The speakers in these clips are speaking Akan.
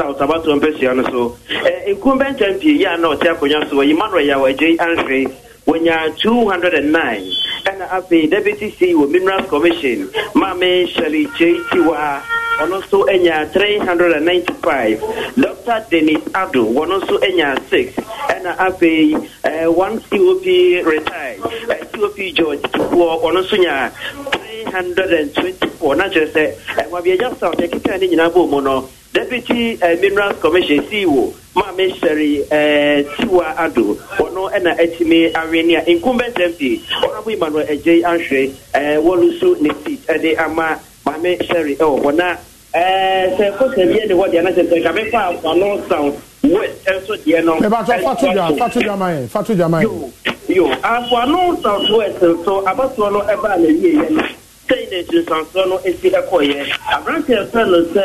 south abato eh, mpɛsia no so nkumbɛ ntampi yi a na ɔte akonnwa so wɔ emmanuel yaw agye anhwe wɔnya 209 ɛna afei deputy c wɔ e minerals commission maame shirley j tiwa ɔno nso anya 395 dr denis ado wɔno nso anya 6 ɛna afei uh, one cop retire uh, eh, cop george tukuɔ ɔno nso nya 324 na kyerɛ sɛ ɛwabiagya south ɛkeka ne nyinaa bɔ mu no deputy uh, minerals commission ceo maame sherry uh, tiwa ado ɔno ɛna ɛtumi awenia incumbent mp ɔnabɔ emmanuel ɛgye ahwɛ uh, eh, wɔlusu ne seat ɛde ama maame sherry ɛwɔ hɔ na sɛ kɔsɛ bie ne hɔ deɛ na sɛ sɛ nka bɛfa ano sound west ɛnso deɛ no. ɛbàtɔ fatu dwa fatu dwa mayɛ fatu dwa mayɛ. yo yo afɔ ah, ano sound west nso abatoɔ no ɛbaa na yie yɛ no sɛyi na akyirisansoɔ no si kɔeɛ aberanteɛ fɛ no sɛ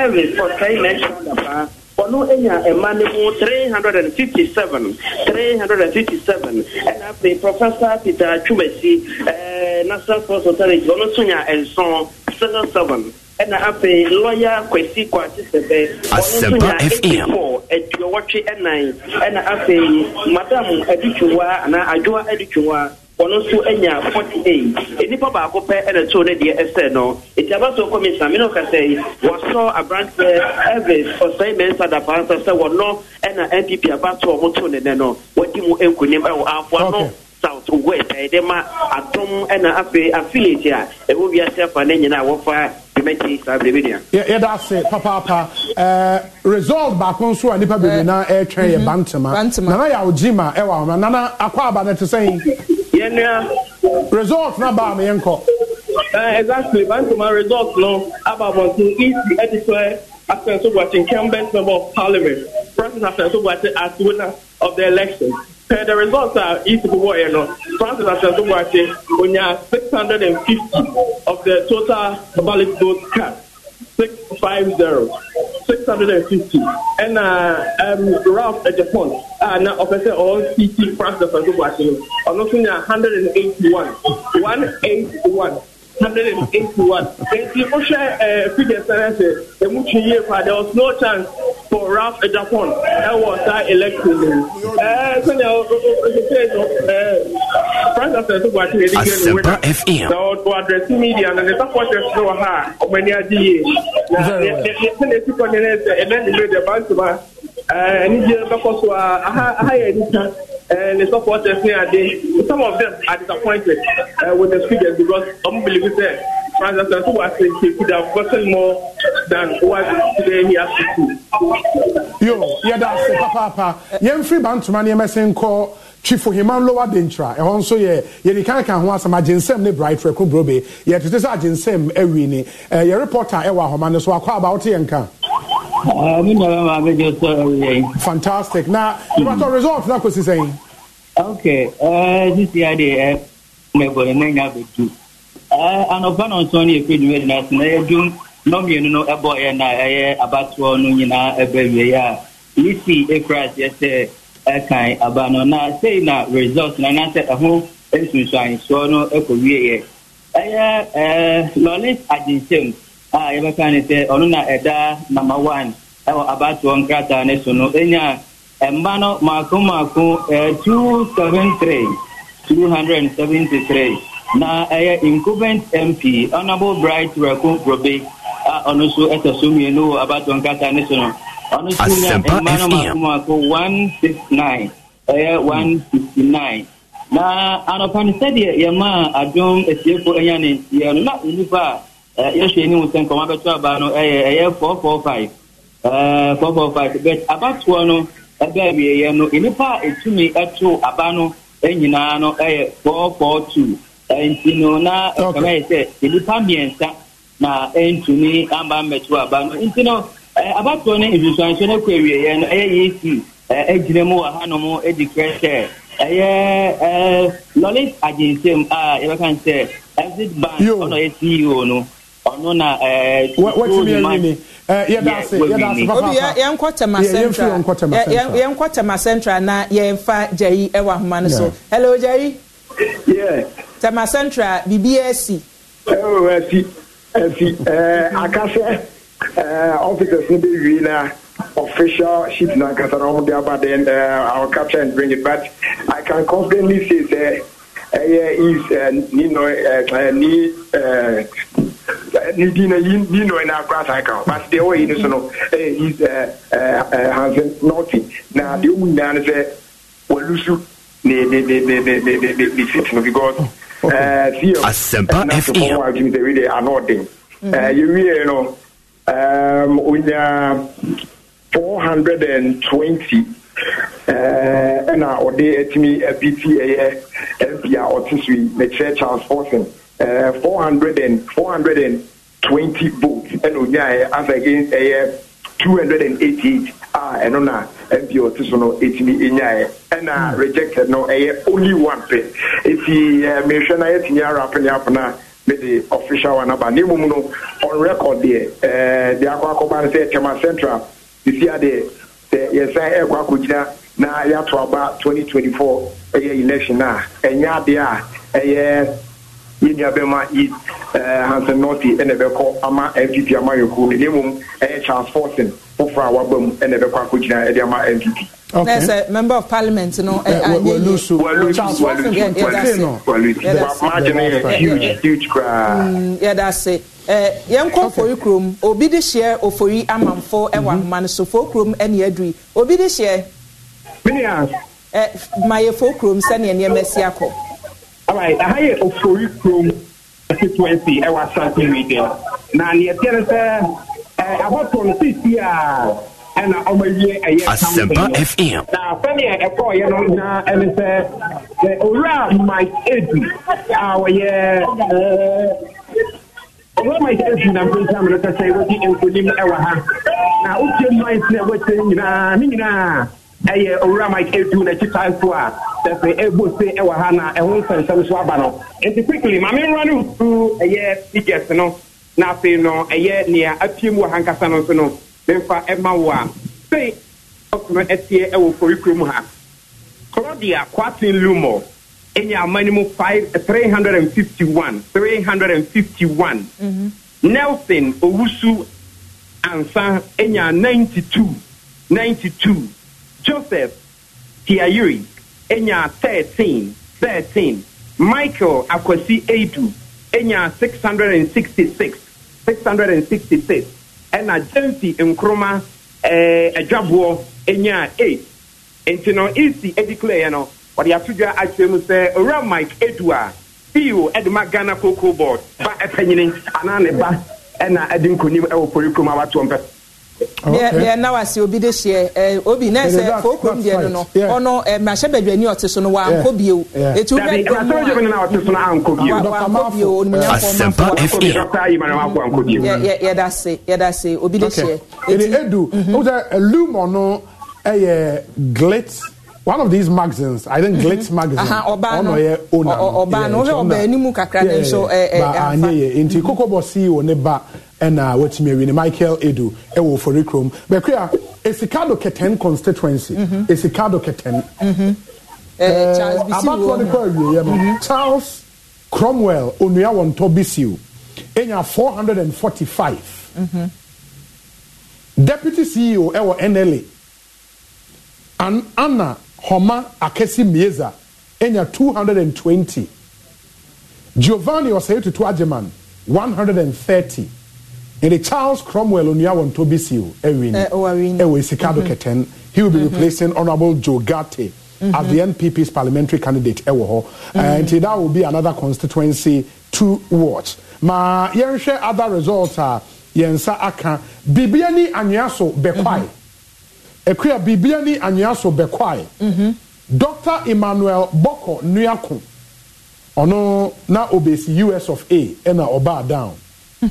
ɛris ɔsɛe na ɛhyɛ dapaa ɔno anya ɛma no mu 357 357 ɛna afei professor peter atwumasi uh, national sports authority ɔno nso nya nson 77 ɛna afei lɔya kwasi kwakye sɛbɛ ɔno nso nya 84 aduɔwɔtwe ɛnan ɛna madam adutwuwa anaa adwowa adutwuwa ɔno nso anya forty eight e nipa baako pɛ ɛna too ne deɛ ɛsɛ no eti abaso kɔmisa mi na ɔkasa yi wɔsɔ aberanteɛ elvis ɔsɛn mɛnsa dapa nsa sɛ wɔnɔ ɛna npp abaso ɔmo too ne nɛ no wɔdi mu nkunim ɛwɔ afoa no south west ɛyɛ e dɛ ma atom ɛna afei affiliate a ɛwɔ e wiase afa ne nyinaa wɔfa mɛti saa bere bi nua. yɛda ase papaapa ɛɛ result baako nso a nipa bebree na ɛretwɛn yɛ mhm. bantama nana yɛ awo jima ɛwɔ nana akɔ aba na te sɛn. yɛn nua. result na baa mi yɛn kɔ. Uh, exactly bantama result no aba abɔnten ec ɛdisɔ afɛnso buwate incumbent member of parliament president afɛnso buwate as winner of the election per the results a ECB wɔyɛ no francis asante buakye onya six hundred and fifty of the total ballot vote cast six five zero six hundred and fifty ɛna uh, um, ralph ejepon uh, a na ɔpɛ sɛ ɔwɔ ct francis asante buakye no ɔno nso nya hundred and eighty one one eight one hundred and eighty-one. a ɔmo ani anigye eh, bɛkɔ so a ah, aha aha yɛ nika ne eh, supporters ne ade some of them are disappointed uh, with the figures because ɔmo believe sɛ francis nso wa se he could have gotten more than what today he has to do. yo yɛda ase papaapa yɛmfiri bantoma nneɛma sɛ nkɔ twifo himan lowa dentra ɛhɔ e nso yɛ yɛde kankan ho asɛm agyensɛm ne bright rɛko brobe yɛtete sɛ agyensɛm awi ni ɛyɛ reporter ɛwɔ e ahoma no so akɔ aba wote yɛn kan. fantastic na ìbátan result náà kò sí sẹ́yìn. ok sisi adi ẹ mẹbọ ẹ mẹnyà abẹju anọfa náà sọ ni efe dùn ẹdínà sinẹ ẹ dùn náà mìínú náà ẹ bọ ẹ na ẹ yẹ abatoọ nù nyinaa ẹ bẹ wíyẹ yá lisi efra ẹ sẹ ẹ kàn aba nọ na sẹyìn eh, na eh, result eh, na náà sẹ ẹho esunsun àyìnsọ náà ẹ kò wíyẹ yẹ ẹ yẹ ẹ lọlẹ àdìsẹmù. a yɛbɛka ne sɛ ɔno na ɛda namba one ɛwɔ abatoɔ nkrataa ne so no ɛnya mba no maako maako two seven three na ɛyɛ incumbent mp honourable bright rɛko brobe a ɔno nso ɛtɔ so mmienu wɔ abatoɔ nkrataa ne so no ɔno nso nya no maako maako one six nine ɛyɛ one sixty nine na anɔpa no sɛdeɛ yɛmaa adom asiefo na a Eh, yɛhwɛ anim sɛ nkɔmɔ abɛto aba no ẹ yẹ ẹ yẹ four four five ẹ eh, four four five but abatoɔ no ɛbɛ awieɛ no nnipa a etumi ɛto aba no nyinaa no ɛyɛ four four two ɛnti no na nkɔmɔ yɛ sɛ nnipa mmiɛnsa na ɛntumi amba mmɛto aba no nti no ɛɛ eh, abatoɔ no nsusuanso no kɔ awieɛ no ɛyɛ yeesi ɛɛ egyina mu wɔ hanom edi kɛ sɛ ɛyɛ ɛɛ lɔlis agyensɛm a yɛbɛka n sɛ exit bank ɔna ɔyɛ ceo no. ɔno na yɛnkɔ tema central na yɛmfa gyayi wɔ ahoma no so hello gyayi tema central biribia asi asi asi aka sɛ officers no bɛwie na official sheet na ankasa na ɔmde aba then i will capture and bring it but i can confidently say sɛ ɛyɛ is ni nɔ eh, eh, ni eh, ne din din no na akora saa ka but deɛ wɔyi no so no ɛyɛ eh, his eh, eh, hansen nɔɔte na deɛ ɔmu nyinaa no sɛ wɔlusu ne ne ne ne ne ne ne ne ne fit no because ɛɛ asempa fm ɛna sɛ wɔn de ano ɔden ɛɛ yɛwie no ɛɛm onyaa four hundred and twenty ɛɛ ɛna ɔde ɛtumi ɛbi ti ɛyɛ mp a ɔte so yi ne kyerɛ 400 eh, and 420 votes ɛna onyaa as against ɛyɛ 288 a ɛno na mp ɔte so no ɛtumi nyaeɛ ɛna rejected no ɛyɛ eh, only one pɛ ɛti mehwɛ no yɛtumi arapene apena a mede official one aba ne mmom no on record deɛ deɛ akɔ akɔba no sɛ tema central ɛsia deɛ sɛ yɛsan ɛkɔ akɔgyina na yɛato aba 2024 ɛyɛ election a ɛnyɛ adeɛ a ɛyɛ yɛnua bɛma east eh, hansen norty ɛna ɛbɛkɔ ama npp ama yɛkuo no na mmom eh, charles forson foforɔ a waba mu ɛna ɛbɛkɔ akɔgyina ɛde ama npp Okay. There's a member of parliament, no, eh, Walusu. Walusu. Walusu. Margin Yeah, that's it. yɛnkɔ mfori kurom obi de hyɛ ofori amanfo ɛwɔ mm-hmm. ahomanosofo kurom ɛne adui obi de hyɛ. mini as. ɛ mayɛfo kurom sɛnea nneɛma si akɔ alright aha yɛ ofori kurom constituency ɛwɔ asante region na neɛ teɛ no sɛ ahɔtɔ no sisi a ɛna ɔma wie ɛyɛ asempa fm na sɛneɛ ɛkɔɔyɛ no na ɛne sɛ owura mike edu a wɔyɛ owura mike edu na mpensa mene sɛ sɛ wɔdi nkonim ɛwɔ ha na wotie mike no a nyinaa ne nyinaa ɛyɛ owura mike edu n'akyi tan so a sɛsɛ ebo se ɛwɔ ha na ɛho nsɛnsɛm so aba no nti quickly maame nwura no nsu ɛyɛ figures no na no ɛyɛ nea apiem wɔ ha nkasa no nso no mmefa ɛma e wɔ a sei ɔso e e no ɛteɛ ɛwɔ kori kurom ha claudia kwatin lumo ɛnya ama five three hundred and fifty one three hundred and fifty one mm-hmm. nelson owusu ansa ɛnya ninety two ninety two joseph Tiayuri, enya 13 13 michael akwasi edu enya 666 666 ɛna jensi nkroma ɛdwaboɔ eh, enya 8 nti no esi edikileɛ no wɔde ato dwa akyerɛ mu sɛ owura mike edu a ceo ɛde ma ghana cocoa board ba ɛpɛnyini anaa ne ba ɛna ɛde nkonim ɛwɔ pori kurom mpɛ miɛ na wasi obi de hyɛ ɛ obi na ɛsɛ fokun deɛ no no ɔno ɛ mahyɛ badwani ɔte so no wankɔ bio etu bɛ dɔn mu a wankɔ bio onimnyafɔ mafɔ wankɔ bio e. e, yɛ yɛda se yɛda se obi de hyɛ. ɛdi edu o sɛ lumo no ɛyɛ glit one of these magazines i think mhm. glit magazine ɔno yɛ owner ɔbaa no ɔbaa anim kakra ne nso ɛ ɛ afa ba anyeye ɛna wɔtumi awi ne michael edu ɛwɔ ofori kurom bɛkiri a esikado kɛtɛn constituency mhm. esikado kɛtɛn mhm. abatoɔ de kɔ awieɛ no mhm. charles cromwell onua wɔn tɔ bisiu enya four hundred and forty five deputy ceo ɛwɔ nla and anna homa akesi mieza enya two hundred and twenty giovanni ɔsɛyɛ tutu agyeman one hundred and thirty yɛde charles cromwell onua wɔn to bisi eh, o oh, ɛwin ɛwɔ sika do mm-hmm. he will be mm-hmm. replacing honourable joe garte as the mm-hmm. npp's parliamentary candidate ɛwɔ hɔ nti that will be another constituency to watch ma yɛnhwɛ other results a yɛnsa aka bibia ni anwea so bɛkwae ekuya bibia ni anwea so bɛkwae dr emmanuel bɔkɔ nuako ɔno na obesi us of a ɛna ɔbaa down.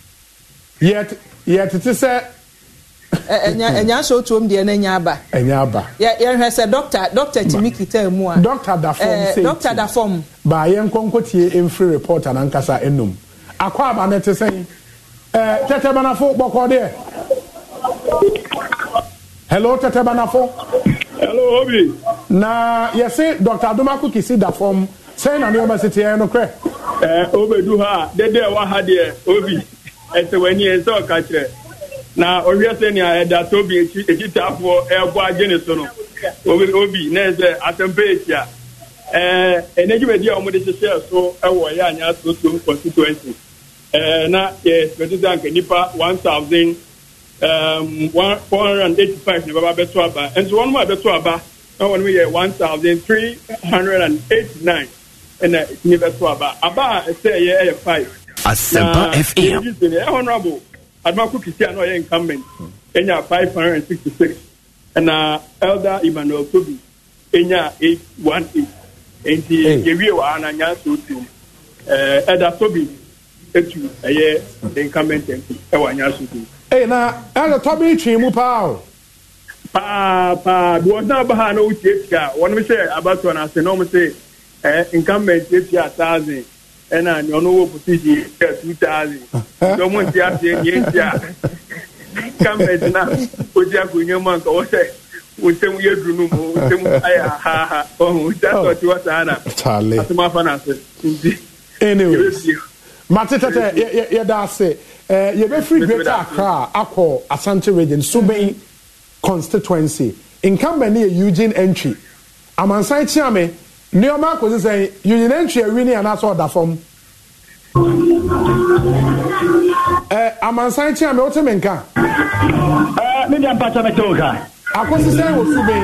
yɛtete eh, eh, eh, sɛ ɛnya ahyɛ otuom deɛ no ɛnya aba ɛnya aba yɛhwɛ sɛ dɔkta dɔkta tumi kita mu a dɔkta da fam sɛ dɔkta da fam baa yɛnkɔ nkɔtie mfiri report anankasa ɛnum akɔ aba no te sɛn ɛɛ tɛtɛ banafo bɔkɔ deɛ hello tɛtɛ hello obi na yɛse dɔkta adomako kisi da fam sɛn na nneɛma si no korɛ ɛɛ obedu ha dede ɛwɔ ha deɛ obi ɛsɛ w'ani yɛ sɛ ɔka kyerɛ na ɔhwɛ sɛ nea ɛda to bi ekyitaafoɔ e ɛɛbɔ agye ne so no obi obi e, na ɛsɛ asɛm pa ekyia ɛɛ ɛnɛdwumadi a wɔde hyehyɛ so ɛwɔ yɛ anya sosom constituency ɛɛ na yɛ expect sɛ nipa one thousand four hundred and eighty five na baba bɛto aba nso wɔn mu a aba na wɔn mu yɛ one thousand three hundred and eighty nine ɛna ɛtumi bɛto aba aba a ɛsɛ ɛyɛ ɛyɛ five. Asempa FM. The Honorable Admaku Kisiano Oye incumbent, Enya 566, and uh, Elder Emmanuel Tobi, Enya 818. Enti yewie wa na nya so tu. Eh Elder Tobi etu eye the incumbent MP e wa nya so tu. Eh na Elder Tobi twi mu pa o. Paa paa bi wɔn naa ba ha na o tie tia wɔn mi sɛ abatɔ na ase na wɔn mi sɛ incumbent etia thousand ɛna nea ɔno wɔ position yɛ two thousand dɔm nti aseɛ nea nti a cabinet e e na ɔgye akonnwa mu anka wɔsɛ nsɛm yɛ duru no mu nsɛm ayɛ ahaha ɔho dasɛ ɔte wɔ saa na asɛm afa no ase nti anyways mate tɛtɛ yɛda ase eh, yɛbɛfiri greater accra akɔ asante region subɛn constituency incumbent ne yɛ eugene entry amansan kyea nneɛma akɔsi sɛn union entry awi ne anaasɛ ɔda fam eh, amansan kyi a wote me nka. ɛ ne deɛ mpata mɛ akosisɛ wɔ sube.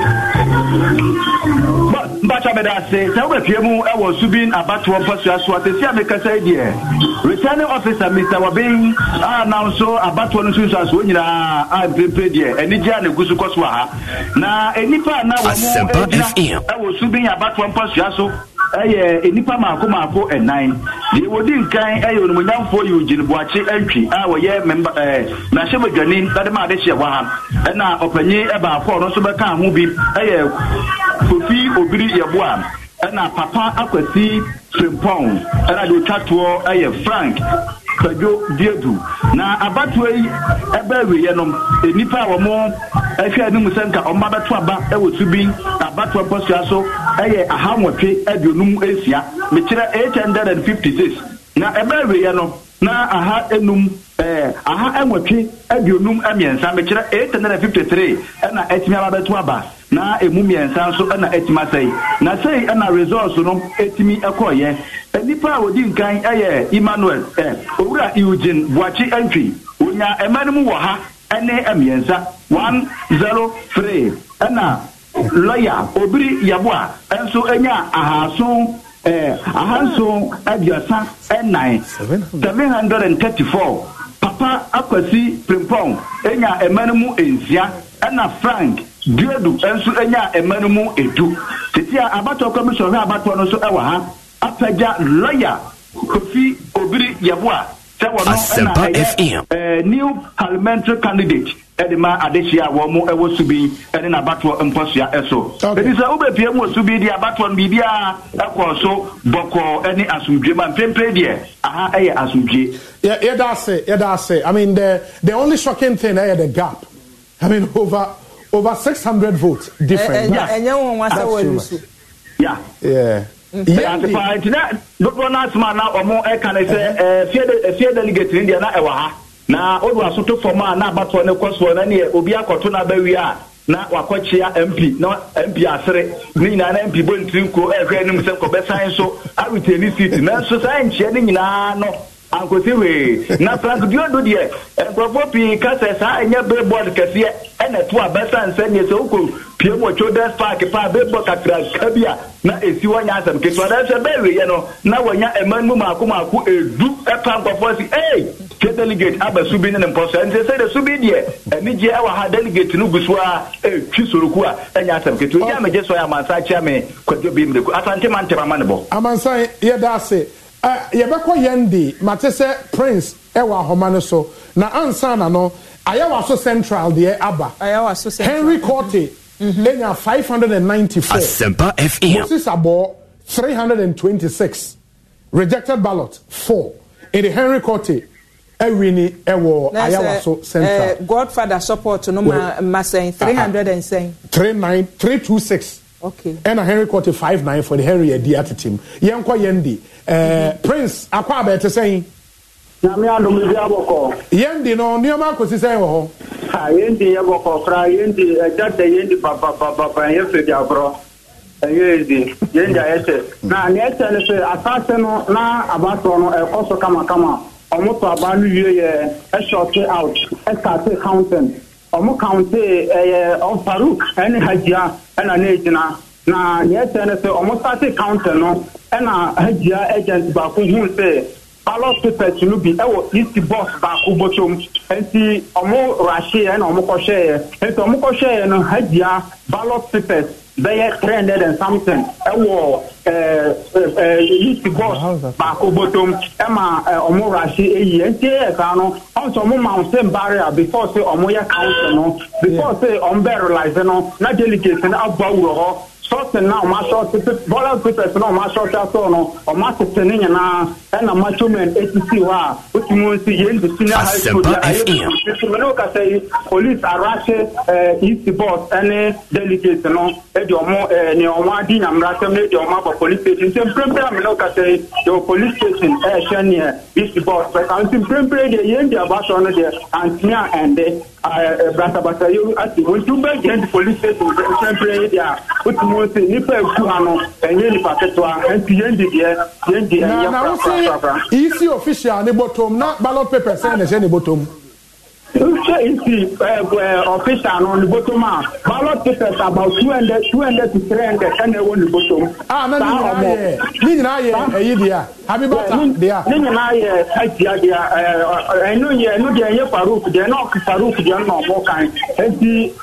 mpatsa bɛ da ase sɛ wobɛpie mu wɔ subin abatoɔ mpasua so atesi a mekasa yi deɛ returning officer mr wabin a nam so abatoɔ no nso nso asoɔ nyinaa a mprempren deɛ anigye a na egu so ha na nnipa na wɔn mu gyina wɔ subin abatoɔ mpasua ɛyɛ nnipa maako maako ɛnan deɛ wɔdi nkan ɛyɛ onimonyamfoɔ yi ogyini buakye antwi a wɔyɛ memba ɛɛ n'ahyɛmadwani dadema ade hyɛ wɔ ha ɛna ɔpanyin ɛbaako a ɔno nso bɛka ho bi ɛyɛ kofi obiri yɛboa ɛna papa akwasi frimpɔn ɛna deɛ otwa toɔ ɛyɛ frank kwadwo diedu na abatoɔ yi ɛbɛ awieɛ no nnipa a wɔn ahwɛ anim sɛ nka wɔn abɛto aba ɛwɔ subin abatoɔ mpɔsua so ɛyɛ ahanwɔtwe aduonum esia mekyerɛ eight hundred and fifty six na ɛbɛ awieɛ no na aha enum ɛɛ aha ɛnwɔtwe aduonum mmiɛnsa mekyerɛ eight hundred and fifty three ɛna ɛtumi aba aba. na emu mmiɛnsa nso na ɛtumi asɛe na sei na results no ɛtumi ɛkɔɔyɛ nnipa a wɔdi nkan yɛ emmanuel owura eugene buakye antwi onya ɛma no mu wɔ ha ne mmiɛnsa one zero three ɛna lɔya obiri yaboa nso nya ahaso ɛɛ ahaso aduasa nnan seven hundred and thirty four papa akwasi primpong nya ɛma no mu nsia ɛna frank. duedu nso anya ɛma no mu edu tete a abatoɔ kɔmishɔn hwɛ abatoɔ no nso ɛwɔ ha apagya lɔya kofi obiri yɛboa sɛ wɔn ɛna ɛyɛ ɛɛ new parliamentary candidate ɛde ma adehyia a wɔn mo ɛwɔ subi ɛne n'abatoɔ mpɔsua ɛso ebi sɛ ɔbɛ pie mu wɔ subi deɛ abatoɔ no biribiara ɛkɔ so bɔkɔɔ ɛne asomdwe ma mpempere deɛ aha ɛyɛ asomdwe. yɛ yɛ da ase yɛ da ase i mean the the only shocking thing ɛyɛ eh, the gap i mean over. over 600 votes different. ɛnyɛ wɔn wasa wɔlu so. ya. yɛnti ntina dodoɔ no na ɔmo eh, uh-huh. eh, eh, na ne sɛ fie delegate ne deɛ na ɛwɔ ha na odu asoto fam a na abatoɔ na kɔ soɔ na obi akɔto na a na wakɔkyea mp na mp asere na mp bɔ ntiri nkuo ɛhwɛ anim sɛ nkɔbɛsan so awetani seat nanso saa na ne na ankɔsi wee na frank diodo deɛ nkurɔfoɔ pii ka sɛ saa ɛnyɛ billboard kɛseɛ ɛna to a bɛsan sɛneɛ sɛ wokɔ pie wɔ children's park paa billboard kakraka bi a na ɛsi hɔ nyɛ asɛm ketewa dɛ sɛ bɛweyɛ no na wɔanya ɛma no mu maako maako ɛdu ɛpa nkɔfoɔ si ei ke delegate aba subi ne ne mpɔ so ɛnti sɛde subi deɛ anigyeɛ ɛwɔ ha delegate no gu so a ɛtwi soroku a ɛnyɛ asɛm ketewa gya megye sɔ yɛ amansa kyea me kwadwo bi mdeku asante mantɛm ama ne bɔ amansa yɛda ase Ah, yɛbɛkɔ yɛn de mate sɛ prince ɛwɔ ahoma no so na ansa na no ayɛwaso central deɛ aba henry corte ɛnya 594 moses abɔɔ 326 rejected ballot 4 ɛde henry corte awi ni ɛwɔ ayawaso central eh, godfather support no ma ma sɛn 300 sɛn 39 326 ɛna henry five nine for the henry adi atetem yɛnkɔ yɛndi eh, prince akɔ abɛɛte sɛn yɛndi no nneɛma akɔsi sɛn wɔ hɔ yɛndi yɛbɔkɔ kora yɛndi ɛgyata eh, yɛndi papapapa ɛyɛ fɛdi aborɔ ɛyɛ eh, yɛndi yɛndi ayɛhyɛ na neɛ ɛhyɛ no sɛ asase no na abasoɔ no ɛkɔ so kamakama ɔmo to aba no wie yɛ ɛhyɛte out ɛsate ɔmo ɛyɛ ɔfaruk ɛne ɛna ne gyina na neɛ kyɛ ne sɛ ɔmo sate counter no ɛna hagyia agent baako hu sɛ ballot papers no bi ɛwɔ east box baako bɔtɔm nti ɔmo rahyeɛ ɛna ɔmo kɔhwɛeɛ nti ɔmo kɔhwɛeɛ no hagyia ballot papers bɛyɛ three hundred and something ɛwɔ ɛɛ eh, ɛɛ eh, eh, youth bus baako bɔtɔm ɛma ɛɛ ɔmo rasi eyi ɛnti ɛka no ɔnso ɔmo ma ɔsɛ barrier before say ɔmo yɛ council no before say ɔmo bɛ realize no na delicate no abɔ awurɔ hɔ sɔɔsi na ɔma sɔɔsi bɔlɛn pipɛs na ɔma sɔɔsi asɔɔ no ɔma tete ne nyinaa ɛna machomen esisi hɔ a wotumi nsi yɛn ti senior high school yɛ ayɛ tuntun ne kasa yi police arase ɛɛ eh, east board ɛne delegate no ɛdi ɔmo ɛɛ eh, nea ɔmo adi nyamrasɛm ne ɛdi ɔmo aba police station nse mprempren mi ne kasa yi yɛ wɔ police station ɛɛhyɛ eh, neɛ this before sɛkansi mpempre deɛ yɛn deɛ abaso no deɛ antene a ɛnde brasabasa yɛ ati wɔntu bɛ gyɛn di police station mpempre yi deɛ a wotumi wɔn se nipa eku ha no ɛnyɛ nipa ketewa nti yɛn di deɛ yɛn di ɛnyɛ kura kura kura. na na wosi isi official ne bɔtɔm na ballot paper sɛn na ɛhyɛ ne bɔtɔm. isi ọfisa nọ n'Ibotom a ballot papers about two hundred two hundred to three hundred ẹ na-ewo n'Ibotom. a na ne nyinaa yɛ ne nyinaa yɛ ɛyi di a abibata di a. ne nyinaa yɛ ɛtia di a ɛɛ ɛnu yɛ ɛnu deɛ ɛyɛ farouk deɛ ɛna ɔfi farouk deɛ ɛna ɔbɔ kan eti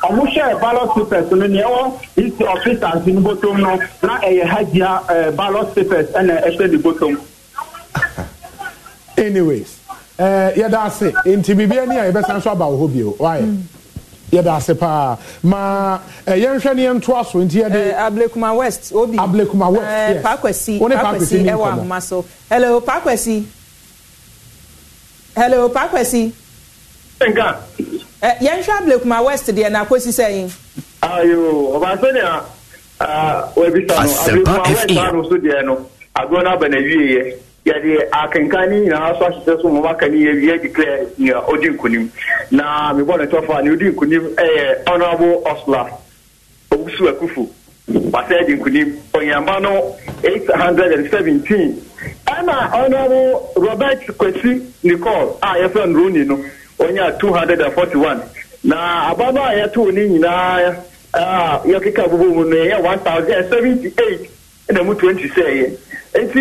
ballot papers no nea ɛwɔ isi ɔfisa n'Ibotom no na ɛyɛ hajia ballot papers ɛna ɛhyɛ n'Ibotom. anyways. Eh, yɛda ase nti biribi ani a yɛbɛsan so aba wɔ hɔ bio wayɛ hmm. yɛda ase paa ma eh, yɛnhwɛ ne yɛntoa so nti yɛde eh, ablekuma west obi ablekuma west yes pakwasi pakwasi ɛwɔ ahoma so hello pakwasi hello pakwasi. nka. yɛnhwɛ ablekuma west deɛ na sɛyin. ayo ɔba sani a ah, wabisa no ablekuma e. west ano so deɛ no agorɔ no wie yɛ. yɛde akenkane nyinaa so ahyehyɛ so nwoma ka ne yɛwie declare nea ɔdi nkonim na mebɔ ne tɔfa ne ɔdi nkonim yɛ eh, honorable osla owusu akufo wasɛ di nkonim ɔnyamba no 817 ɛna honorable robert kwasi nicol a yɛfrɛ no roni no ɔnya 241 na aba no a yɛtoo ne nyinaa a yɛkeka bobɔ mu no yɛyɛ 1078 ɛna mu 20 sɛeɛ nti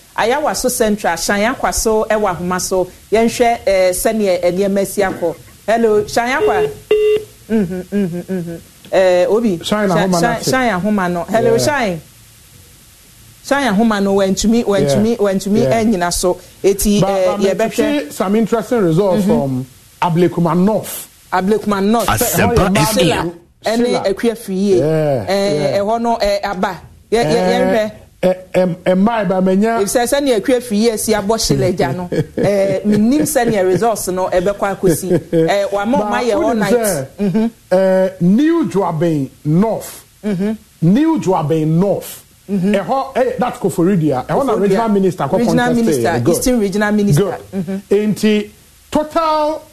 ayawa so central shanyakwa so ɛwɔ e ahoma so yɛnhwɛ ɛɛ eh, sɛnea eh, nneɛma si akɔ hello shanyakwa ɛɛ mm-hmm, mm-hmm, mm-hmm. eh, obi shine ahoma no hello shan shine ahoma no wɛntumi wɛntumi wɛntumi ɛnyina so eti ɛɛ yɛbɛhwɛ some interesting results from ablekuma north ablekuma north efiya ɛne akuya ɛɛ ɛhɔ no ɛɛ aba yɛ yɛ mmaa ba menya. efisɛ sɛnea atwa fi yie si abɔ hyelɛ gya no ɛɛ nim sɛnea results no ɛbɛkɔ akɔsi ɛɛ wama ɔma yɛ all night. ɛɛ mm-hmm. eh, new joabeng north. Mm-hmm. new joabeng north. ɛhɔ mm-hmm. ɛyɛ eh, that koforidia ɛhɔ na regional minister kɔ contest ɛɛ good eastern regional minister. good nti total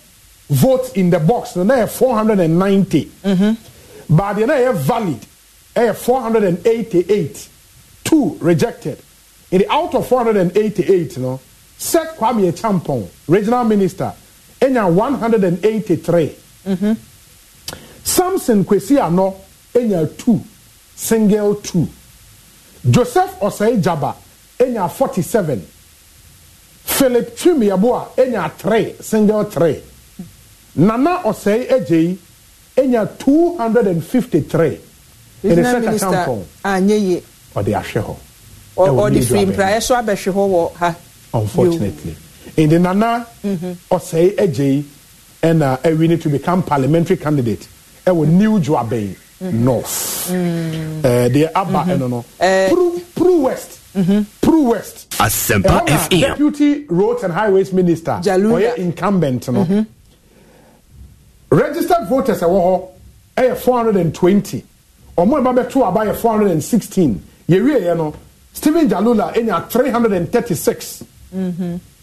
vote in the box na yɛ four hundred and ninety. baadeɛ na yɛ valid ɛyɛ four hundred and eighty-eight. two rejected. In the out of 488, you know, Seth Kwame Champon, regional minister, enya 183. Mm-hmm. Samson Kwesi Ano, enya two, single two. Joseph Osei Jaba, enya 47. Philip Chimiabua, enya three, single three. Nana Osei Ejei, enya 253. Regional in the Minister, ɔde ahwɛ hɔ ɔde firi mpraeɛ so abɛhwe hɔ wɔ ha unfortunately ndị nana mhm. ɔsɛe agye yi ɛna awi ne to become parliamentary candidate ɛwɔ mhm. new joabɛyi mhm. north mm. deɛ aba ɛno no pru west pru west asɛmpa fm deputy roads and highways minister ɔyɛ incumbent no registered voters ɛwɔ hɔ ɛyɛ 420 ɔmo ɛba bɛto aba yɛ 416 yɛwieɛ no stephen jalula ɛnya 336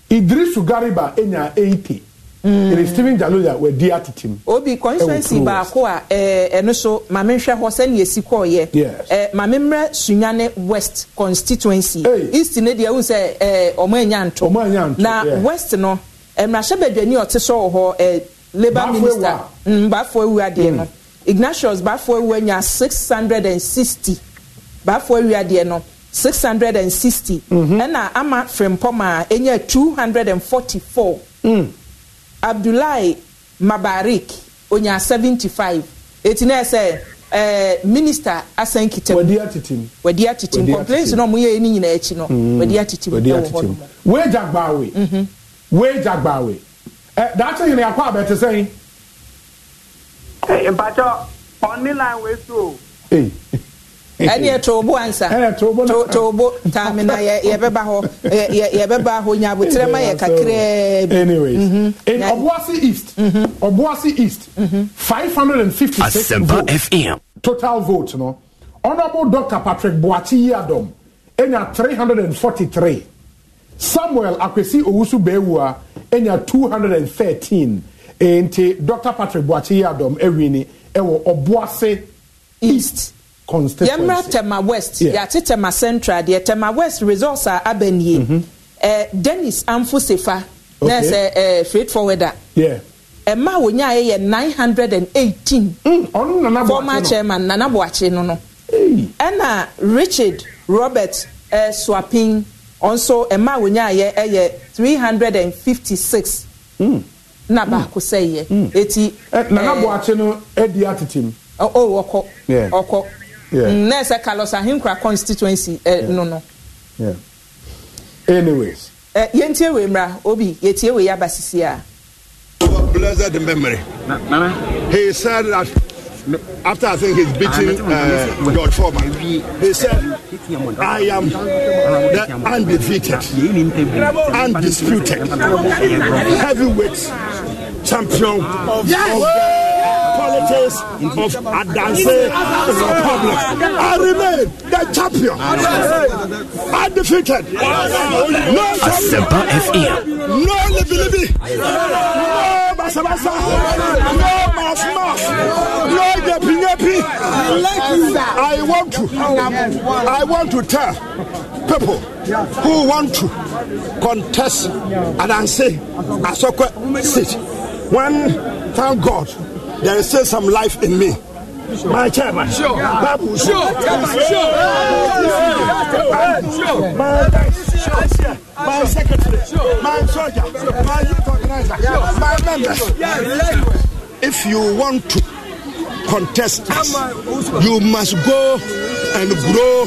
idrisu gariba ɛnya 80 ɛne stephen jalula wadi atetem obi constituency baako a eh, ɛno so mame nhwɛ hɔ sɛne yɛsi kɔɔyɛ eh, mame mmerɛ sunyane west constituency east no deɛ wo sɛ eh, ɔmo anya nto na west no mmarahyɛ badwani ɔte sɛ wɔ hɔ labour minister mbafoɔ mm, awuadeɛ no mm. ignatius bafoɔ awua nya 660 baafo awia deɛ no six hundred and sixty. Mhm. ɛna ama frimpɔma a enya two hundred and forty four. Mm. abdullahi mabarik onya seventy five eti na ɛsɛ ɛɛ eh, minista asan kitam. wadi atitim wadi atitim complaints na ɔmo yɛ ɛni nyinaa akyi no mm. wadi atitim ɛwɔ hɔ nom. wage agbaawe mhm. wage ɛ eh, daakye nyina akɔ abɛte sɛn. Eh, mpatsɔ ɔnilan wesu o ɛne yɛ tobo ansa tobo taame na yɛbɛba hɔ yɛbɛba hɔ nyabotrɛ ma yɛ kakraa ɔboase east ɔboase mhm. east 556 mhm. total vote no honorable dr patrick boakye yiadom ɛnya 343 samuel akwesi owusu beewua ɛnya 213 nti dr patrick boakye yiadom awini ɛwɔ ɔboase east constituency. yɛmmra tema west yeah. tema central deɛ tema west resource a aba mm -hmm. eh, dennis amfo sefa okay. na sɛ eh, freight forwarder yeah. ɛma a wɔnyaeɛ yɛ 918 mm, former chairman nana boakye no no ɛna richard robert eh, swapin ɔnso ɛma a wɔnyaeɛ ɛyɛ 356 mm. na baako sɛ yɛ mm. Mm. Eti nana boakye no adi atetem ɔwɔ kɔ ɔkɔ Mm, na ɛsɛ carlos ahinkra constituency no no anyways yɛntie wei mmra obi yɛtie wei aba sisi a blessed memory he said that after I think he's ah, beating uh, George Foreman, he said, I am undefeated, undisputed, heavyweight champion of, yes. of politics of Adanse Republic. I remain the champion. I defeated No Asempa FE. No libi No basabasa. No Masmas. No yepi-yepi. I want to. I want to tell people who want to contest Adanse Asokwe seat when thank God there is still some life in me. My chairman, sure. Babu, sure. Chairman, My, sure. my secretary, my soldier, my youth organizer, my members. if you want to contest, this, you must go and grow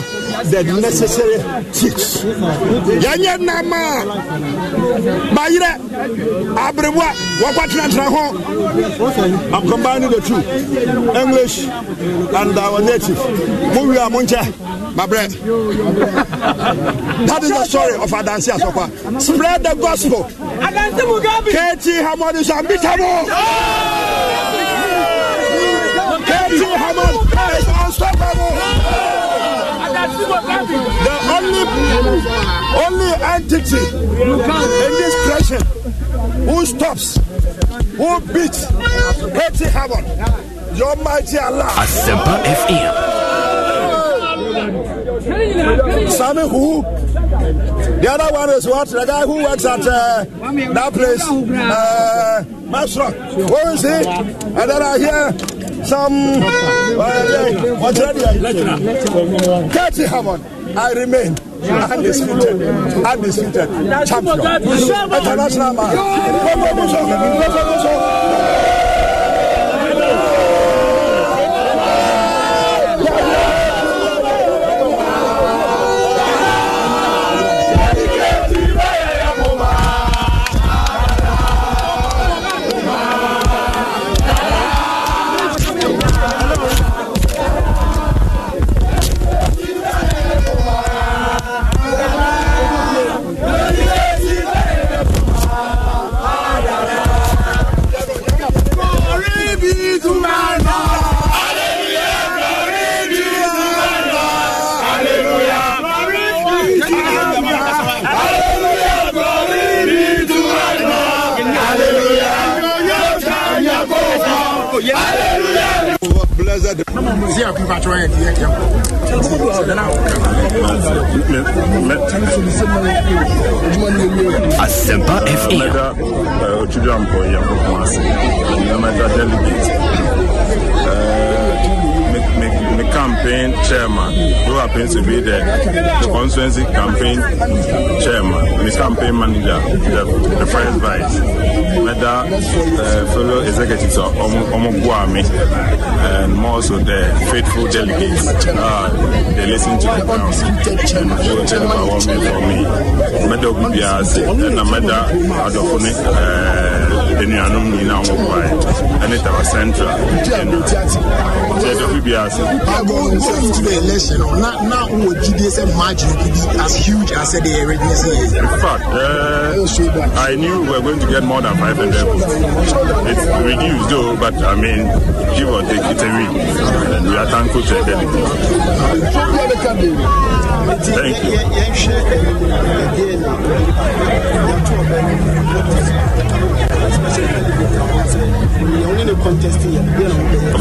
the necessary seeds. yɛnyɛ nama bayerɛ aberewa wɔkɔtenatena ho i'm combining the two english and our native mowie a monkyɛ my bread. that is the story of Adansi Asopa. Spread the gospel. Katie Hamadu is unbeatable. Prophet Muhammad is unstoppable. The only, only entity in this creation who stops, who beats Prophet Muhammad, your mighty Allah. Asempa FM. Sami who? The other one is what? The guy who works at uh, that place, uh, Masrock. Where is he? And then I hear some uh, Katie Hammond. I remain undisputed, undisputed champion, international man. A sí ẹkún pàtó the campaign chairman who happens to be the, the constituency campaign chairman, his campaign manager, the, the first vice. Whether uh, fellow executives are Omoguami and more so the faithful delegates, uh, they listen to the council they will tell about what for me. Meda Obibiase and Meda Adofone. Uh, enuanom nyinaa wɔn kɔɛ ɛne taba central ɛnu kyɛ dɔbi biara sɛ going into the election no na na wɔ gyidie sɛ margin could be as huge as the original say in fact uh, i knew we were going to get more than five 500 it's reduced though but i mean give or take it's a win and we are thankful to the thank you Of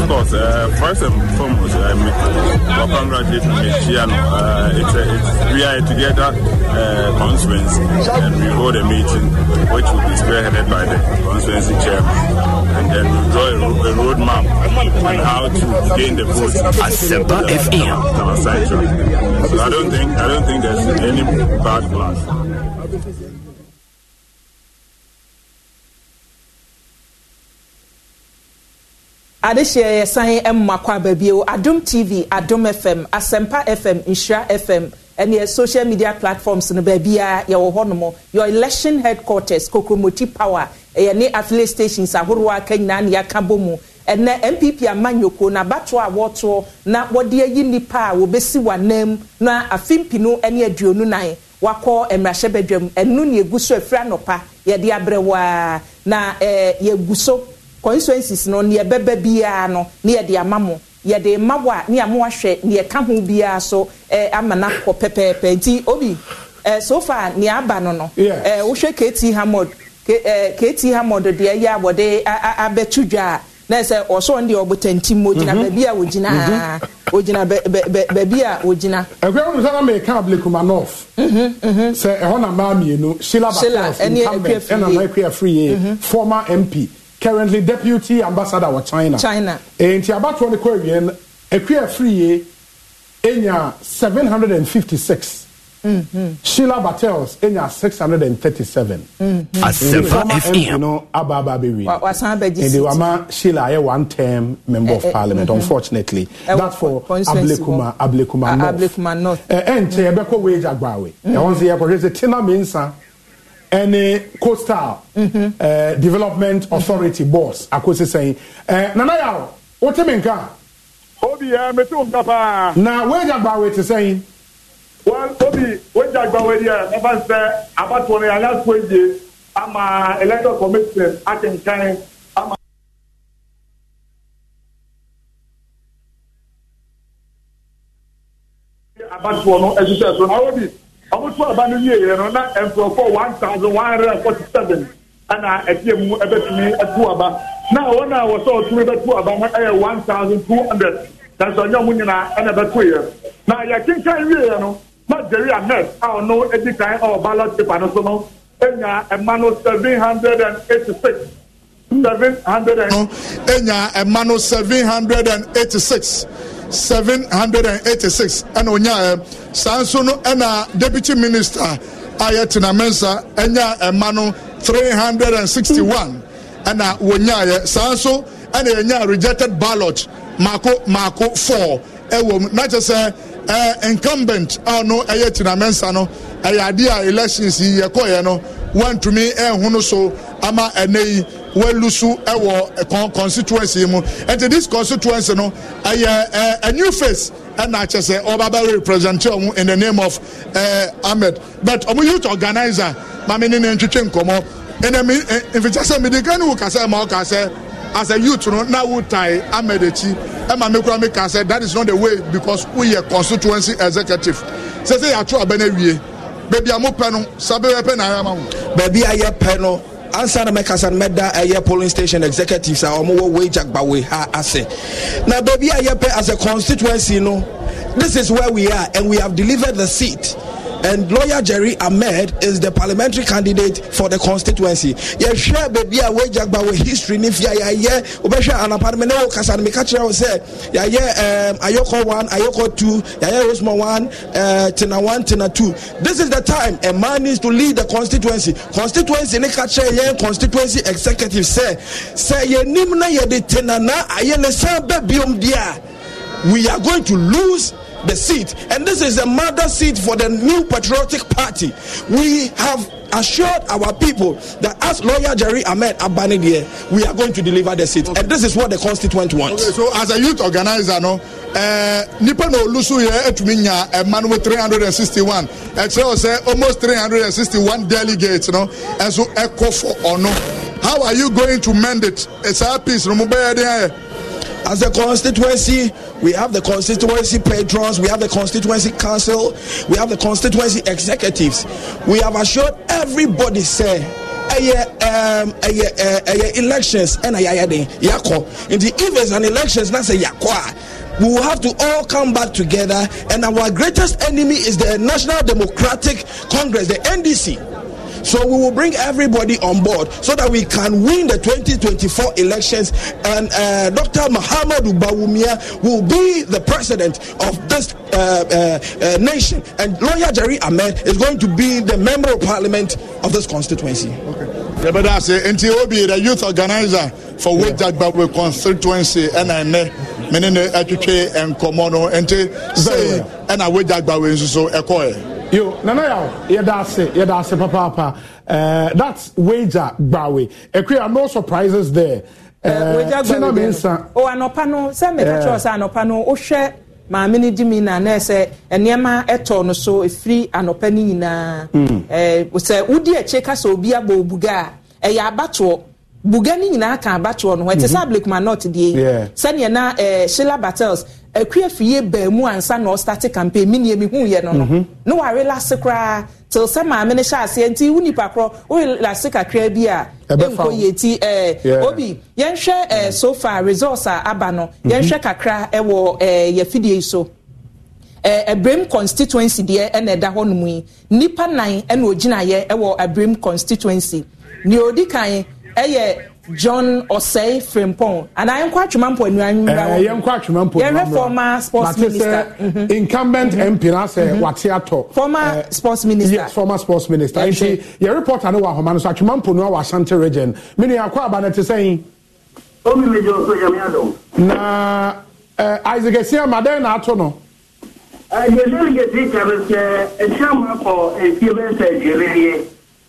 course, uh, first and foremost, I mean, well, congratulations, Michiano. Uh, it's, a, it's we are together uh, constituency, and we hold a meeting which will be spearheaded by the conference chair, and then we draw a, a roadmap on how to gain the votes at Sempa FM. So I don't think I don't think there's any bad blood. adehyɛ yɛsan mma kɔ baabio adom tv adom fm asɛmpa fm nhyira fm ɛne social media platforms no baabiaa yɛwɔ hɔ nom your election headquarters kokromoti power ɛyɛ ne affiliate stations ahoroɔ aka nyinaa ne yɛaka bɔ mu ɛnɛ npp ama nyoko na abatoɔ a wɔtoɔ na wɔde ayi nnipa a wɔbɛsi w'anam na afe mpinu ne aduonu nan wakɔ mmarahyɛbadwam ɛno ne ɛgu so afiri anɔpa yɛde abrɛ waa na eh, yɛgu so constituencies no ne yɛbɛba biara no ne yɛde ama mo yɛde ma wo a ne yɛamo ahwɛ ne yɛka ho biara so eh, ama no akɔ pɛpɛɛpɛ nti obi eh, so far nea aba no no yes. Eh, wohwɛ kt hamod kt eh, hamod deɛ yɛ a wɔde abɛto dwa a na sɛ ɔsɔn deɛ ɔbotanti mu ogyina mhm. baabi a ogyina mhm. ogyina baabi a ogyina. ɛgbẹ́ wọn sọ mi kan ablekumanoff mhm, sɛ ɛhɔ na mmaa mmienu sheila bakels incumbent ɛna na ekwe afiri yie former mp currently deputy ambassador wɔ china china nti abatoɔ no kɔ awie no akua afiri yie enya 756. hundred and fifty mm-hmm. six. Sheila Battles enya 637. No, aba aba be we. Ndi wama Sheila aye one term member of eh, eh, parliament mm-hmm. unfortunately. Eh, That for Ablekuma Ablekuma ah, North. Ablekuma North. Eh ente ebeko wage agbawe. E won se e ko se tina mensa ɛne coastal mm-hmm. eh, development authority mm-hmm. boss akosi sɛn eh, nana yaw wote mi nka. obi ɛ eh, mete wo nka paa. na wagya gbawe te sɛn. well obi wagya gbawe deɛ ɛfa sɛ abatoɔ no yɛn alasko edie ama electoral commission akenkan ama. abatoɔ no ɛsusɛ so na obi ɔmo to aba no wie yɛ no na nkurɔfoɔ one thousand one hundred and forty seven ɛna ɛteɛ mu ɛbɛtumi ɛto aba na wɔn a wɔsɛ ɔtumi bɛto aba no ɛyɛ one thousand two hundred nanso ɔnyɛ ɔmo nyinaa ɛna ɛbɛto yɛ na yɛkenkan wie yɛ no na jerry anet a ɔno edi kan ɔwɔ ballot paper no so no enya ɛma no seven hundred and eighty six. Seven hundred and. Enya ɛma no seven hundred and eighty six seven hundred and eighty six ɛna onyaɛ saa nso no ɛna deputy minister a yɛ tena mensa ɛnya ɛma no three hundred and sixty one ɛna wonyaɛ saa nso ɛna yɛnya rejected ballot mako mako four ɛwɔ mu na kyɛ ɛɛ incumbent a no ɛyɛ tena mensa no ɛyɛ adeɛ a elections yi yɛkɔɛ no wɔntumi ɛɛhono so ama ɛnɛ yi wɔalusu ɛwɔ kɔn constituency mu nti this constituency no ɛyɛ ɛ a new face ɛna akyɛ sɛ ɔba bɛ represent ɔmo in the name of ɛɛ ahmed but ɔmo youth organiser maame ne ne ntwitwe nkɔmɔ ɛnna mi nfikyɛ sɛ midika ne wo kasa ɛma ɔka sɛ as a youth no na wo tae ahmed akyi ɛma mi kura mi ka that is not the way because we yɛ constituency executive sɛ sɛ yɛ ato abɛn awie beebi a mo pɛ no sabe yɛ pɛ na ayɛ ama wo. beebi a yɛ pɛ no ansa na mɛkasa no mɛda ɛyɛ polling station executives a ɔmowɔ wage agbawe ha ase na baabi a yɛpɛ as a constituency no this is where we are and we have delivered the seat and lawyer Jerry Ahmed is the parliamentary candidate for the constituency. share baby, a wagyagba wɔ history ne ya yɛayɛ wobɛhwɛ anapade me ne wo kasa no meka kyerɛ wo sɛ yɛayɛ ayɔkɔ 1 ayoko 2 yɛayɛ rosma 1 uh, eh, tena 1 tena 2 this is the time a man needs to lead the constituency constituency ne ka kyerɛ constituency executive say sɛ yɛnim na yɛde tena na ayɛ ne san bɛ biom dia. we are going to lose the seat, and this is the mother seat for the new patriotic party. We have assured our people that as lawyer Jerry Ahmed Abanidier, we are going to deliver the seat, okay. and this is what the constituent wants. Okay, so as a youth organizer, no. Eh, nipa na olusu yɛ etumi nya ɛman eh, wo three hundred and sixty one ɛkyerɛ eh, sɛ almost three hundred and sixty one delegates no ɛnso ɛkɔ fɔ ɔno how are you going to mend it ɛsaa peace no mo bɛyɛ den ayɛ. as a constituency We have the constituency patrons, we have the constituency council, we have the constituency executives. We have assured everybody, say, um, uh, elections and yɛayɛ den yakɔ nti if elections na sɛ yakɔ we will have to all come back together and our greatest enemy is the national democratic congress the ndc So we will bring everybody on board so that we can win the 2024 elections. And uh, Dr. Muhammadu Ubawumia will be the president of this uh, uh, uh, nation. And Lawyer Jerry Ahmed is going to be the member of parliament of this constituency. Okay. Yeah, but that's it. And Obi, the youth organizer for yeah. Wajad Babwe constituency, and I know many HK and Komono, and say, and I Wajad Babwe, so Ekoe yo nana yaw yɛda ase yɛda ase papaapa uh, that's wager gbawe ekuya eh, no surprises there. Eh, eh, tina mi nsa. Oh, o anɔpa no sɛ mɛka kyerɛ sɛ anɔpa no wohwɛ maame no di mi na na sɛ nneɛma ɛtɔ no so efiri anɔpa no nyinaa. ɛɛ hmm. sɛ wodi akyire kasa obi abɔ obuga a ɛyɛ abatoɔ buga ni nyinaa ka abatoɔ no hɔ ɛte hmm. sɛ abilikuma nɔɔte deɛ na ɛɛ sheila battles akua e fie baamu ansa na ɔstate campaign mi nie mi hu yɛ no no mm -hmm. na warelase koraa till sɛ maame no hyɛ aseɛ nti wo nipa korɔ worelase kakraa bi a ɛnkɔ e yɛ ti eh, obi yɛnhwɛ eh, mhm. so far results a aba no yɛnhwɛ mhm. kakra e wɔ eh, yɛfidie yi so ɛbrɛm e, eh, constituency deɛ ɛna ɛda hɔ nom yi nipa nan ɛna ogyinayɛ ɛwɔ ɛbrɛm constituency nea odi kan ɛyɛ john ọsẹ frimpong and ayé nkọ atwuma mpọ ẹnu anyi nwura wọn yẹ nkọ atwuma mpọ ẹnu anyi nwura wọn yẹ hwẹ former sports minister incumbent mp na sẹ wate atọ former sports minister yes former sports minister nti yẹ reporter ni wà ahoma nso atwuma mpọ ẹnu wà asante region mini akọ abana ti sẹyin. omi mi jẹ oṣù yẹmi adọ. na isaac esi amadé na ato no. ẹ jẹ delegate ìjàmbá sẹ ẹ ṣe àwọn akọ ẹ fi bẹ yẹ.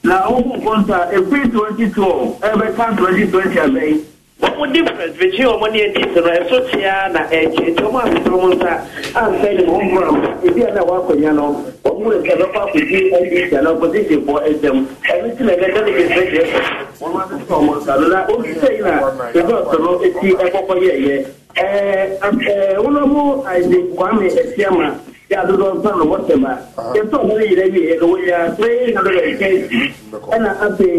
na ụkwụ nkọntọ a ekwe 2012 ebe ka 2020 abịa wɔn difference between wɔn ne eti no ɛso na ɛkyi eti wɔn a mu a na wakɔnya no wɔn mu nsa bɛkɔ akɔdi ɛdi tia na opposition fɔ ɛdɛm ɛbi ti na ɛdɛ ɛdɛ ɛdɛ ɛdɛ ɛdɛ wɔn na osise yi na resɔt no eti ɛkɔkɔ yɛ yɛ ya zuwa san wata ba ya to ne yire bi e go ya tray na da ke ana abe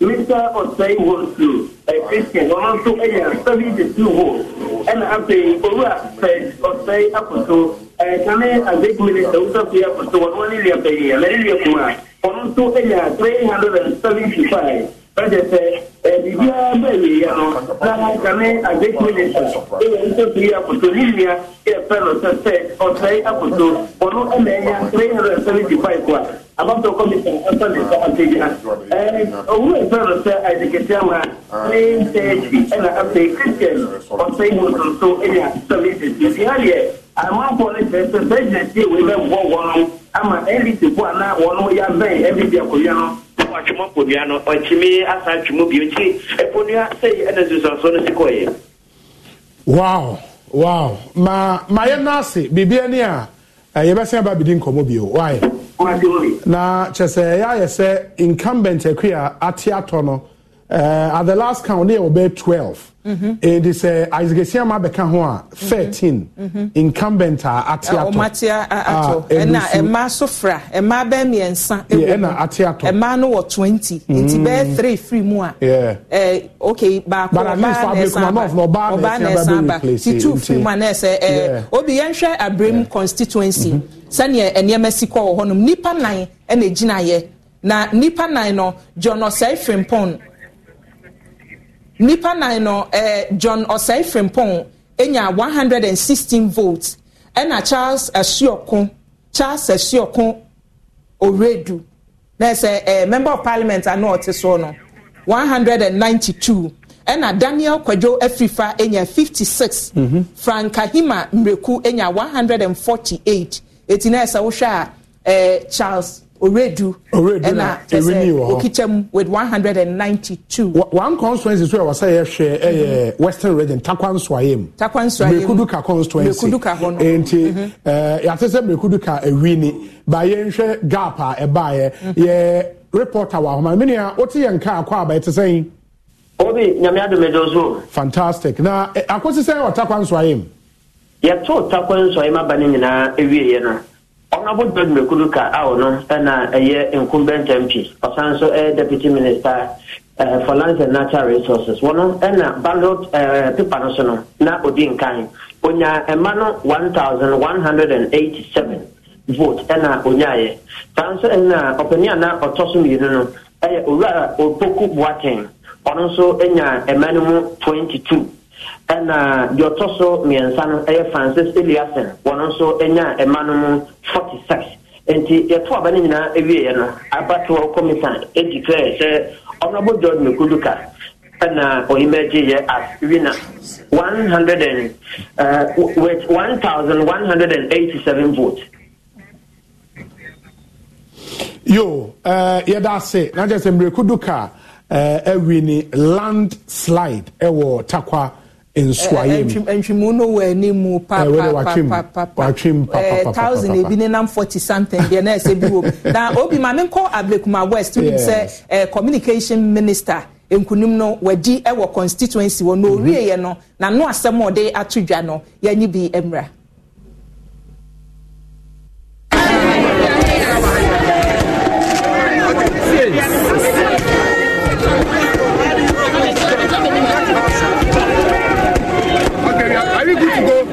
mr osai wonsu ai fiske wannan to ai ya sabi da su ho ana abe owa sai osai afuto ai kame a big minute da uta su ya futo wannan ne ya bayyana ne ya kuma wannan to ai ya 375 ɔtɛ sɛ ɛbibiara bɛyɛ yɛ no na kame agbɛtie ne sɛ ɛyɛ nso bi akoto ne nua ɛfɛ no sɛ sɛ ɔsɛe akoto ɔno ɛna ɛnya three hundred and seventy five a abapɛ commission ɛfɛ ne sɛ ɔtɛgyina owurɔ ɛfɛ no sɛ adekete ama three thirty ɛna afei christian ɔsɛe mu nso ɛnya seventy six yɛ aliɛ amanfoɔ ne kyerɛ sɛ sɛ gyina tie wei bɛboɔ wɔn ama ɛlitifoɔ anaa wɔn yɛ abɛn ɛbi bi akɔwia no ɔwɔ atwuma ponua no ɔntumi asa atwuma bio nti ponua sɛyi ɛna nsusuansoɔ no si kɔɔyɛ. wow wow ma ma yɛ naase biribi ani eh, a yɛbɛsɛn aba bi di nkɔmɔ bio waayɛ na kyerɛ sɛ yɛayɛ sɛ incumbent akui a ate atɔ no uh, at the last count they were 12 it is Isaac Esiama bɛka ho a 13 incumbent a uh, ate uh, ato ɔmatea uh, ato ɛna ɛma so fra ɛma bɛɛ mmiɛnsa ɛna ate ato ɛma no wɔ 20 nti bɛɛ 3 firi mu a ɛɛ ok baako ɔbaa na ɛsan aba ɔbaa na ɛsan aba ti 2 firi mu a na ɛsɛ ɛɛ obi abrim abirem constituency mm-hmm. sɛnea eh, nneɛma si kɔ wɔ hɔnom nipa nan ene egyina yɛ na nipa nan no john osei frimpong nipa nan no eh, john ọsai frimpong enya one hundred and sixteen votes ɛna charles ɛsiɔko charles ɛsiɔko oredu na ɛsɛ eh, member of parliament a na ɔte soɔ no one hundred and ninety two ɛna daniel kwadwo afirifa enya fifty six mm -hmm. frankahima mreku enya one hundred and forty eight eti na ɛsɛ wohwɛ a eh, charles oredu ɛna kyerɛ okita mu with one hundred and ninety two. one constituency so yɛ wasa yɛ hwɛ ɛyɛ mm-hmm. western region takwa nswaye mu takwa nswaye mu mekuduka constituency mekuduka hɔ no nti ɛɛ yàtɛ sɛ mekuduka ewi ni ba yɛn hwɛ gap a ɛbaayɛ mm-hmm. yɛ reporter wɔ ahoma mi nia o ti yɛ nka akɔ aba ɛte sɛn. obi nyame adumedo so. fantastic na eh, akosi sɛ ɔtakwa nswaye mu. yɛtɔ takwa nswaye mu aba ne nyinaa ewie yɛ no honorable george mekuruka a ɔno ɛna ɛyɛ incumbent mp ɔsan nso ɛyɛ deputy minister uh, for lands and natural resources wɔno ɛna ballot uh, paper no so no na odi nkan onya ɛma no one thousand one hundred and eighty seven vote ɛna onyaayɛ saa nso ɛna ɔpanin a na ɔtɔ so mmienu no ɛyɛ owura opoku boateng ɔno nso ɛnya ɛma no mu twenty two ɛna deɛ ɔtɔ so mmiɛnsa no ɛyɛ francis eliasen wɔn nso nya ɛma no mu forty six nti yɛto aba no nyinaa awieɛ no abatoɔ commission edeclare sɛ ɔnabɔ john mekuduka ɛna ɔhima gye as wina one hundred and uh, with one thousand one hundred and eighty seven votes. yo uh, yɛda ase na kyerɛ sɛ mmerɛkuduka ɛwi uh, ni landslide ɛwɔ takwa nswaye eh, eh, mu ntwimu no wɔ anim papapapapapatwim papapapa thousand ebi nenam forty something deɛ na ɛsɛ bi wɔ na obi maame nkɔ ablekuma west wim sɛ ɛɛ eh, communication minister nkunim no wɔadi ɛwɔ constituency wɔ na owie mhm. yɛ no n'ano asɛm a ɔde ato dwa no yɛnyi bi mmerɛ.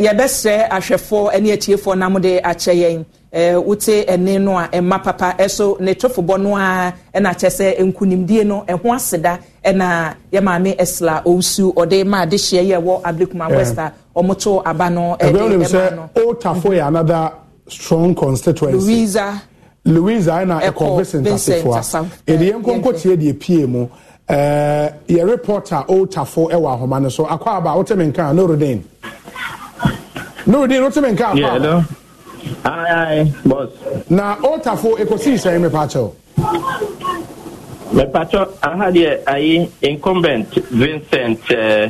yɛbɛsrɛ ahwɛfoɔ ne atiefoɔ nam de akyɛ yɛn wote ɛne no a ɛma papa ɛso ne tofobɔ no a ɛna kyɛ sɛ nkunimdie no ɛho aseda ɛna yɛ maame ɛsla owusu ɔde ma adehyeɛ yɛ wɔ ablekuma west a ɔmoto aba no ɛde ɛma no. otafo yɛ another strong constituency. louisa louisa ɛna ɛkɔ vincent asefo a yɛde yɛn nkonko tie deɛ pie mu ɛɛ yɛ reporter otafo ɛwɔ ahoma no so akɔ aba wotɛ mi nkan no nurudin wotu mi nka apa. hello ayi ayi boss. na otafo ekosi sẹyin mepa kyẹw. mepa kyẹw aha deɛ ayi incumbent vincent uh,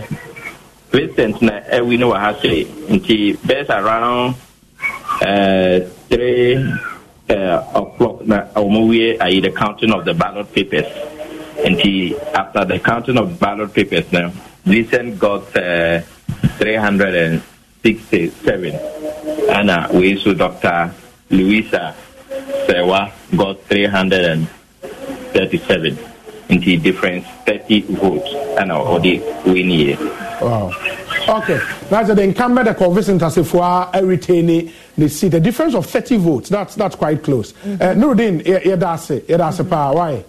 vincent na ɛwi ne wɔ ha se nti bɛs around uh, three uh, o'clock na wɔn wie ayi the counting of the ballot papers nti after the counting of ballot papers now vincent got uh, 300 and 67 ana wee so dr louisa sewa got 337 nti difference 30 votes ana ɔde wei ne yɛ Wow. Okay. That's the incumbent the convincing Tasifua retaining the seat. The difference of 30 votes. That's that's quite close. Mm-hmm. Uh, Nuruddin, yeah, that's it. Yeah, that's it. Why?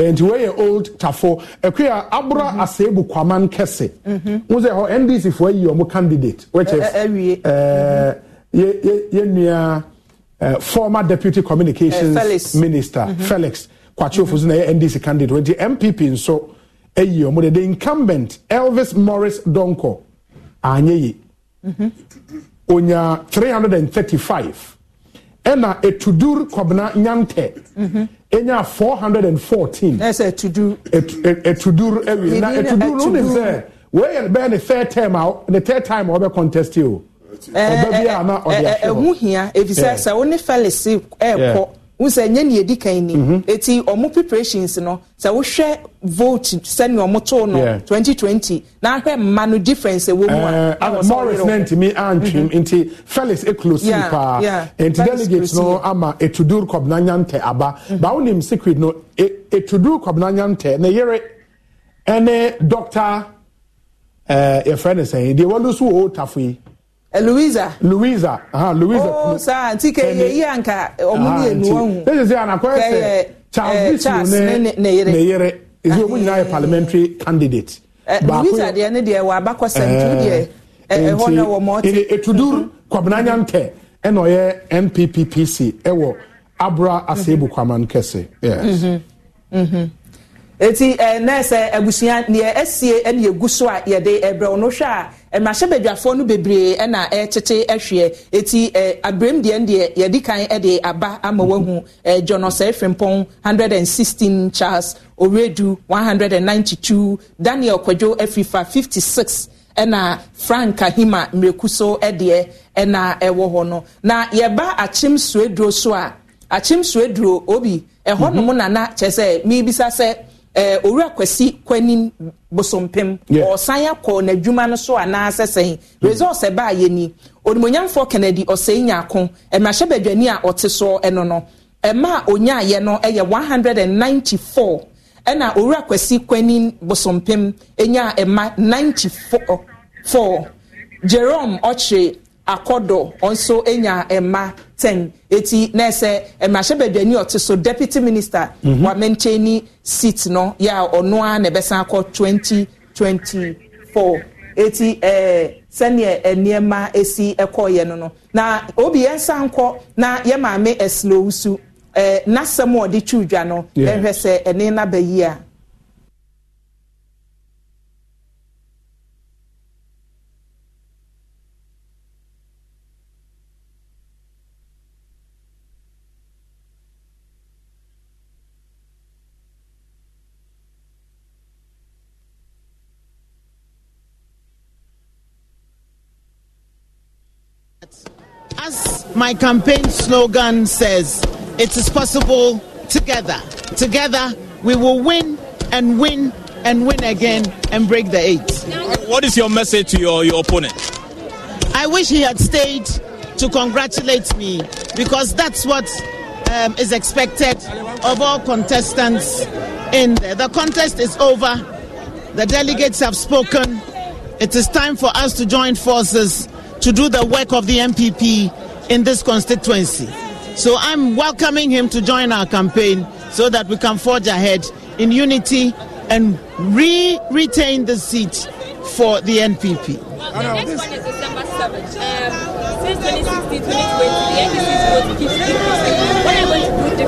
nti wɔyɛ old tafo ɛkwe a abura mhm. aseebu kwaman kɛse mhm. n sɛ hɔ ndc foɔ ayi wɔn candidate which e, e, is ɛɛ yɛ nua former deputy communications eh, minister mhm. felix kwachiofo so na yɛ ndc candidate nti npp nso ayi e wɔn de the incumbent elvis morris donko anyeye onya three hundred and thirty-five ɛna etudur kɔbena nyantɛ mhm. enya four hundred and fourteen. ɛsɛ etudur. etudur ewi na etudur no ne sɛ wɔyɛ bɛyɛ ne third time a ne third time eh, eh, a ɔbɛ contest yi o. ɛɛ ɛɛ ɛhu hia efisɛ sɛ wɔn ne felix ɛɛkɔ wusa nye ni edi kan ni mm-hmm. eti ɔmo preparations no sɛ wohwɛ vote sɛni ɔmo to no 2020 twenty n'ahwɛ difference ewo mu a eh, morris náà ntumi antwim nti felix ekolosi paa nti delegates no ama etudur kɔbinanya ntɛ aba mm-hmm. baawo secret no e, etudur kɔbinanya ntɛ ne yere ɛne doctor ɛɛ yɛfrɛ ne sɛn deɛ nso wɔ o yi. Eh, louisa. louisa ahan louisa. Oh, saa nti kẹyẹ yi anka ọmọ ni enu ọhún. ẹ ṣe ṣe anakọ ẹsẹ charles bishop ne ne yere ne yere ezi omu nyinaa yɛ parliamentary candidate. Eh, louisa deɛ ne deɛ wɔ abakɔ sɛntu deɛ ɛhɔ na wɔ mɔɔte. nti etudur mm-hmm. kwabenanya ɛna eh, ɔyɛ npppc ɛwɔ abra asebu mm-hmm. kwaman kɛse. yes. Mm -hmm. Mm -hmm. eti eh, na sɛ eh, abusua nea ɛsie eh, ɛna egu so a yɛde ɛbrɛw no hwɛ a mmarahyɛbadwafoɔ no bebree ɛna ɛtete ɛhwɛ eti ɛ abirem deɛ deɛ yɛde kan ɛde aba ama wahu ɛ john ɔsɛɛfɛ mpɔn hundred and sixteen charles oredu one hundred and ninety two daniel kwadwo efifa fifty six ɛna frank ahima mmereku so ɛdeɛ ɛna ɛwɔ hɔ no na yɛba akyem sueduro so a akyem sueduro obi ɛhɔ nom mhm. nana kyɛ sɛ miibisa sɛ. Eh, owu kwasi kwanim bosompem ɔsan akɔ n'adwuma a so anaasɛ sɛn results ɛbaa yɛ ni onimonyamfoɔ kennedy ɔsɛn nyaako mmarahyɛ badwani a ɔte soɔ ɛno no eh, mmaa a onyaayɛ no eh, yɛ one hundred and ninety four ɛna owu kwasi kwanim bosompem enya ɛma ninety four jerome ɔkye. akɔdɔ ɔnso enya ɛma ten eti n'ɛsɛ ɛmahyɛbɛduani ɔte so deputy minister mm -hmm. wamɛnkyɛni seat no yɛ a ɔnoa na ɛbɛsan akɔ 2024 eti ɛɛ sɛnea nneɛma esi ɛkɔɔyɛ no no na obi yɛn nsa nkɔ na yɛ maame ɛsilowusu ɛɛ n'asɛm a ɔde twi dwa no ɛhwɛ sɛ ɛne n'abɛyi a. My campaign slogan says, It is possible together. Together, we will win and win and win again and break the eight. What is your message to your, your opponent? I wish he had stayed to congratulate me because that's what um, is expected of all contestants in there. The contest is over. The delegates have spoken. It is time for us to join forces to do the work of the MPP in this constituency. So I'm welcoming him to join our campaign so that we can forge ahead in unity and re retain the seat for the NPP. the next one is December um, since 2016, the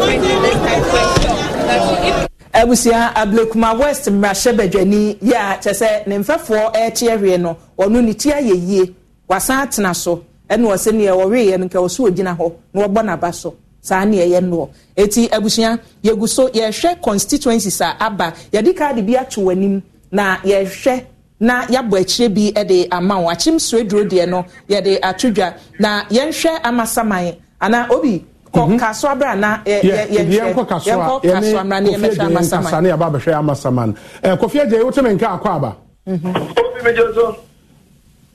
What to if ablekuma west mmarahyɛ badwani yɛ a kyɛ sɛ ne mfɛfoɔ ɛrekyeɛ hwee no ɔno ne ti ayɛ yie wasan atena so ɛna ɔsɛ nea ɔweeɛ no nka ɔsɛ ɔgyina hɔ na wɔbɔ n'aba so saa ne ɛyɛ noɔ eti abusua yɛgu so yɛhwɛ constituencies a aba yɛde kaadi bi ato wɔn na yɛhwɛ na yabɔ akyire bi de ama wɔn akyim so aduro deɛ no yɛde ato dwa na yɛnhwɛ amasaman ana obi kɔ mhm. kaso abira na yɛhwɛ yɛnkɔ kaso abira na yɛmɛhwɛ amasaman yɛne kofi agye nsa ne yaba abɛhwɛ amasaman eh, kofi agye wotu mi nka akɔ aba. o bi mi jẹ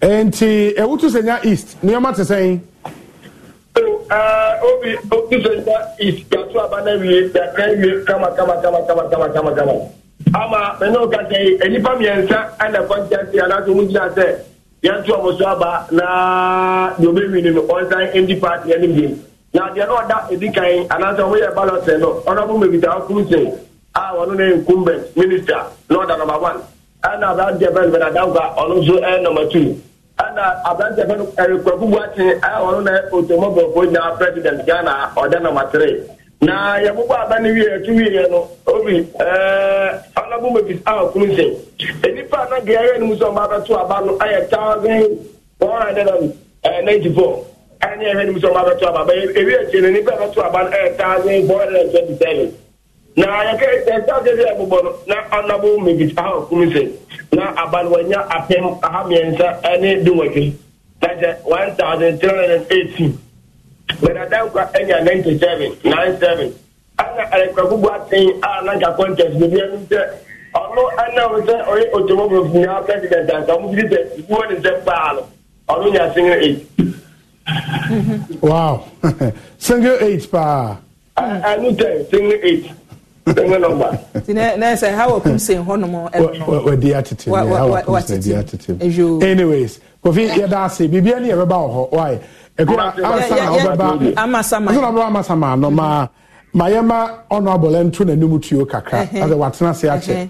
nti ewutu senya east nneɛma te sɛn. obi otu senya east uh, yatu abana wie yaka wie kama kama kama kama kama kama kama ama mene o kasa yi enipa mmiɛnsa ɛna kɔntiasi anaso mu gyina sɛ yɛntu ɔmo aba na deɛ obe ni no ɔnsan ndi paati ɛnim bi na deɛ no ɔda edi kan anaso ɔmo yɛ balɔsɛ no ɔnabɔ mebita ɔkunse a ɔno ne nkumbɛ minista na ɔda nɔba one ɛna abranteɛ bɛn bɛn adanko a ɔno nso ɛyɛ nɔba two. ana fɛn a ɔno na otomobɔfo nyinaa president ghana ɔda nama na yɛbobɔ eh, e aba no wie ɛto na no obi ɔnabo mabis a ɔkunu nsen a na geɛyɛ no mu sɛ ɔma bɛto aba no ayɛ thousand one hundred and ninety four ɛne ɛhwɛ no sɛ aba bɛyɛ ewi akyi na aba no na yɛkɛɛsɛdeɛ ɛbobɔ no na honorable migit aha okumi sɛ na aha mmiɛnsa ɛne na one thousand three hundred and eighteen gbɛdadankwa ɛnya ninety seven nine seven a nanka contest bebi ɛnu sɛ ɔno ɛnam sɛ ɔyɛ otomobofo nyinaa president ansa ɔmo firi sɛ buwɔ ne nsɛm paa ɔno nya single eight. wow single eight paa. ɛnu tɛ single eight. nɛsɛ ha wɔ kumsen hɔnom wadi atete wadi atete anyways kofi yɛda ase biribia ne yɛbɛba wɔ hɔ why ansa na wobɛba amasama no ma ma yɛma honorable nto n'anim tuo kakra asɛ watena se akyɛ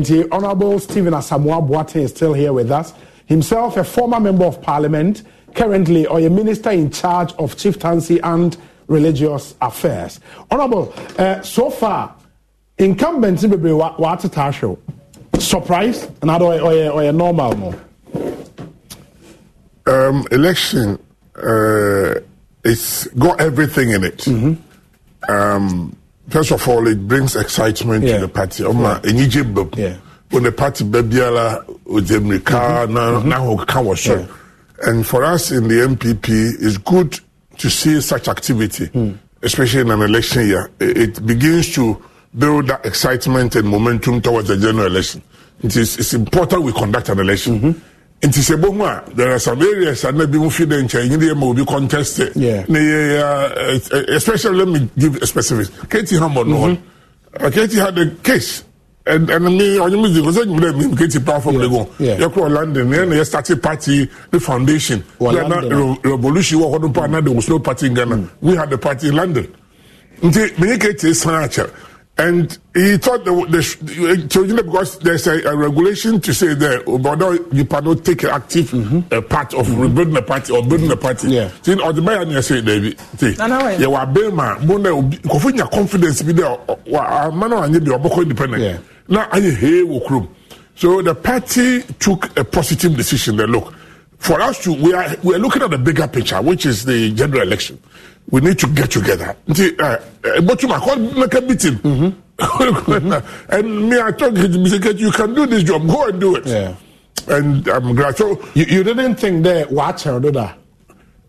nti honorable stephen asamoa boaten is still here with us himself a former member of parliament currently or a minister in charge of chieftaincy and religious affairs. Honorable, uh, so far, incumbents in Bibi what a show. Surprise? And or do normal no? Um, election, uh, it's got everything in it. Mm-hmm. Um, first of all, it brings excitement yeah. to the party. Oma, yeah. Egypt, yeah. When the party Bebiala, Ojemrika, mm-hmm. now mm-hmm. Hoka was And for us in the MPP, it's good to see such activity, mm. especially in an election year. It, begins to build that excitement and momentum towards the general election. It is it's important we conduct an election. Mm-hmm. nti a there are some areas that maybe we mu fi dɛ nkyɛn nyine yɛ ma contest yeah. Uh, uh, especially let me give specific. katie hamod no one. katie had a case ɛna mi ɔnye mi zi ko sɛnyi mi dɛ mi mi keti platform de ko yɛ kura london yɛn na yɛ start party the foundation yɛn na revolution wɔ hɔ pa na de oslo party in ghana mm. we had the party in london nti mi ni keti san akyɛ and he thought the the because there's a, a regulation to say that obodo oh, you cannot take an active mm-hmm. uh, part of mm-hmm. rebuilding a party or building a party. ti ọdún báyà ni ẹ ṣe dẹbi ti yẹ wà bẹẹ ma mo na obi kò fún yà confidence bi dẹ wà á mánà wà nyẹ bi ọbọkọ independent. Yeah. na anyị hee wɔ kurom so the party took a positive decision Then look for us to we are we are looking at the bigger picture which is the general election we need to get together nti ebotuma uh, uh, call make a meeting. Mm-hmm. and me, I told him, you can do this job, go and do it. Yeah. And I'm glad. So you, you didn't think that what her did that?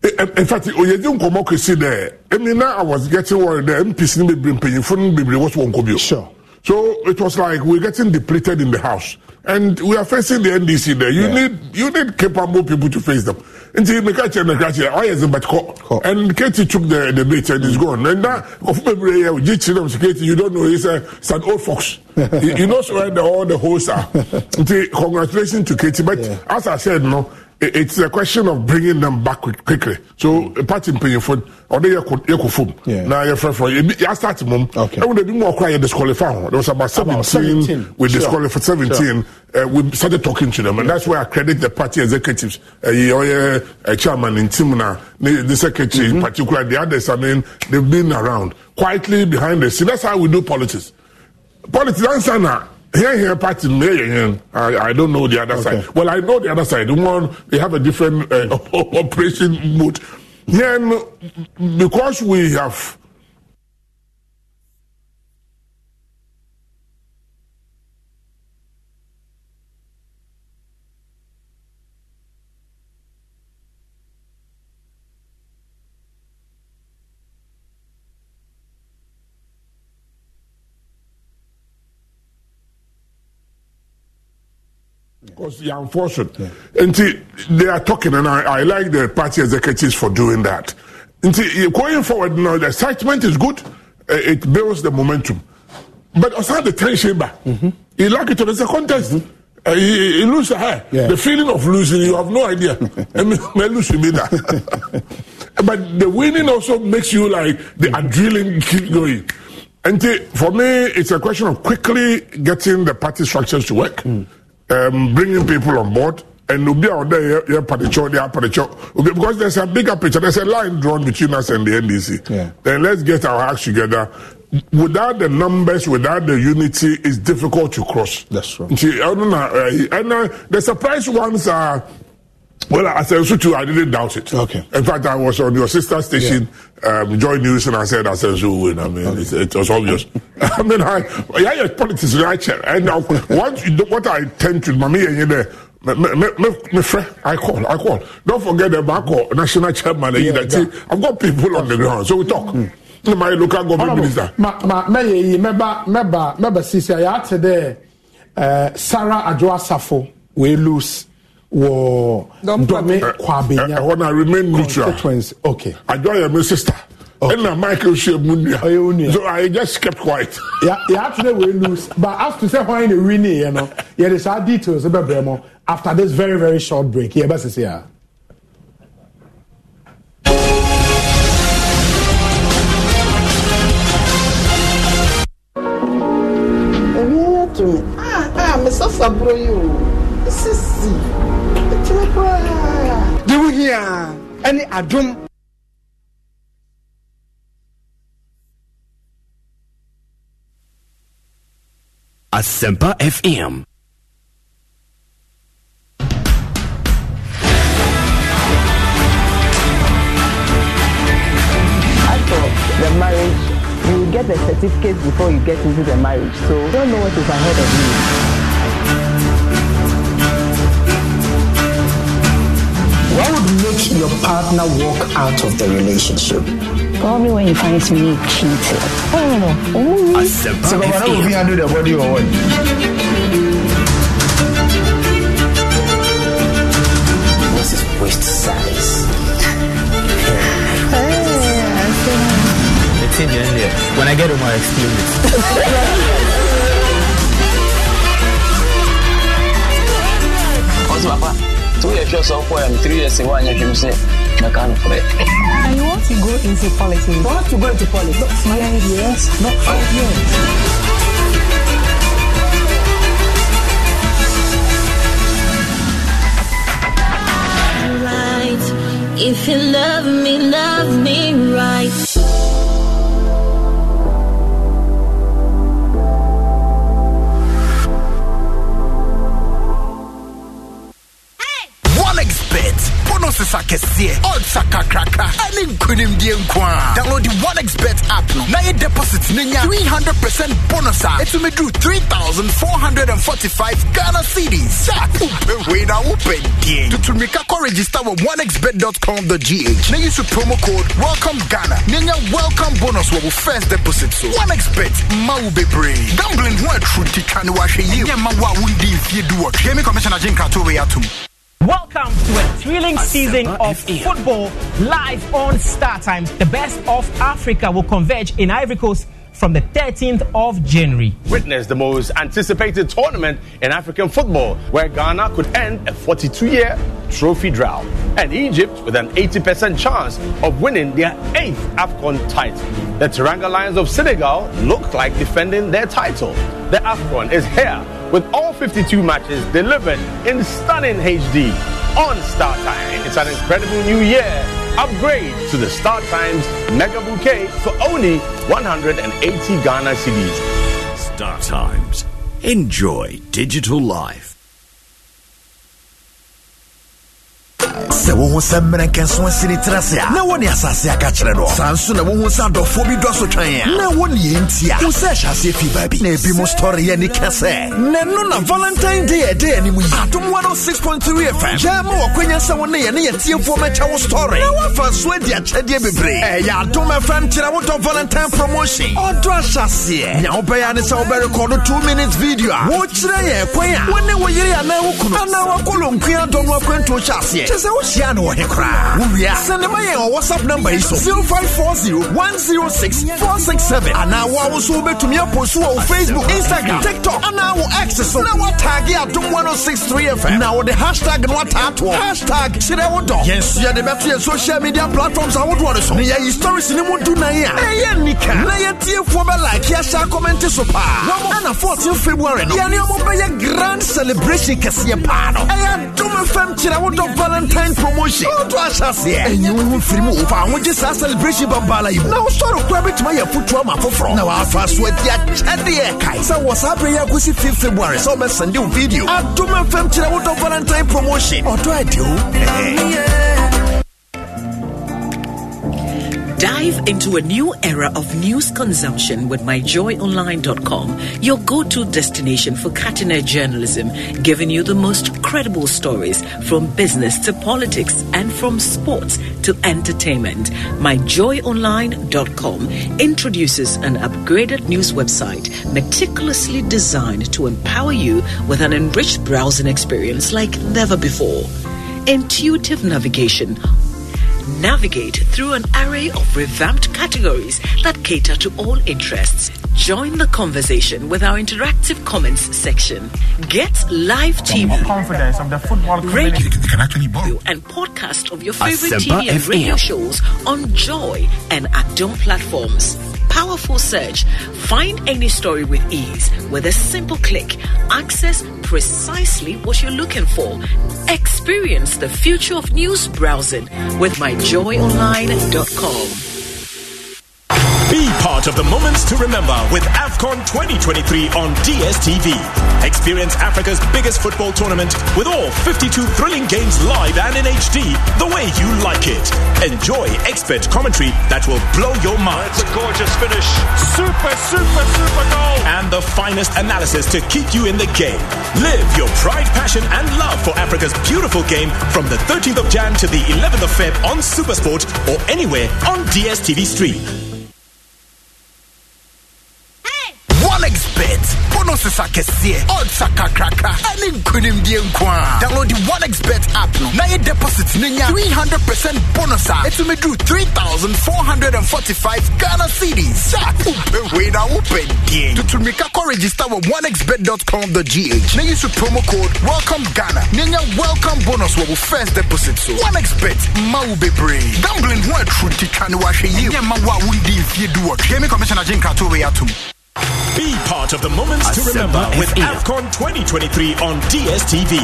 Eh, eh, in fact, oh, you didn't come out see there. I mean, now I was getting worried. The MPs didn't be bringing didn't for me. What's you? Sure. So it was like we're getting depleted in the house. And we are facing the NDC there. You yeah. need you need capable people to face them. And see, and catch why is but And Katie took the bait and it's gone. And now of February, you don't know, he's a, it's an old fox. He knows where the, all the holes are. Congratulations to Katie. But yeah. as I said, no, it's a question of bringing them back quick, quickly. So, mm. party or they could, kò could kò fom na yẹ fẹfẹ ebi yà start mum. okay. I ebi mu more yẹ disqualify there was about seventeen about we disqualify for seventeen sure. uh, we started talking to them and yeah. that's where I credit the party executives ẹyẹ eh, ọyẹ ẹ eh, chairman in team the, the secretary mm -hmm. in mm-hmm. particular the others I mean they've been around quietly behind the scene that's how we do politics politics answer now here here party may eh, I, I don't know the other okay. side well i know the other side the one they have a different uh, operation mode Then, because we have because you unfortunate. Yeah. And they are talking, and I, I, like the party executives for doing that. And going forward now, the excitement is good. Eh, it builds the momentum. But also the tension back. Mm-hmm. He like it on it's a contest. Mm-hmm. Uh, he, loses her. Yeah. The feeling of losing, you have no idea. I mean, but the winning also makes you like the adrenaline keep going. And t- for me, it's a question of quickly getting the party structures to work. Mm um, bringing people on board. And we'll be out there, yeah, paricho, yeah, paricho. Okay, because there's a bigger picture. There's a line drawn between us and the NDC. Yeah. Then let's get our acts together without the numbers, without the unity, it's difficult to cross. That's right. I know. Uh, and uh, the surprise ones are Well, I said Sutu, I didn't doubt it. Okay. In fact, I was on your sister station, yeah. um, Joy News, and I said I said will win. I mean, okay. it, it, was obvious. I mean, I yeah, yeah politics right And now, what what I tend to, mommy, you know. Me, me, me, me friend, I call, I call. Don't forget the Bako national chairman. Yeah, that. Yeah. See, I've got people on the ground, so we talk. Mm. Mm. My local government minister. Ma, ma, me, meba, meba, meba, sisi, I had today, uh, Sarah Adwa Safo, we lose wɔ dɔmi kwabenya ɛhɔ na remain neutral okay adwa yɛ mi sister ɛna michael se mu nua so i just kept quiet. yàtò de wey lose but as to say why they win it yẹn no yẹ de saa details bẹ bẹrẹ mọ after this very very short break yẹ bẹ sisi ah. èmi yẹn tún mi ah ah mi sọ sàbúrò yìí o sisi. we hear any ɛne A Asempa FM the marriage, you will get the certificate before you get into the marriage. So don't know what is ahead of you. What would make your partner walk out of the relationship? Probably when you find me cheating. Oh, no, no. Ooh. So, but what will be under the body or what? What is is waist size. When I get home, I'll explain it. Also, Papa two years or so and three years ago, and you say, I can't pray. And you want to go into politics? You want to go into politics? Not five years, not five years. If you love me, love me right. chances akɛseɛ odds akakrakra ɛne nkonimdie nko a download the onex bet app now. na yɛ deposit no 300 percent bonus a ɛtumi do 3445 ghana cedis sɛ wopɛ wei To wopɛ deɛ tutumika kɔ register wɔ onexbet.com.gh na use promo code welcome ghana na welcome bonus wɔ wo first deposit so onexbet ma wo bebree gambling ho atru nti twa ne wahwɛ yie ɛnyɛ ma wo a wondi mfie du wɔtwe mi commissioner gye nkratowe atom Welcome to a thrilling season of football live on Star Times. The best of Africa will converge in Ivory Coast from the 13th of January. Witness the most anticipated tournament in African football, where Ghana could end a 42 year trophy drought, and Egypt with an 80% chance of winning their eighth AFCON title. The Tiranga Lions of Senegal look like defending their title. The AFCON is here with all 52 matches delivered in stunning HD on StarTimes, It's an incredible new year. Upgrade to the StarTime's Mega Bouquet for only 180 Ghana CDs. StarTimes. Enjoy digital life. sɛ wo ho sɛ mmerɛnkɛ nso asini tena ase a na wɔne asase aka kyerɛ no saa nso na wohu sɛ adɔfoɔ bi dɔ so twɛn a na wɔne yɛ nti a wo sɛ ɛhyɛ aseɛ baabi na ebi mo stɔre yɛ nika sɛ nɛno na valentine day ɛda anim yi adom 106.3 fm yɛ ma wɔkwanya sɛ wo ne yɛ yɛtiefoɔ mɛkyɛ wo stɔre na woafa nso adi akyɛdeɛ bebree ɛyɛ adom fm kyerɛ wodɔ valentine promotion ɔdɔ ahyɛ nea wobɛyɛ ne sɛ wobɛrekɔdo 2 minutes video a wɔkyerɛ yɛ kwan a wo ne wo yere anaa wo kunu anaa wakɔlɔnkua dɔ no akwanto hyɛ aseɛ kyɛ sɛ wohyia no wɔ he koraa whatsapp number yi so 0540 106 467 anaa wo a wo nso wobɛtumi apo so wɔ wo facebook instagram tiktok anaa wo x so na woataage adom 1063 fm na wode hashtag what no ataatoɔ hashtag kyerɛ wo dɔ yɛn the best bɛto social media platforms ahodoɔ no so ne yɛyi stories ne mu dunan a ɛyɛ nika na yɛtiefoɔ bɛlike yɛhyɛ comment, so paa ana 14 february no yɛne ɔmobɛyɛ grand celebration kɛseɛ paa no ɛyɛ adom fam kyerɛ wo dɔ valentine promotion tó aṣa seɛ ɛnyɛ wo ho firi mu fa ho gye saa celebration bambala yi mu na wosɔre kora bɛtumi ayɛ fotoa ma foforɔ na wɔafa so adi akyɛdeɛ kae sɛ wɔ saa berɛ yi akosi 5 february sɛ wobɛsɛnde wo video adom fm kyerɛ wodɔ valentine promotion ɔdɔ ade o Dive into a new era of news consumption with myjoyonline.com, your go to destination for cutting edge journalism, giving you the most credible stories from business to politics and from sports to entertainment. MyJoyOnline.com introduces an upgraded news website meticulously designed to empower you with an enriched browsing experience like never before intuitive navigation, Navigate through an array of revamped categories that cater to all interests. Join the conversation with our interactive comments section. Get live TV, confidence of the football radio, and podcast of your favorite TV and FM. radio shows on Joy and Adon platforms powerful search, find any story with ease with a simple click. Access precisely what you're looking for. Experience the future of news browsing with myjoyonline.com. Be part of the moments to remember with AFCON 2023 on DSTV. Experience Africa's biggest football tournament with all 52 thrilling games live and in HD the way you like it. Enjoy expert commentary that will blow your mind. It's a gorgeous finish. Super, super, super goal. And the finest analysis to keep you in the game. Live your pride, passion, and love for Africa's beautiful game from the 13th of Jan to the 11th of Feb on Supersport or anywhere on DSTV Stream. OneXBet. Bonuses akɛseɛ, odds akakraka, ɛne nkonimdie nko a. Download the OneXBet app no na yɛ deposit no nya 300% bonus a ɛtumi duru 3,445 Ghana cedis. Sa wobɛwei na wopɛdeɛ. Tutumika kɔ register wɔ onexbet.com.gh na use promo code welcome Ghana na nya welcome bonus wɔ wo first deposit so. OneXBet ma wo brave. Gambling ho atru ntitwa ne wahwɛ yie. Ɛnyɛ ma wo a wondi mfie du wɔ. Gaming Commissioner Jim Kato wei atom. Be part of the moments to remember with AFCON 2023 on DSTV.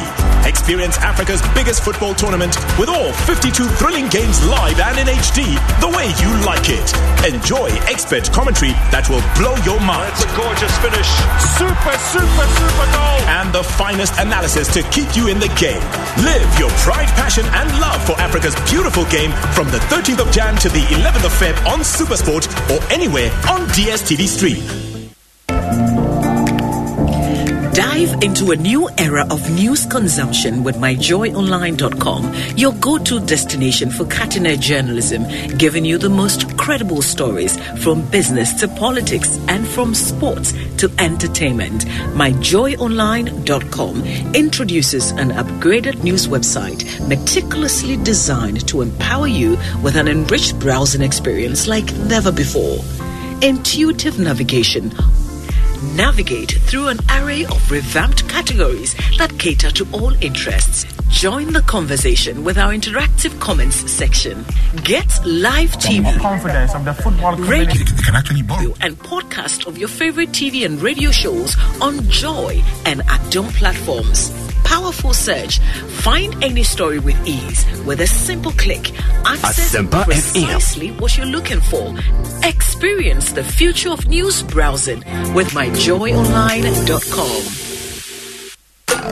Experience Africa's biggest football tournament with all 52 thrilling games live and in HD, the way you like it. Enjoy expert commentary that will blow your mind. It's a gorgeous finish. Super, super, super goal. And the finest analysis to keep you in the game. Live your pride, passion, and love for Africa's beautiful game from the 13th of Jan to the 11th of Feb on Supersport or anywhere on DSTV Stream. Dive into a new era of news consumption with myjoyonline.com, your go to destination for cutting edge journalism, giving you the most credible stories from business to politics and from sports to entertainment. MyJoyOnline.com introduces an upgraded news website meticulously designed to empower you with an enriched browsing experience like never before. Intuitive navigation Navigate through an array of revamped categories that cater to all interests. Join the conversation with our interactive comments section. Get live TV, confidence of the football radio, and podcast of your favorite TV and radio shows on Joy and Adom platforms. Powerful search. Find any story with ease with a simple click. Access precisely what you're looking for. Experience the future of news browsing with my joyonline.com.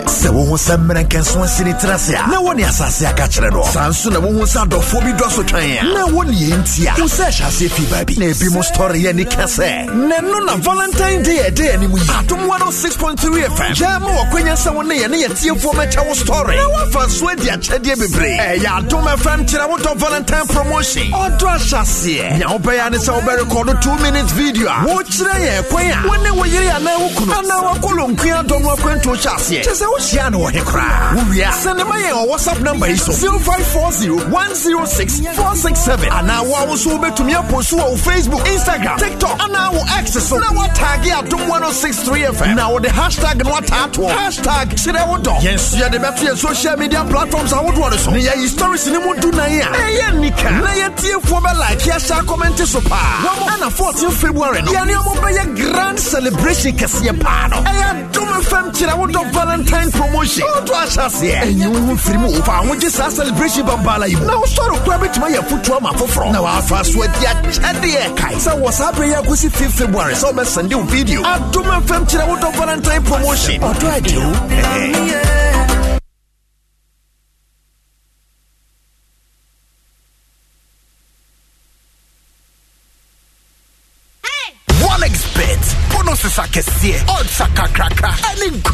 sɛ wohu sɛ mmerɛnkɛnso asi ne se a na wo ne asase aka kyerɛ no saa nso na wohu sɛ adɔfoɔ bi dɔ so twɛn a na wo ne ɛnti a wo sɛ ɛhyɛ aseɛ fii baabi na ebi mu stɔreyɛ ne ka sɛ nɛno na valentine day ɛde anim yi adom 106.3 fm gyaa ma wakwanya sɛ wo ne yɛne yɛtiefoɔ mɛkyɛ wo stɔre na woafa so adi akyɛdeɛ bebree ɛyɛ adom fm kyerɛ wodɔ valentine promotion ɔdɔ ahyɛ aseɛ nea wobɛyɛ ne sɛ wobɛrekɔdo 2 minutes video a wokyerɛ yɛ ɛkwan a wo ne wo yere anaa wo kunu anaa wakɔlɔnkua adɔ no akwantuo hyɛ aseɛ Chese sɛ wohyia no wɔ he koraa wowia sɛne ma yɛn whatsapp number yi 0540106467 anaa wo a wo so wobɛtumi apo wo facebook instagram tiktok anaa wo x so na woataage adom 1063 fm na the hashtag no ataatoɔ hashtag hyerɛ wo dɔ yɛnso yɛde bɛto yɛ social media platforms ahodoɔ no so ne yɛyi stories no mu dunan a ɛyɛ nnika na yɛtiefoɔ bɛlike yɛhyɛ akɔmmɛnte so paa ana 14 february no yɛne ɔmo bɛyɛ grand celebration kɛseɛ paa no ɛyɛ me fam chira wo dɔ valentine promotion ọdún ahyase ẹ ẹyin wo firi mu fa àwọn jẹ saa celebration bambala yìí mu na ọsọrọ kura bẹ tuma yẹ futu ama foforọ na wàá fa so ẹdi akyẹdeẹ kai sẹ wọ saa bẹrẹ yẹ kó si fi february sẹ ọ bẹ sẹnde o video adum fm kyerẹ wọdọ valentine promotion ọdún àjẹwò.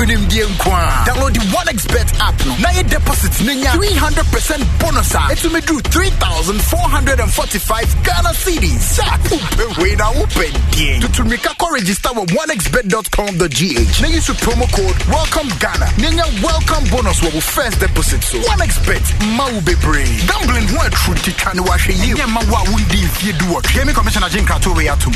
mpenimdie nko a download the one expert app no na yɛ deposit no 300% bonus a ɛtumi duru 3445 ghana cedis sa wopɛwei to make a kɔ register wɔ onexbet.com.gh na use promo code welcome ghana na welcome bonus wɔ wo first deposit so one expert ma wo bebree gambling ho atru ntitwa ne wahwɛ you. ɛnyɛ ma wo a wondi mfie duwɔtwe gaming commissioner gye nkratowe atom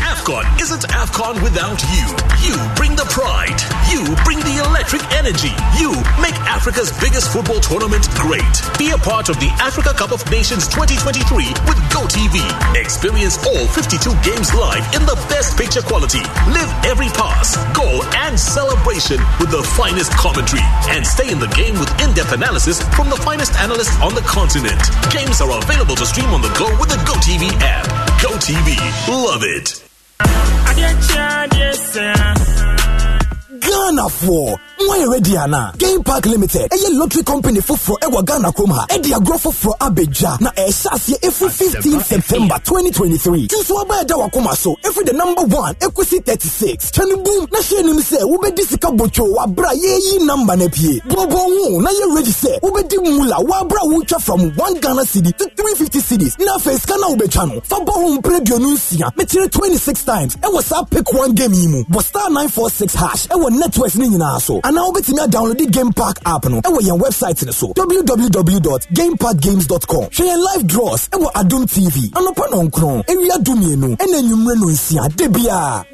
AFCON isn't AFCON without you. You bring the pride. You bring the electric energy. You make Africa's biggest football tournament great. Be a part of the Africa Cup of Nations 2023 with GoTV. Experience all 52 games live in the best picture quality. Live every pass, goal, and celebration with the finest commentary. And stay in the game with in depth analysis from the finest analysts on the continent. Games are available to stream on the go with the GoTV app. Go TV, Love it. ghanafoɔ wɔn yɛrɛ di ana game park limited ɛyɛ lottery company foforɔ ɛwɔ ghana kurom ha ɛdi agorɔ foforɔ na ɛhyɛ aseɛ efi fifteen september 2023. twenty three tuntun abɛɛ so efi the number one ekusi 36. Chani boom na hyɛn nim sɛ wobɛdi sika botwo wabra ye namba na pie bɔbɔ wo na ye ready Ube wobɛdi mula wabra wucha from one ghana city to 350 cities. na face sika ube wobɛtwa no fa play ho mpere Metire 26 times ɛwɔ e saa pick one game yi Bosta 946 star nine four hash ɛwɔ e networks ni nyinaa so anaa wobɛtumi adownload game park app no ɛwɔ yɛn website ni so www.gameparkgames.com hwɛ yɛn live draws ɛwɔ adum tv anɔpa nɔnkron awia dumienu ɛna anwummerɛ no nsia da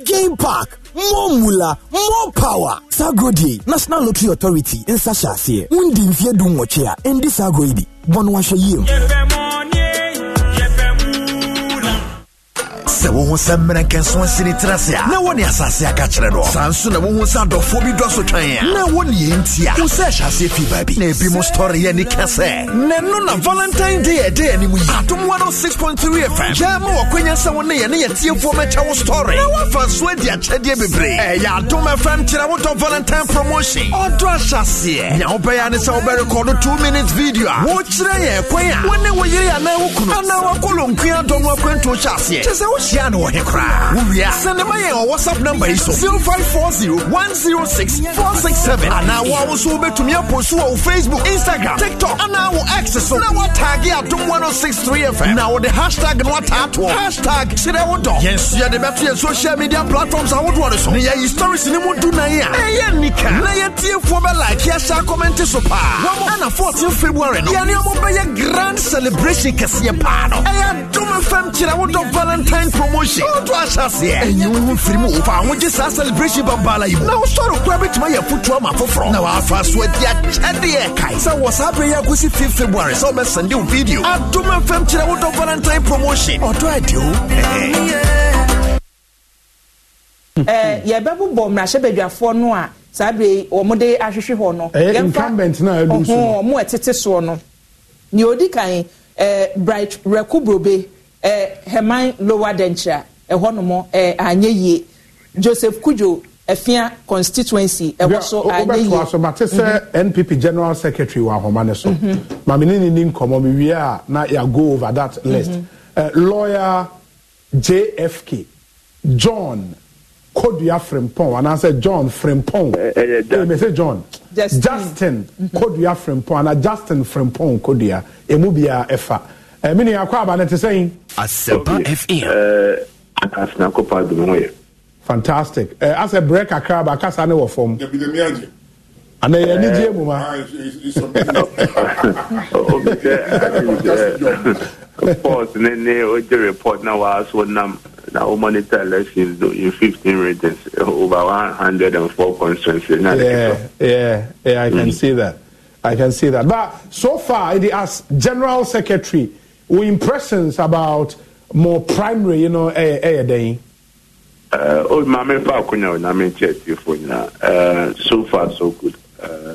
game park more mula, more power. Sagrodi, National Lottery Authority, in Sasha, say, Undi Viedu Mochea, and this Sagrodi, Bonwasha Yim. sɛ wo ho sɛ mmerɛnkɛ nso asini tena ase a na wɔne asase aka kyerɛ no saa nso na wohu sɛ adɔfoɔ bi dɔ so twan a na wɔne yɛ nti a wo sɛ ahyɛaseɛ fii baabi na ebi mo stɔre yɛ nika sɛ nɛno na valentine day ɛda anim yi atom 106.3 fm yɛ ma wɔkwanya sɛ wo ne yɛ ne yɛtiefoɔ mɛkyɛ wo stɔre na woafa so adi akyɛdeɛ bebree ɛyɛ adom fm kyerɛ wodɔ valentine promotion ɔdɔ ahyɛaseɛ nea wobɛyɛ ne sɛ wobɛrekɔdo 2 minutes video a wokyerɛ yɛ kwan a wo ne wo yere anaa wo kunu anaa wakɔlɔnkua dɔ no akwantuo hyɛ aseɛ kyɛ sɛ wohyɛ Tia no Hekra. my WhatsApp number is 0540 106 467. And now I was over to me up on Facebook, Instagram, TikTok, and now access. Now what tag you at 1063 FM. Now the hashtag and what tattoo. Hashtag Shirewodo. Yes, you are the best better social media platforms. I would want to say. Your stories in the mood to Naya. Naya Nika. Naya TF for like. Yes, I comment to so far. And a 14 February. Yeah, you are a grand celebration. Kasiapano. I am Duma Fem Chirawado Valentine. promotion ɔtɔ ahyɛseɛ ɛnyɛ wo ho firi mu fa ho gye saa celebration babaala yi mu na wosɔre kora bɛtumi ayɛ fotoa ma foforɔ na waafa so adi akyɛdeɛ kae sɛ wɔ saa berɛ yi akosi 5 february sɛ wobɛsɛnde wo video adom mfam kyerɛ wodɔ valentine promotion ɔdɔ adi o yɛbɛbobɔ mmarahyɛbadwafoɔ no a saa bere wɔn de ahwehwɛ hɔ no yɛmfa ɔho wɔn a ɛtete soɔ no nea odi kan bright rekubrobe ɛ hɛman lower denture ɛhɔ nom anyɛ yie joseph kujo ɛfia constituency ɛwɔ so anyɛ yie. wobɛtoa so mate sɛ mhm. npp general secretary wɔ ahoma ne so mhm. maame ne ni nkɔmmɔ me a na yɛago over that mhm. list lawyer jfk john kodua frimpong anaasɛ john frimpong ɛmɛ sɛ john justin, justin mm kodua frimpong ana justin frimpong kodua emu bia ɛfa. E ɛmi ni akɔ aba ne te sɛn. asepa fe. Eh, asena kopa dum ho yɛ. fantastic eh, asɛ brɛ kakra ba kasa ne wɔ fam. ana yɛ eh, ni die mu ma. Ah, report ne ne o je report na wa so nam na o monitor elections in fifteen regions over one hundred and four constituencies. yeah yeah yeah i can mm. see that i can see that but so far it is as general secretary were impressions about more primary, you know, ɛyɛ ɛyɛ dɛn. o maame fa akonya o naame nkyɛn ti fo nyinaa uh, so far so good uh,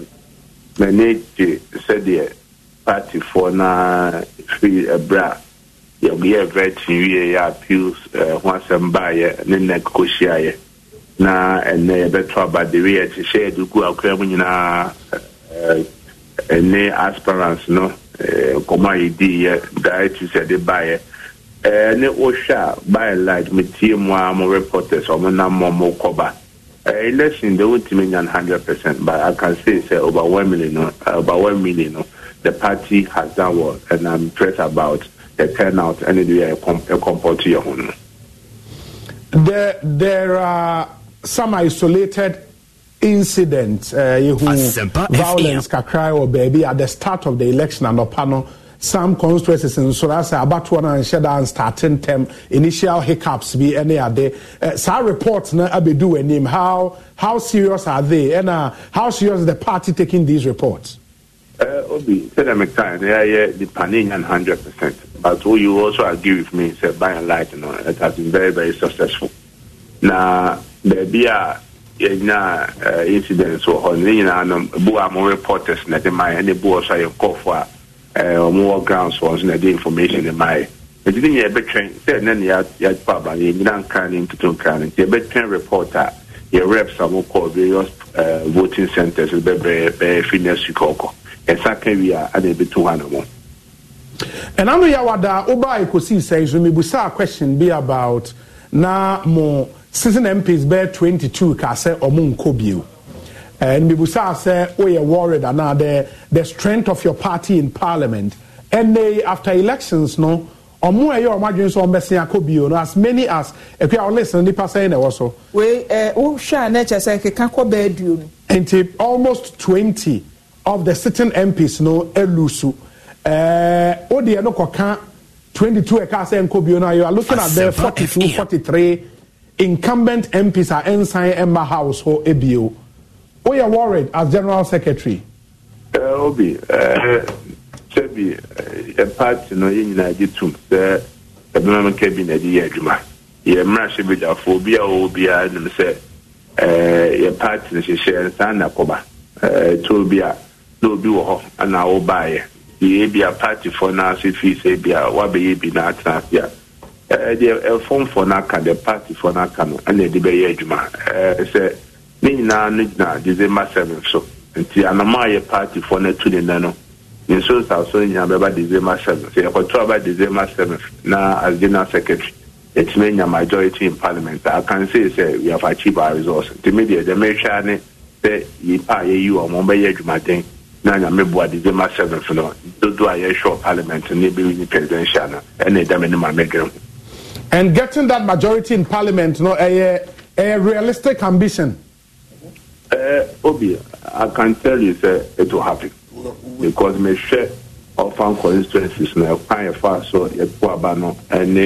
mɛne gye sɛdeɛ paatifoɔ na firi ɛbrɛ a yɛyɛ vɛtin wie yɛ appeals uh, ho asɛm baayɛ ne nɛk ko na ɛnɛ yɛbɛto aba de wi yɛkyehyɛ yɛde gu akora mu nyinaa ɛne aspirants no nkɔmɔ eh, a yɛdiiɛ dietary sɛ de baeɛ ɛɛ eh, ne wohwɛ a by light metie mu a mo reporters ɔmo nam ma ɔmo kɔba ɛɛ eh, election de wotumi nya no hundred percent but i can say sɛ million, no overwhelmingly no the party has done well and i'm impressed about the turnout ɛne de yɛ ɛkɔmpɔto yɛ ho no. there there are some isolated incident uh, violence kakra baby. at the start of the election the panel some constituencies in Surasa about one and anhyɛ da term initial hiccups any ne ade eh, Sir reports report Abidu and him. how how serious are they and uh, how serious is the party taking these reports uh, Obi, said I'm excited. Yeah, yeah, the Paninian 100%. But will you also agree with me, say, by and large, you know, it has been very, very successful. Now, there be a yɛnya eh, incidents wɔ hɔ ne nyinaa no bu a mo reporters na de ma yɛ ne bu ɔsɔ yɛ nkɔfo a eh, ɔmo wɔ grounds wɔ nso na de information ne ma yɛ nti ne nyɛ yɛbɛtwɛn sɛ ne ne yɛakpa aba no yɛnyina nkra ne ntoto nkra no nti yɛbɛtwɛn report a yɛ reps a mo kɔɔ various eh, voting centers bɛbrɛ bɛyɛ fi next week ɔkɔ yɛsa ka a ana yɛbɛtu hɔ ano mo ɛna no yɛwada wobaa ɛkɔsii sɛn so question bi about na mo sisin mps bɛyɛ twenty two ka sɛ ɔmo nkɔ bio ɛn mibisa sɛ oyɛ worried anaa the the strength of your party in parliament ɛnna after elections no ɔmo ɛyɛ ɔmo adwene sɛ ɔmo bɛsɛn akɔ bio no as many as ekuya ɔmo lɛsɛn nipa sɛn na ɛwɔ so. wei ɛ wohwɛ a n'ɛkyɛ sɛ keka kɔ bɛɛ duo nti almost twenty of the sitting mps no ɛlusu ɛɛ o deɛ no kɔka twenty two ɛka sɛ nkɔ bio no you are looking at the forty two forty three incumbent MPs are ɛnsan ɛmba house hɔ ebio woyɛ worried as general secretary. Uh, obi uh, a party uh, paati no yɛ nyinaa gye tum sɛ ɛbɛma mi kɛ bi na yɛde yɛ adwuma yɛ mmarahyɛbadwafo obi oh, a ɔwɔ obiara nim sɛ yɛ paati no hyehyɛ saa na kɔba to bi a na obi wɔ hɔ ana ɔbaayɛ yɛ bi a paatifoɔ naa so fi sɛ bi a wabɛyɛ bi deɛ ɛfɔmfɔ n'aka deɛ paatifoɔ n'aka no ɛna ɛde bɛyɛ adwuma ɛɛ sɛ ne nyinaa no gyina december seven so nti anamɔ a yɛ paatifoɔ no atu ne nɛ no ne nso nsaso nyinaa bɛba december seven sɛ yɛkɔtɔ aba december seven na as general secretary yɛtumi anya majority in parliament i can say sɛ we have achieved our results nti mi deɛ deɛ mɛhwɛ ne sɛ yipa a yɛyi wɔn wɔn bɛyɛ adwumaden na nyame boa december seven no dodo a yɛhwɛ wɔ parliament ne ebi ni presidential no ɛna ɛda mi maame dwene ho. And getting that majority in parliament, you know, a, a realistic ambition. Uh, Obi, I can tell you, sir, it will happen because my share of our constituencies now quite far, so and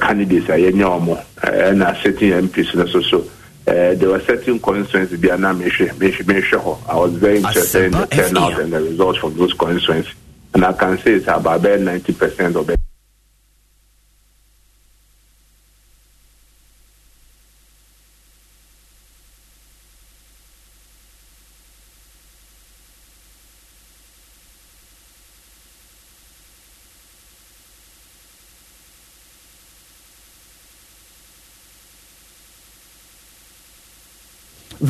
candidates are any more and a certain MPs and so so. Uh, there were certain constituencies beyond me. I was very interested in the e turnout and the results from those constituencies, and I can say it's about 90% of it.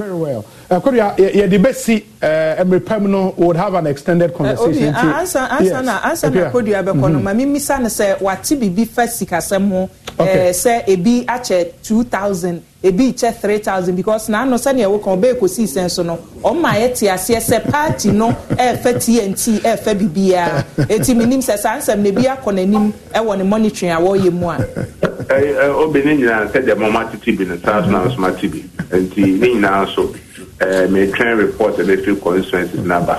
Very well. Uh, Korea, yeah, the best see, uh, Emery Pemno would have an extended uh, conversation. Uh, answer, answer, yes. na, answer, na Korea, bekono, mm-hmm. mami misa na se wati bibi first kasemo, eh, se ebi ache two thousand, ebi iche three thousand, because na ano sani ewo konbe ko si senso no, oma e ti asye se party no, e fe TNT, e fe bibi ya, e ti minim se sa ansem ne biya kone nim, e wane monitoring a wo ye mwa. Eh, eh, Obi ni nina se de mama titi bi, ne sa asma asma tibi, enti ni bi. metwɛn report ɛbɛfiri constituencies naba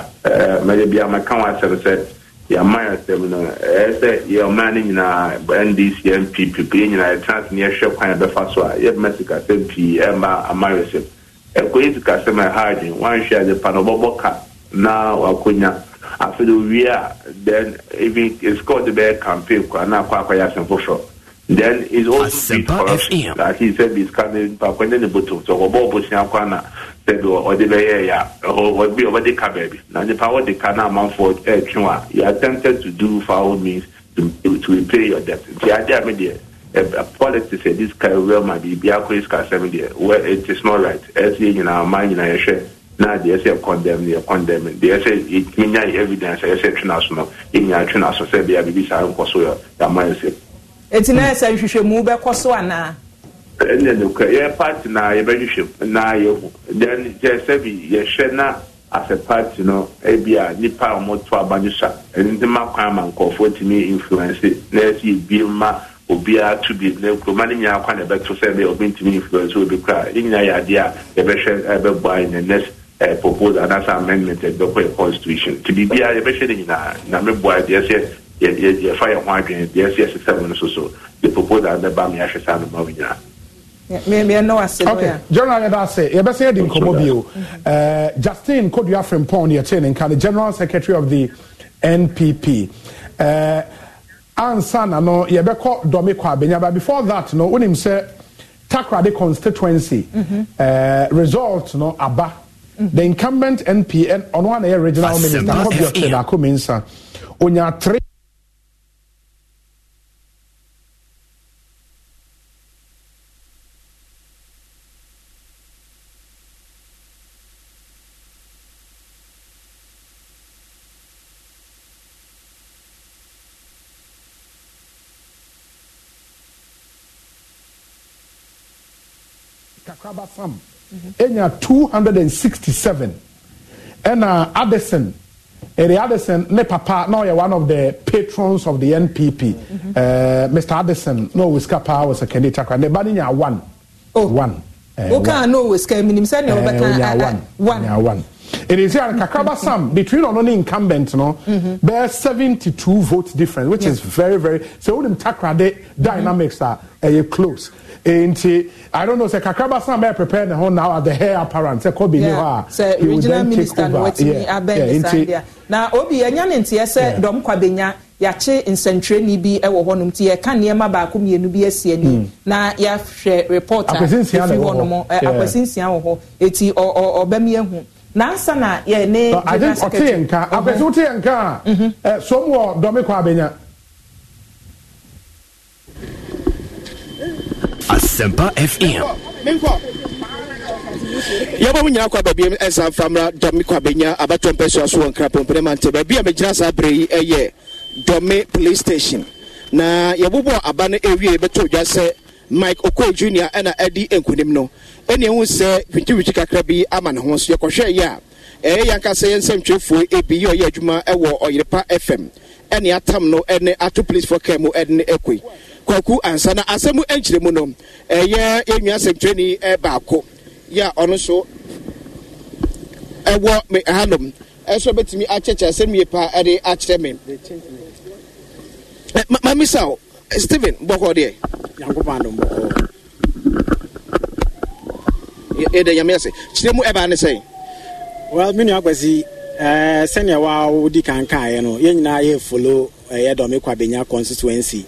mɛyɛ bia mɛka wo asɛm sɛ yɛama asɛm no ɛɛ sɛ ya no nyinaa ndc mpp yɛ nyinaa yɛtrans ne yɛhwɛ kwan yɛbɛfa so a yɛbɛma sikasɛm pii ɛma amayɛsɛm ɛkɔyɛ sikasɛm a ɛha woanhwɛ ade pa no ɔbɔbɔ ka na wakɔnya afei de owie a then even sika ɔde bɛyɛ campaign kora na akɔ akɔyɛ asɛm foforɔ then it's also beat corruption that he said bi sika sɛde ɔde bɛyɛ yɛ ɔbi ɔbɛde ka baabi na nipa wɔde ka na amanfoɔ ɛɛtwe a you attempted to do foul means to to, repay your debt nti ade a mi deɛ ɛ politics ɛ dis ka ewia ma biribi akɔ is ka sɛm deɛ wɛ it is not right ɛsi yɛ nyinaa ɔman nyinaa yɛhwɛ na deɛ ɛsɛ condemn deɛ condemn deɛ ɛsɛ yɛtumi nya evidence ɛsɛ twe na so no yɛnyinaa twe na so sɛ bia biribi saa nkɔ so yɛ yɛ aman yɛ sɛ. eti na ɛsɛ nhwehwɛmu bɛkɔ so anaa. ɛnyɛ nokura yɛ party na yɛbɛhwehwɛ mu na yɛhu then kyerɛ sɛ bi na asɛ party no ebi nipa a wɔn to aba sa influence na yɛsi ma to bi na kuroma ne nyinaa kwan na sɛ obi influence obi kura ne nyinaa yɛ ayi na next ɛɛ eh, proposal amendment yɛ constitution ti ne nyinaa na bɔ the proposal Oh, general yɛda ase yɛbɛsɛ yɛde nkɔmmɔ bio justin kodua frimpon ne yɛtee ne nka ne general secretary of the npp uh, ansa na no yɛbɛkɔ dɔme kɔ abɛnya but before that no wonim sɛ takrade constituency mm -hmm. uh, result no aba mm -hmm. the incumbent npn on one na regional minister kɔbiɔte na akomensa onya three Assam enya 267 ɛna Addison Eri Addison ne papa you're one of the patrons of the NPP mm -hmm. uh, eh, Mr. Addison No, we scapa was a candidate. ita ne ba ne nya okay, one. Oh. no, eh, we na ɔwɔ sika minim ne eh, one one ɛnɛsi arekakraba sam between ɔno ne incumbent no bɛyɛ 72 vote difference which is very very So sɛ wonim takrade dynamics a are close And uh, I don't know sɛ kakraba sam bɛyɛ prepare ne ho now at the hair apparent So sɛ kɔbi ni hɔ So he will then take over yeah yeah nti hmm. na obi ɛnya ne nteɛ sɛ dɔm kwabenya yɛakye nsɛntwerɛni bi wɔ hɔnom nti yɛka nneɛma baako mmienu bi asi ani na yɛahwɛ report a ɛfi hɔnom akwasi nsia wɔ hɔ ɛti ɔbɛm yɛhu nansa na yɛ ne gyina sikɛti ɔte yɛ nka uh-huh. apɛsɛ wote yɛ nka a ɛ som wɔ dɔmi kɔ abɛnya. asɛmpa fm yɛbɔ mo nyinaa kɔ aba ɛnsa mfamra dɔme kɔ abɛnya abatɔ mpɛ so aso wɔ nkra pɔmpene mante baabi a megyina saa berɛ eh, yi ɛyɛ dɔme police station na yɛbobɔ aba no ɛwie bɛtɔ dwa sɛ mike okoe junior ɛna eh, ɛdi nkonim no ɛne ɛhu sɛ wikyiwikyi kakra bi ama ne ho nso yɛkɔhwɛ yi a ɛyɛ yɛn ankasa yɛn nsɛmtwerɛfoɔ ebi yɛ ɔyɛ adwuma ɛwɔ ɔyerepa fm ɛne atam no ɛne ato policefoɔ kaa mu ɛne ɛkɔi kwaku ansa na asɛm ɛnkyerɛ mu no ɛyɛ yɛnua asɛmtwerɛni baako yɛ a ɔno nso ɛwɔ me hanom ɛnso bɛtumi akyɛkyɛ asɛm yie paa ɛde akyerɛ me mamisa o steven bɔkɔ deɛ ɛda nyame ase kyerɛ mu ɛbaa ne sɛn well me nua akwasi ɛɛ eh, sɛnea wa wodi kankaeɛ no yɛn nyinaa yɛ folo ɛyɛ eh, dɔmi kwabenya constituency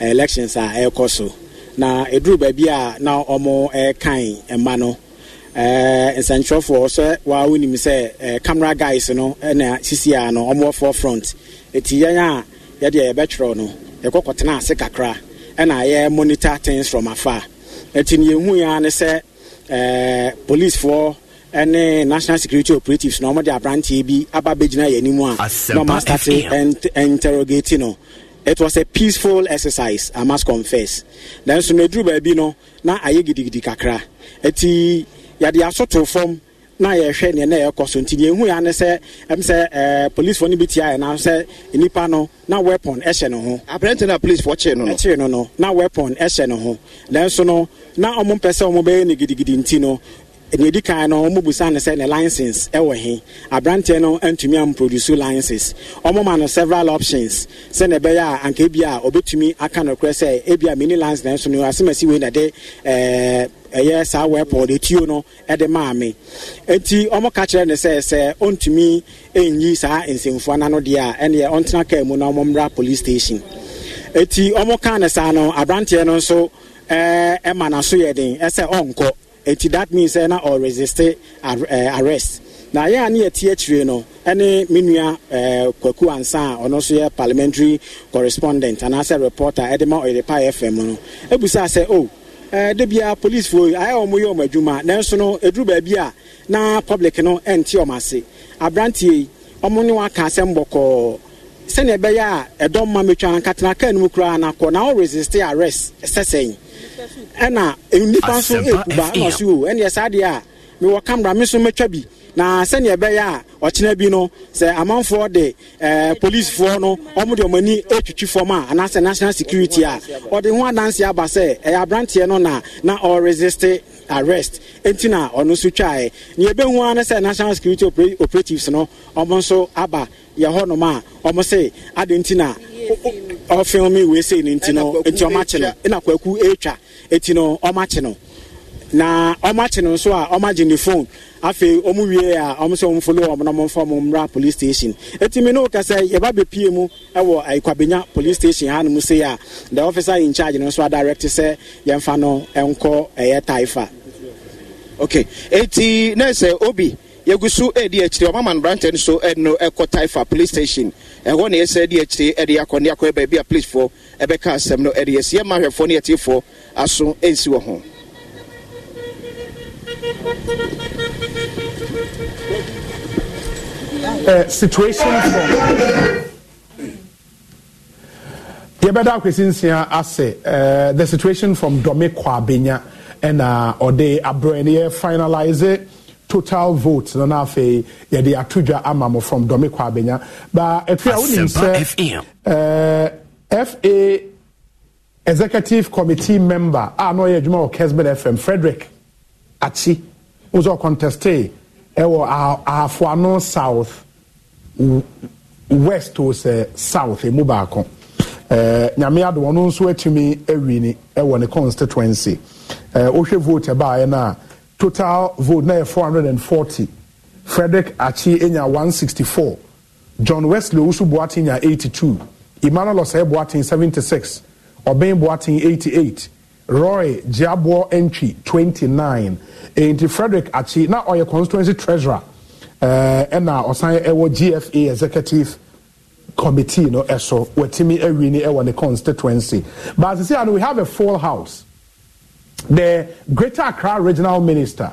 eh, elections a ɛrekɔ so na eduru baabi a na wɔn ɛrekan mma no ɛɛ nsɛntwerɛfoɔ sɛ wa wonim sɛ ɛɛ camera guys no ɛna sisi a no wɔn wɔ forefront eti yɛn a yɛdeɛ yɛbɛtwerɛ no yɛkɔ kɔtena ase kakra ɛna yɛ monitor things from afar eti ne yɛn hu yɛn ano sɛ Eh, police polisifoɔ ɛne national security operatives na wɔde aberanteɛ bi aba abɛgyina yɛn anim a na wɔn asate no it was a peaceful exercise i must confess nanso na eduru baabi no na ayɛ gidigidi kakra eti yɛde asoto fam na yɛhwɛ neɛ na yɛkɔ so nti deɛ ɛhu ya ne sɛ ɛm sɛ ɛɛ polisifoɔ no bi tia yɛ na sɛ nipa no na weapon ɛhyɛ ne ho. aberante na polisifoɔ kyee no no. ɛkyee no no na weapon ɛhyɛ ne ho nanso no na wɔn mpɛ sɛ wɔn bɛyɛ ne gidigidi nti no deɛ edi kan no wɔn busa ne sɛ ne license ɛwɔ he aberanteɛ no ntumi amproduce license wɔn ma no several options sɛ na ɛbɛyɛ a anka ebi a obetumi aka no korɛ sɛ ebi a mini license na nso no asemasi wei na de ɛɛɛ ɛyɛ saa wɛpɔ de tuo no ɛde maa mi eti wɔn ka kyerɛ ne sɛ sɛ ɔntumi ɛnyi saa nsɛmfua n'ano deɛ a ɛneɛ ɔntena kaa mu na wɔn mmra police station eti wɔn ka ne saa no aberanteɛ no nso ɛɛ ɛma n'aso yɛ den ɛsɛ ɔnkɔ eti that means sɛ na ɔresiste arrest na yɛn a ne yɛ ti akyire no ɛne me nua ɛɛ kwaku ansa a ɔno nso yɛ parliamentary correspondent anaasɛ reporter ɛde ma ɔyɛdepa fm no ebusa sɛ o. Oh, Eh, debia policefoɔ ayɛ wɔn yɛ wɔn adwuma nanso no baabi a na public no nte wɔn ase aberanteɛ yi wɔn ne wɔn asɛm bɔkɔɔ sɛnea ɛbɛyɛ a ɛdɔm ma metwa nkatena kaa nimu koraa na wɔn arrest sɛsɛn ɛna eh, nipa nso epuba ɛna ɔsi ɛna ɛsa a. mewɔ camera me nso mɛtwa bi na sɛnea ɛbɛyɛ a ɔkyena bi no sɛ amanfoɔ de ɛɛ eh, polisifoɔ no wɔn de wɔn ani atwitwi fam a anaasɛ national security a ɔde ho adanse aba sɛ ɛyɛ eh, aberanteɛ na na ɔresiste arrest nti na ɔno nso ara sɛ national security operatives no nso aba yɛ hɔnom a wɔn adi na ɔfilmi wei nti no nti wɔn akyi no ɛna na ọma no nso a ọma ne phone afei ɔmu wie a ɔmo sɛ ɔmfolo ɔmo na ɔmfa ɔmo mmra police station etimi no bepie mu ɛwɔ ɛkwabenya police station ha nom ya a the officer in charge a nso adirect sɛ yɛmfa no ɛyɛ taifa ok eti na obi so edi ɛkɔ taifa ɛhɔ na edi akɔ akɔ a no aso Eh, situation from yɛbɛda ase eh, the situation from Domi kɔ and ɛna ɔde abrɛ finalize eh, total vote dona na afei yɛde ato from Domi kɔ But if you a fa executive committee member a ah, no ɔyɛ adwuma fm frederick akyi wọn sọ conteste eh, ɛwɔ eh, ahafoano south west o eh, south emu baako ɛɛ nyame ado ɔno nso atumi awi ni ne constituency ɛɛ wohwɛ vote ɛbaayɛ no a total vote na yɛ four frederick akyi enya one sixty john wesley owusu boaten nya eighty two emmanuel osei boaten seventy 76. ɔbɛn boaten 88. roy jiaboɔ entry 29 into frederick akyi now our constituency treasurer eh, and now ɔsan Ewo gfa executive committee no ɛso wɔtumi awi ni ɛwɔ the constituency but as i we have a full house the greater accra regional minister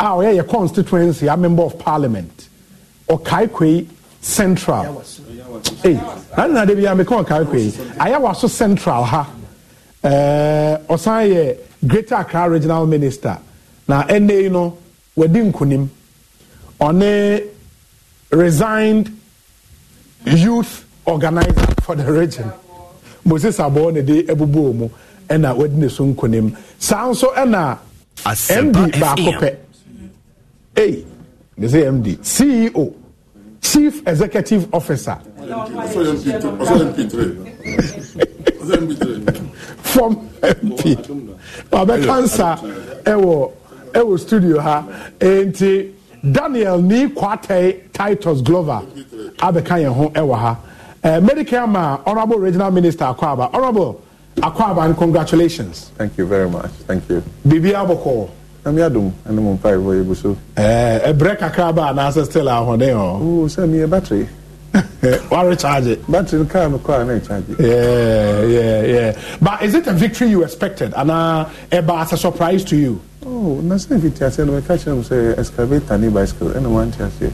our ɔyɛ constituency a member of parliament ɔkae kwei central ɛyi na nana a member of Okaikwe. I kwei also central ha. ɔsan eh, yɛ greater accra regional minister na ɛnna yi no wɔdi nkunim ɔne resigned youth organizer for the region moses aboɔ na de abubu wɔn ɛna wɔdi ne so nkunim saa nso ɛna md baako pɛ ei ne sɛ md ceo chief executive officer. From mp ɔbɛ cancer ɛwɔ ɛwɔ studio ha nti daniel ni kwate titus glover abɛka yɛn ho ɛwɔ ha ɛɛ medical ma honourable regional minister akwaba honourable akwaba and congratulations. thank you very much thank you. bibi abokɔ. sami adum ɛnum mpa ibo yeguso. ɛɛ ɛbrɛ kakra ba anaasɛ still ahoɔden hɔ. Oh. ooo sɛ mi yɛ battery. Why recharge it? in car no car no charge it. Yeah, yeah, yeah. But is it a victory you expected? And uh, as a surprise to you? Oh, nothing if it has any catch them say excavator ni bicycle Anyone one say.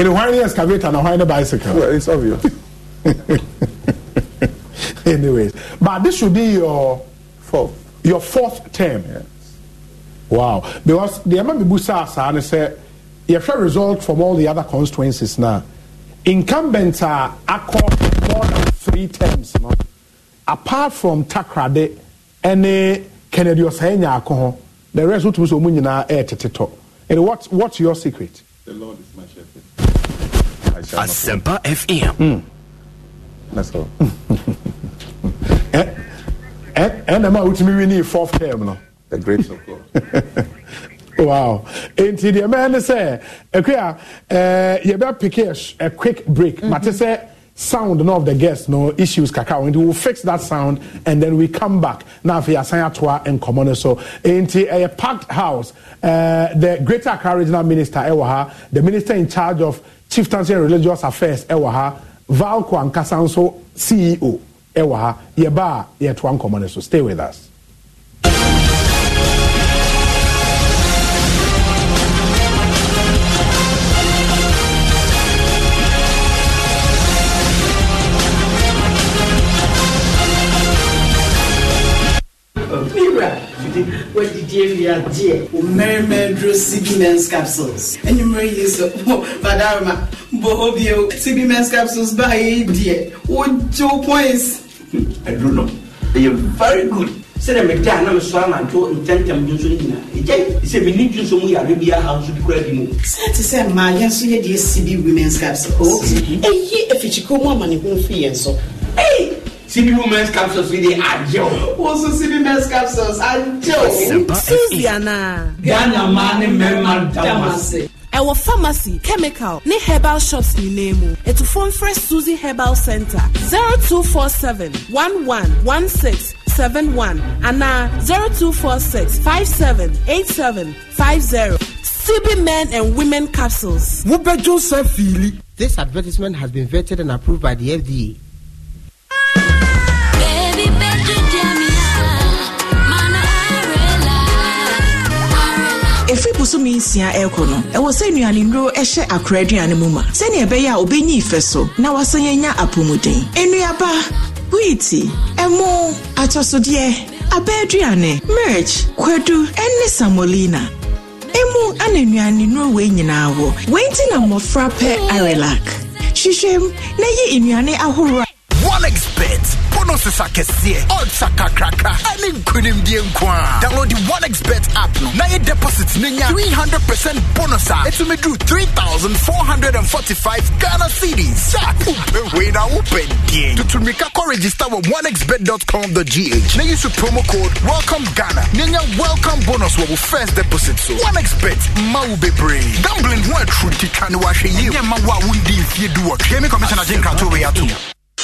In why the excavator and why the bicycle? Well, it's obvious. Anyways, but this should be your fourth, your fourth term. Yes. Wow, because the Emma Bibusa, I said yɛhwɛ result from all the other constituencies now. incumbents are akɔ more than three terms no apart from takrade ɛne eh, kennedy ɔsɛn nya akɔ ho the rest wotumi sɛ ɔmu nyinaa ɛɛtete tɔ and what what's your secret. the lord is my shepherd. asempa fm. Mm. That's all. ɛnna eh, eh, maa wotumi wi ni fourth term no. the great of god. wow nti deɛ mɛyɛ ne sɛ ɛkwe a yɛbɛ pike a quick break mhm. mate sɛ sound no of the guest no issues Kakao. we'll fix that sound and then we come back Now afei asan atoa nkɔmmɔ no so into a packed house uh, the greater accra regional minister ɛwɔ ha the minister in charge of chieftaincy and religious affairs ɛwɔ ha and kasanso ceo ɛwɔ ha yɛba a yɛtoa nkɔmmɔ so stay with us Nigeria deɛ o mɛrɛmɛduro CB men's capsules enyimire yi so oh, badaruma bɔ obi o oh, CB men's capsules báyìí deɛ o jo points. ɛduro no ɛyɛ very good sɛdɛ mɛ da anam so ama nto ntɛntɛm bi nso nyina ɛgya sɛ mi ni ju nso mu yare bi aha nso bi kura bi mu. sɛ ti sɛ mmaa yɛn nso yɛ deɛ CB women's capsules. ɛyi efikyiko mu ama ne ho fi yɛn so. CB Women's Capsules with the Ajo. Also CB Men's Capsules, Ajo. Susiana. Ghana Mani Memman Damase. ɛwɔ pharmacy chemical Ni herbal shops ni nyinaa mu phone fresh suzy herbal center 0247 111671 anaa 0246 578750 CB men and women capsules. This advertisement has been vetted and approved by the FDA. bosome nsia ɛkɔ no ɛwɔ sɛ nnuane nnuro ɛhyɛ akora aduane mu ma sɛnea ɛbɛyɛ a obɛnyi ifɛ so na wasan yɛnya apɔmuden nnuaba wheat ɛmo atɔsodeɛ abɛaduane merch kwadu ɛne samolina emu ana nnuane nnuro wei nyinaa wɔ na mmɔfra pɛ arelac na yi nnuane OneXBet bonuses akɛseɛ odds akakrakra ɛne nkonimdie nko a download the OneXBet app no na yɛ deposit no 300% bonus a ɛtumi duru 3445 Ghana cedis sɛ wopɛ wei na wopɛ deɛ tutumika kɔ register wɔ onexbet.com.gh na use promo code welcome Ghana na welcome bonus wɔ wo first deposit so OneXBet ma wo bebree gambling ho atru ntitwa ne wahwɛ yie nyɛ ma wo a wondi mfie duwɔtwe me commissioner gyenkratowe ato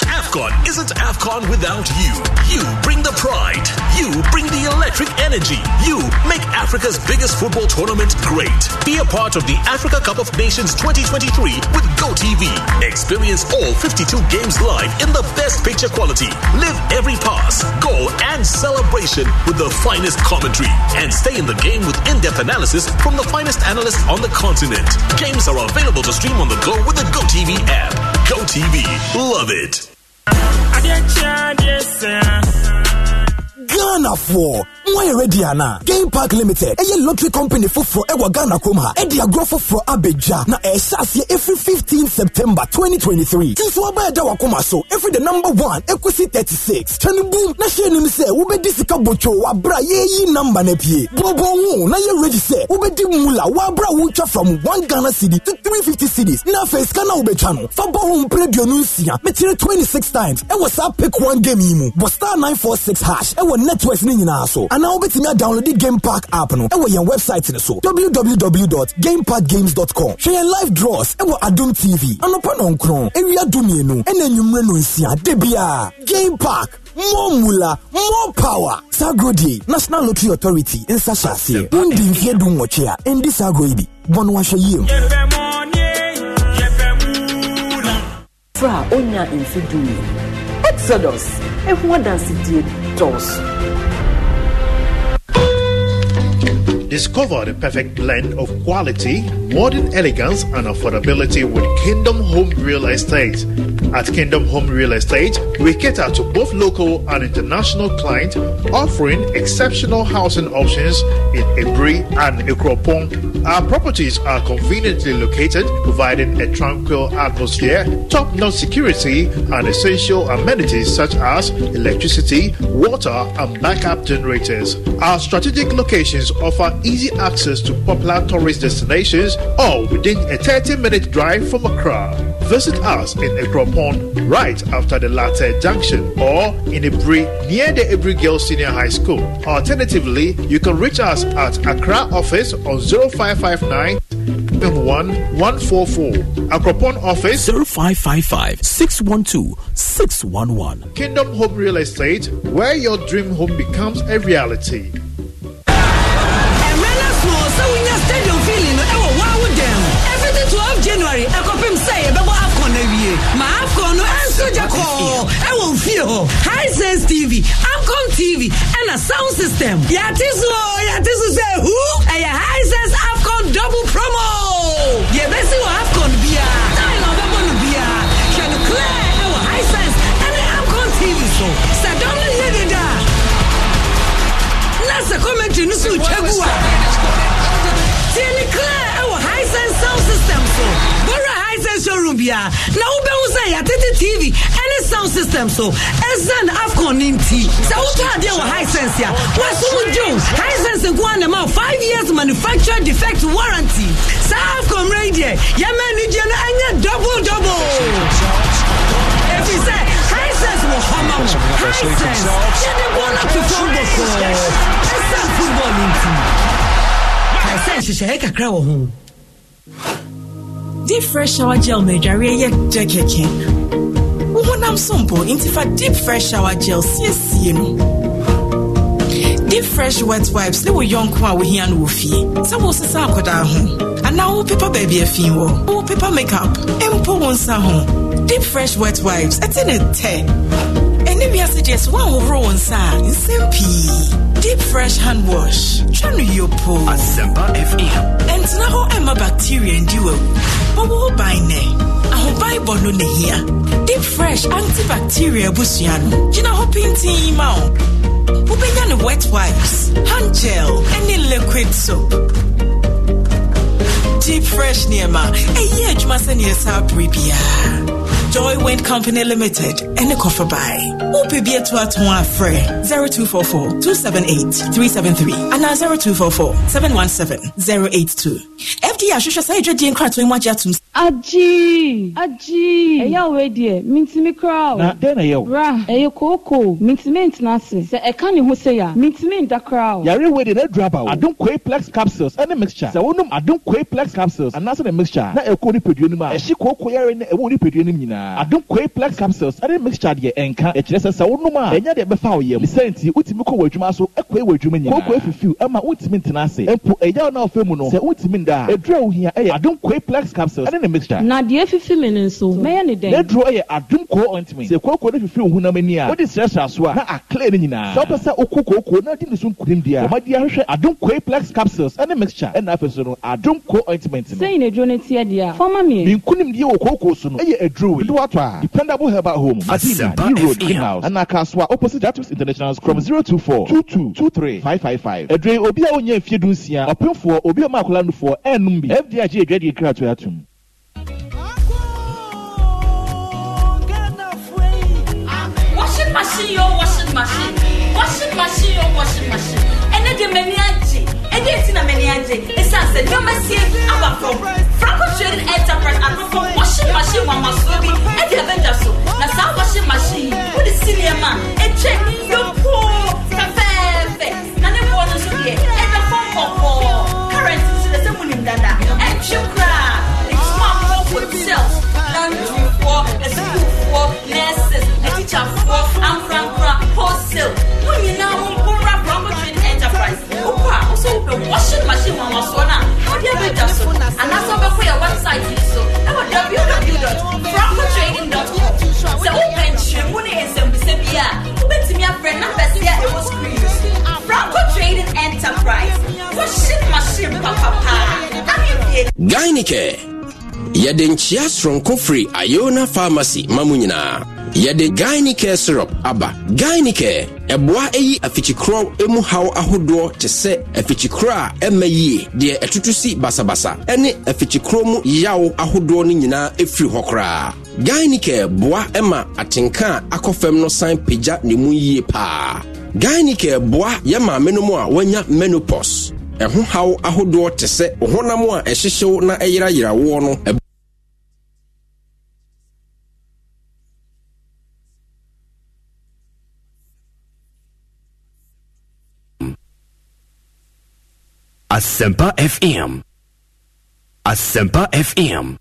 AFCON isn't AFCON without you. You bring the pride. You bring the electric energy. You make Africa's biggest football tournament great. Be a part of the Africa Cup of Nations 2023 with GoTV. Experience all 52 games live in the best picture quality. Live every pass, goal, and celebration with the finest commentary. And stay in the game with in depth analysis from the finest analysts on the continent. Games are available to stream on the go with the GoTV app. GoTV. Love it. I didn't change, Ghana wɔn yɛrɛ ready ana game park limited ɛyɛ lottery company foforɔ ɛwɔ ghana kom ha ɛdi agorɔ foforɔ abegya na ɛhyɛ aseɛ efi fifteen september 2023. twenty three tuntun ɔbaa so efi the number one ekusi 36 six boom na hyɛn nim se. Ube sika botwo wabra ye namba na pie bɔbɔ ho na ye ready Ube wobɛdi mula wabra wucha from one ghana city to three fifty cities na afei sika ube wobɛtwa no fa bɔ ho mpere duonu 26 times ɛwɔ saa pick one game yi Bo star nine four six hash ɛwɔ networks ne nyinaa so anaa wobɛtumi adownload game park app no ɛwɔ yɛn website no so www.gameparkgames.com hwɛ yɛn live draws ɛwɔ Adum tv anɔpa nɔnkron awia dumienu ɛna anwummerɛ no nsia da bia game park more mula more power sagrodi national lottery authority nsa hyɛ aseɛ wondi mfeɛ du nwɔtwe a ɛndi sagro yi bi bɔ no wahwɛ yie mu fra onya mfe du exodus ehu adansidie 宙斯。Discover the perfect blend of quality, modern elegance, and affordability with Kingdom Home Real Estate. At Kingdom Home Real Estate, we cater to both local and international clients, offering exceptional housing options in Ebri and Ikropong. Our properties are conveniently located, providing a tranquil atmosphere, top-notch security, and essential amenities such as electricity, water, and backup generators. Our strategic locations offer easy access to popular tourist destinations, all within a 30 minute drive from Accra. Visit us in Accra Pond right after the latter junction or in Ibri near the Ibri Girls Senior High School. Alternatively, you can reach us at Accra office on 0559 144 Akropon office 0555 612 611 Kingdom Home Real Estate where your dream home becomes a reality kɔɔ ɛwɔ fie hɔ hisense tv amcom tv ɛna sound system yɛate so o yɛate so sɛ hu ɛyɛ hisense afcon double promo deɛ ɛbɛsi wɔ afcon biara time a ɔbɛbɔ no biara hwɛ no clear ɛwɔ hisense ɛne amcom tv so showroom bia na wobɛhu sɛ yɛatete tv ɛne sound system so ɛsiane afcon no nti sɛ wotɔ adeɛ wɔ high sense a wasom gyew high sense nko a nama 5 years manufacture defect warranty saa afcon mmerɛ yi deɛ yɛma anigyeɛ no ɛnyɛ double double ɛfiri sɛ high sense wɔ hɔ ma mo high sense yɛde bɔ no to fam bɔkɔɔ ɛsiane football nti high sense hyehyɛeɛ kakra wɔ ho deep fresh shower gel na adware yɛ dɛ kɛkɛ wo honam so mpo nti fa deep fresh shower gel siesie no deep fresh wet wipes ne wo yɔnko a wohia no wɔ fie sɛ wosesa akwadaa ho anaa wopepa baabi afi e wɔ wopepa makeup mpo wo nsa ho deep fresh wet wipes ɛte ne tɛ ɛne wiase deɛ sɛ woanhohoro wo nsa a nsɛm pii Deep fresh hand wash. Try your po. Asempa FM. And now Emma bacteria and you. But what by ne? ahoban bɔ no na hia deep fresh antibacterial abusua no gyina hɔ pintin ma wo wet wipes hand gel ne liquid soap deep fresh nneɛma ɛyɛ adwuma sɛneɛ saa bere biara Joy Wind Company Limited, Who Ene Kofabai. Upibi etu atun afre 0244 278 373 and 0244 717 082. FD Ashusha Saidra Dien Krato in Wajatum. Aji, Aji, Eya Wedie, Mintimi Crow, Na Dena Yo, Ra, Eyo Koko, Mintimi Nasi, Se Ekani e Huseya, Mintimi Da Crow. Yari Wedi Ne Draba, Adun Quaplex Capsules, any Mixture, Se Wonum Adun Quaplex Capsules, and Nasa Mixture, Na Ekoni Pedunima, Eshi Koko Yari Ne Ewoni Pedunim Yina nyinaa adum koi plex capsules ɛne mixture deɛ ɛnka ɛkyerɛ sɛ sɛ wonum a ɛnyɛ deɛ bɛfa wɔyɛ mu sɛnti wotumi kɔ wɔ adwuma so ɛkɔe wɔ adwuma nyinaa koko efifiw ɛma wotumi ntena ase mpo ɛyaw na ɔfɛ mu no sɛ wotumi nda a edura ohia ɛyɛ adum koi plex capsules ɛne ne mixture. na deɛ efifi mi ni nso mɛyɛ ne dɛn. n'eduro ɛyɛ adum koi ointment sɛ koko ne fifi ohunam ani a wodi srɛsrɛ so a na akele ne nyinaa sɛ wopɛ sɛ oko koko na di ne so nkunim deɛ wɔn adi ahwehwɛ adum koi plex capsules ɛne mixture ɛna afɛ so no adum koi ointment no. sɛyin eduro ne tiɛ deɛ a fɔma mi. minkunim deɛ wɔ koko so no ɛyɛ eduro Duatwa, dependable help at home. Azina, D Road, Greenhouse, and Akaswa, opposite Datus International, from 024 2223 555. Edre, Obia Onye Fiedusia, Open for Obia Makulanu for Enumbi, FDIG, Grady Gratuatum. Washing machine, yo, oh, washing machine. Washing machine, yo, oh, washing machine. And then the many ɛdeɛ ti na m'ani agye ɛsiane sɛ nneɛma sie aba fam franco trading enterprise atɔfo washing machine wɔ amasoɔ bi ɛde abɛgya so na saa washing machine wode si nneɛma ɛtwɛ yɔpoo fɛfɛɛfɛ na ne boɔ no nso deɛ ɛda fam current nso deɛ sɛ mu nim dada ɛtwe koraa ɛtuma amoɔ hotel nurses atikyafoɔ ankorankora wholesale mo nyinaa ho sɛ wobrɛ washing machine wɔ wɔsoɔ no a wode abɛgya so anaasɛ wobɛkɔ yɛ website yi so ɛwɔ www franco trading com sɛ wopɛ nkyerɛmu ne nsɛmbisa bi a wobɛtumi afrɛ numbers a ɛwɔ screen franco trading enterprise washing machine papapaa Gynecare yɛde nkyea soronko firi ayona pharmacy ma mu nyinaa yɛde gynicare syrup aba gynicare ɛboa ɛyi afikyikorɔ mu haw ahodoɔ te sɛ afikyikorɔ a ɛma yie deɛ ɛtoto si basabasa ɛne afikyikorɔ mu yaw ahodoɔ no nyinaa ɛfiri hɔ koraa gynicare boa ɛma atenka a akɔ fam no san pagya ne mu yie paa gynicare boa yɛ maame no mu a wɔanya menopos ɛho haw ahodoɔ te sɛ honam a ɛhyehyew na ɛyerayerawoɔ no Asempa FM. Asempa FM.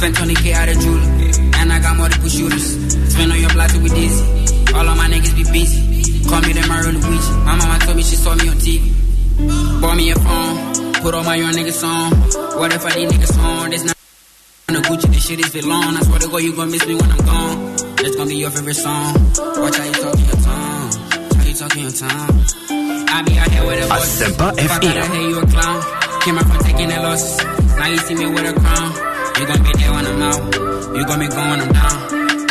Spent 20k at a jeweler, and I got multiple shooters. Spend on your block to be dizzy. All of my niggas be busy. Call me the Mario Luigi. My mama told me she saw me on TV. Bought me a phone, put all my young niggas on. What if I need niggas on? This not on the Gucci, this shit is belong. I swear to God, you gon' miss me when I'm gone. It's gonna be your favorite song. Watch how you talking your tongue. How you talking your tongue. I be out here with a boss. Fuck out I hear you a clown. Came out from taking the losses. Now you see me with a crown. You gon' be there when I'm out. You gon' be going, I'm down.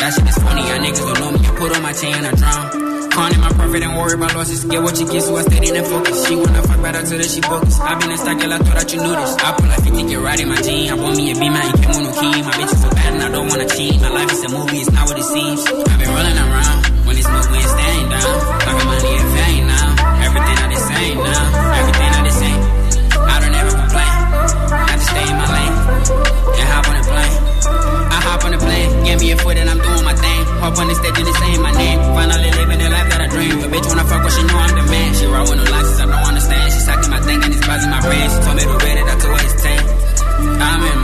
That shit is funny, y'all niggas don't know me. I put on my chain and I drown. Calling my profit and worry about losses. Get what you get, so I stay in the focus. She wanna fuck better till she focus. I been in stock, girl, I thought that you knew this. I pull like 50, get right in my jeans. I want me a be my no key. My bitch is so bad and I don't wanna cheat. My life is a movie, it's not what it seems. i been rolling around. When it's moving, we staying down. Talking money, and fame now. Everything I just saying now. on the plane. Get me a foot and I'm doing my thing. Hop on the stage and it's saying my name. Finally living the life that I dream. But bitch, when I fuck with she know I'm the man. She roll with no license, I don't understand. She talking my thing and it's buzzing my brain. She told me to read it, I told her it's 10. I'm in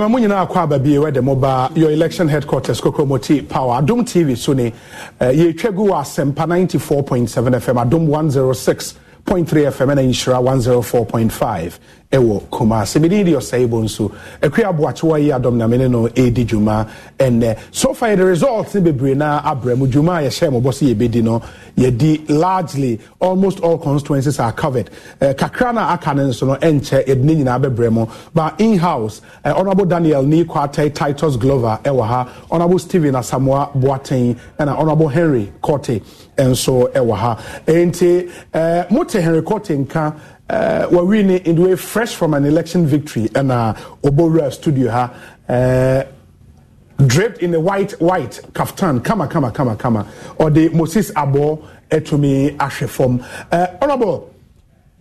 ɛma mo nyinaa akɔ aba bie wɛde mo ba your election headquarters kokomoti power adom tv so ne eh, yɛtwa gu wɔ asɛmpa 94.7 fm adom 106.3 fm na nhyira 104.5 ɛwɔ kumase mede de ɔsɛe bɔ nso akwi aboakyewa yi adɔm na mene no ɛdi dwuma ɛnɛ so far yɛde results ne bebree na abrɛ mu dwuma a yɛhyɛ mɔbɔ sɛ yɛbɛdi no yɛdi largely almost all constituencies are covered uh, kakra no aka no nso no ɛnkyɛ yɛde ne nyinaa bɛbrɛ mu but in house uh, honorable daniel ne kwate titus glover ɛwɔ ha honorable stephen asamoa boateng ɛna honorable henry corte nso ɛwɔ ha ɛnti uh, mote henry corte nka uh, eh, are winning in the way fresh from an election victory ɛna uh, obowura studio ha uh, draped in a white white kaftan kama kama kama kama the moses abɔ ɛtumi ahwɛ fam uh, eh, honourable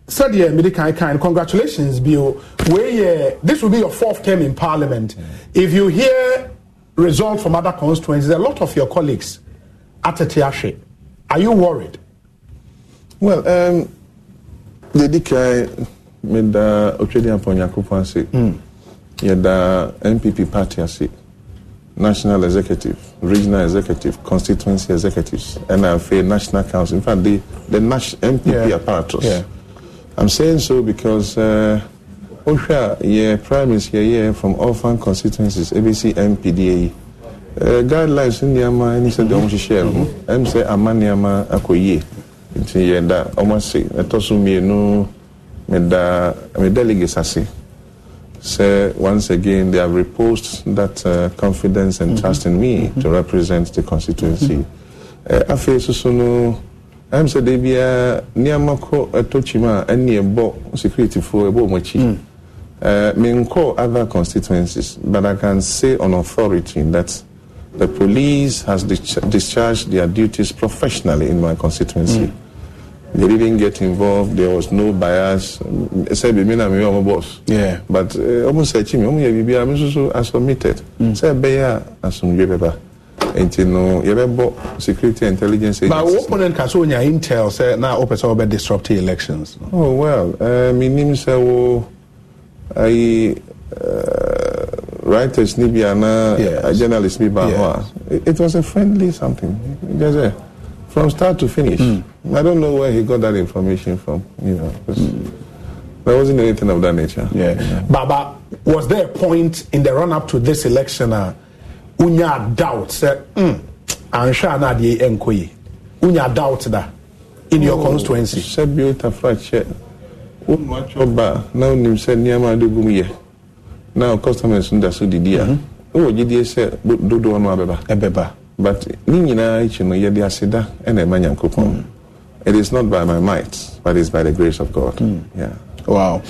sɛdeɛ dear, kan kind congratulations Bill. wei this will be your fourth term in parliament mm. if you hear result from other constituencies a lot of your colleagues atete are you worried well um, dedi kan meda otwedi ampa onyankopɔn ase yɛda npp party ase national executive regional executive constituency executives ɛna afei national council in fact the, the npp yeah. apparatus yeah. i'm saying so because uh, wohwɛ a yɛ primaries yɛyɛ from orphan constituencies abc mpda yi uh, guidelines nneɛma ɛne sɛ deɛ ɔmo hyehyɛ no ɛm sɛ ama nneɛma akɔ yie nti yɛda ɔmo ase ɛtɔ so mmienu meda ase sɛ once again they have reposed that uh, confidence and mm -hmm. trust in me mm -hmm. to represent the constituency mhm. eh, afei feel so no ɛm sɛ da biara nneɛma kɔ ɛtɔ kyim a ɛne ɛbɔ securityfoɔ ɛbɔ ɔmo akyi mm. eh, menkɔ other constituencies but i can say on authority that The police has discharged their duties professionally in my constituency. Mm. They didn't get involved. There was no bias. Say be me na me omo boss. Yeah. But almost eh, say chi me omo ye bibia so so submitted. Hmm. Say be ya asumdwe beba. Enti no ye be bo security intelligence But But opponent can show nya intel say now, open so be disrupt the elections. Oh well, uh, eh, me nim say wo I uh, writers ni bi ana journalist bi ba hɔ a it was a friendly something just there from start to finish mm. i don't know where he got that information from you know mm. there wasn't anything of that nature yeah you baba was there a point in the run up to this election uh unya doubt sɛ mm, anhwɛ a na adeɛ unya doubt da in your constituency sɛ bi wotafra kyɛ wonu atwɔ ba na wonim sɛ nneɛma de gu mu yɛ na customers ndaso didi a wɔ gyidie sɛ dodoɔ no abɛba ɛbɛba but ne nyinaa akyi no yɛde aseda ɛna ɛma nyankopɔn mm. it is not by my might but it's by the grace of god mm. yeah Wow.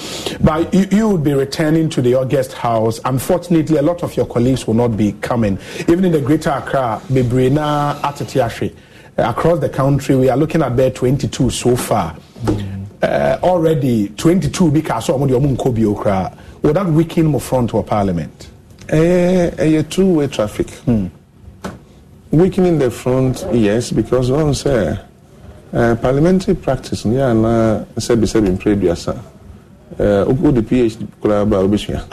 But you, you would be returning to the August house. Unfortunately, a lot of your colleagues will not be coming. Even in the greater Accra, Bebrina, Atatiashi, uh, across the country, we are looking at bare 22 so far. Mm. Uh, already, 22 because of the Omun Okra. without weakening more front or parliament? Eh, eh, a, a, two way traffic. Hmm. Weakening the front, yes, because once uh, eh, uh, parliamentary practice, yeah, na uh, sebi sebi preduasa. Ogo the PhD kura ba obisua.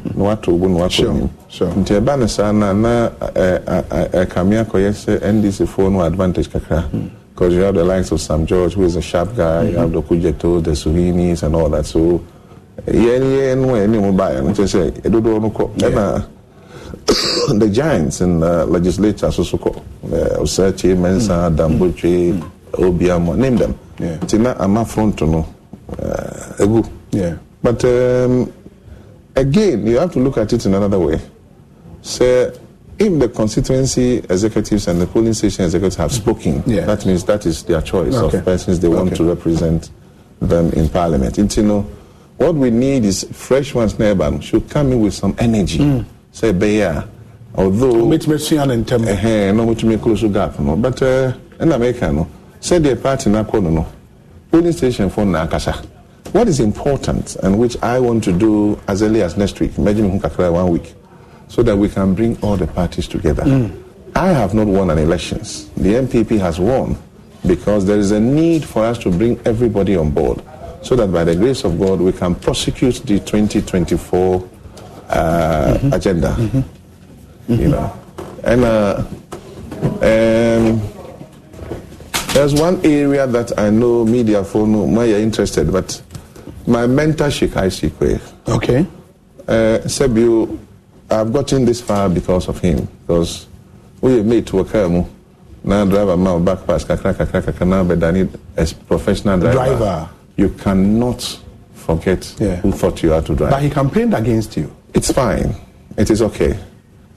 No wato ogo no wato nim. Sure. Nti eba ne saa na na kamia koye se NDC fo no advantage kakra. Hmm. Because you have the likes of Sam George, who is a sharp guy, mm-hmm. you hmm. have the Kujeto, the Suhinis, and all that. So yɛn yɛn no ɛne mu baeɛ no kyerɛ sɛ ɛdodoɔ no kɔ ɛna the giants in uh, legislature so so kɔ ɔsɛkye uh, mɛnsa hmm. dambotwe hmm. obiamɔ name them nti na ama front no ɛgu uh, yeah. but um, again you have to look at it in another way sɛ so, if the constituency executives and the polling station executives have spoken yeah. that means that is their choice okay. of persons they okay. want to represent them in parliament nti you know, What we need is fresh ones nearby should come in with some energy. Mm. Say, but yeah, although. no, close But, uh, in America, no. Say the party na kono, no. Police station for Nakasa. What is important and which I want to do as early as next week, imagine one week, so that we can bring all the parties together. Mm. I have not won an elections. The MPP has won because there is a need for us to bring everybody on board so that by the grace of God we can prosecute the 2024 uh, mm-hmm. agenda. Mm-hmm. You mm-hmm. know, and uh, um, there's one area that I know media for no my interested, but my mentor Shikai Sikwe. Okay. Uh, Sebio, I've gotten this far because of him because we made to a now driver my backpass kakra kakra kakra now but I need a professional driver. driver you cannot forget yeah. who thought you had to drive. But he campaigned against you. It's fine. It is okay.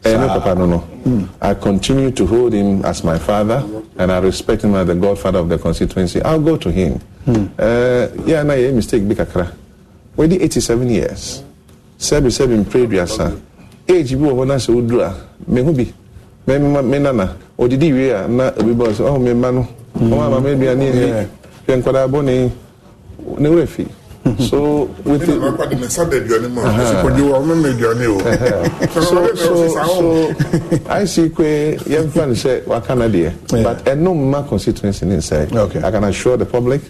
So, uh, eh, no, Papa, no, no. Mm. I continue to hold him as my father, and I respect him as the godfather of the constituency. I'll go to him. Mm. Uh, yeah, no, yeah, mistake, big akra. We're 87 years. Sebi sebi mpredi asa. Age bi wo na se odura. Me hu bi. Me me nana. Odidi wi a na obi boss. Oh me ma no. Hmm. Oh ma me bi ani ni. Hwe nkwada boni ne fi so with the so so so IC kwe yɛmfa no sɛ wakana deɛ but ɛnom ma constituency ne okay. I can assure the public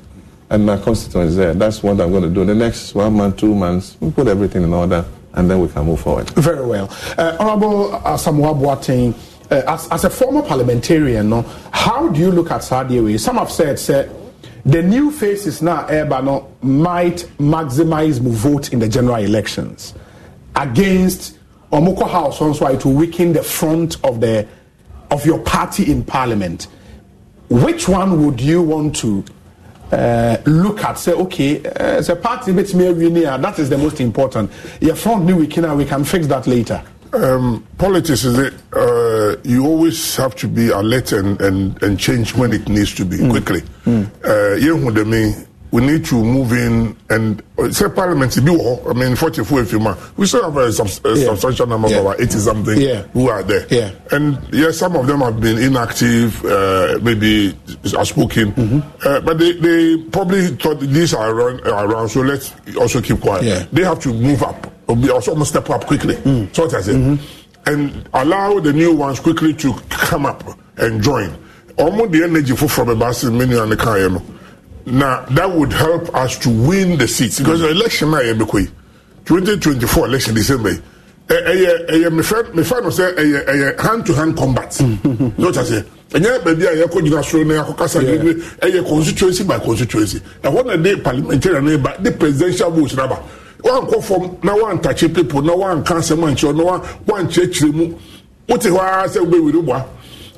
and my constituents there that's what I'm going to do the next one month two months we put everything in order and then we can move forward very well uh, Honorable Asamoah Boateng uh, as, as a former parliamentarian no, how do you look at Sadio some have said said the new faces now, Ebano, might maximize the vote in the general elections against Omoko House on so to weaken the front of the of your party in parliament. Which one would you want to uh, look at? Say, okay, uh, it's a party win here. that is the most important. Your front new weakener, we can fix that later. Um, politics is it, uh, you always have to be alert and, and, and change when it needs to be mm. quickly. Mm. Uh, we need to move in and uh, say parliament I mean 44 if you man. We still have a, subs- a yeah. substantial number yeah. of about 80 something yeah. who are there. Yeah. And yes, some of them have been inactive, uh, maybe outspoken, mm-hmm. uh, but they, they probably thought these are around, around, so let's also keep quiet. Yeah. They have to move up obi also must step up quickly. Mm. So what I say, mm-hmm. and allow the new ones quickly to come up and join. Almost the energy for from a basket menu and the car. Now that would help us to win the seats because mm-hmm. the election now is 2024 election December. ɛyɛ mefa no sɛ ɛyɛ hand to hand combat not as ɛnyɛ baabi a yɛkɔ gyina soro no akɔkasa bi ɛyɛ constituency by constituency ɛhɔ na de parliamentarian no ba de presidential vote no wankɔ fam na wantakye people na wanka asɛm ankyerɛ na wankyerɛkyerɛ mu wote hɔ ara sɛ wobɛwiri boa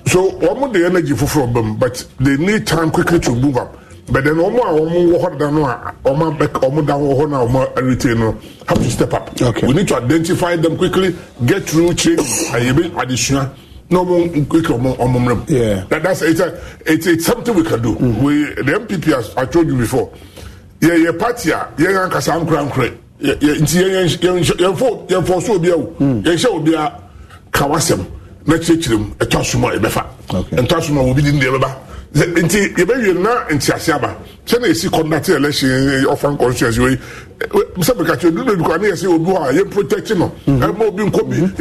so wɔn de energy foforɔ bɛm but they need time quickly to move up but then wɔn a wɔn wɔ hɔ da no a wɔn abɛk wɔn da wɔ hɔ na wɔn retain no have to step up okay. we need to identify them quickly get through change ayebe adesua na wɔn quickly wɔn wɔn mmerɛ mu yeah that, that's it's, a, it's it's something we can do mm. we the npp as i told you before yɛ yɛ party a yɛn ankasa ankora ankora. nti yɛmfɔ so obia o hmm. yɛhyɛ obia ka wasɛm na kyerɛkyerɛ mu ɛtɔ asom a yɛbɛfa ɛntɔ asom a wɔbi di ne yɛbɛba nti yɛbɛwie na ntease aba sɛna ɛsi kɔndate election ɔfan constituency wei sɛ meka kyerɛ dunu bikɔ ne yɛ sɛ obi hɔ a yɛmprotect no hmm. ɛma obi nkɔ bi hmm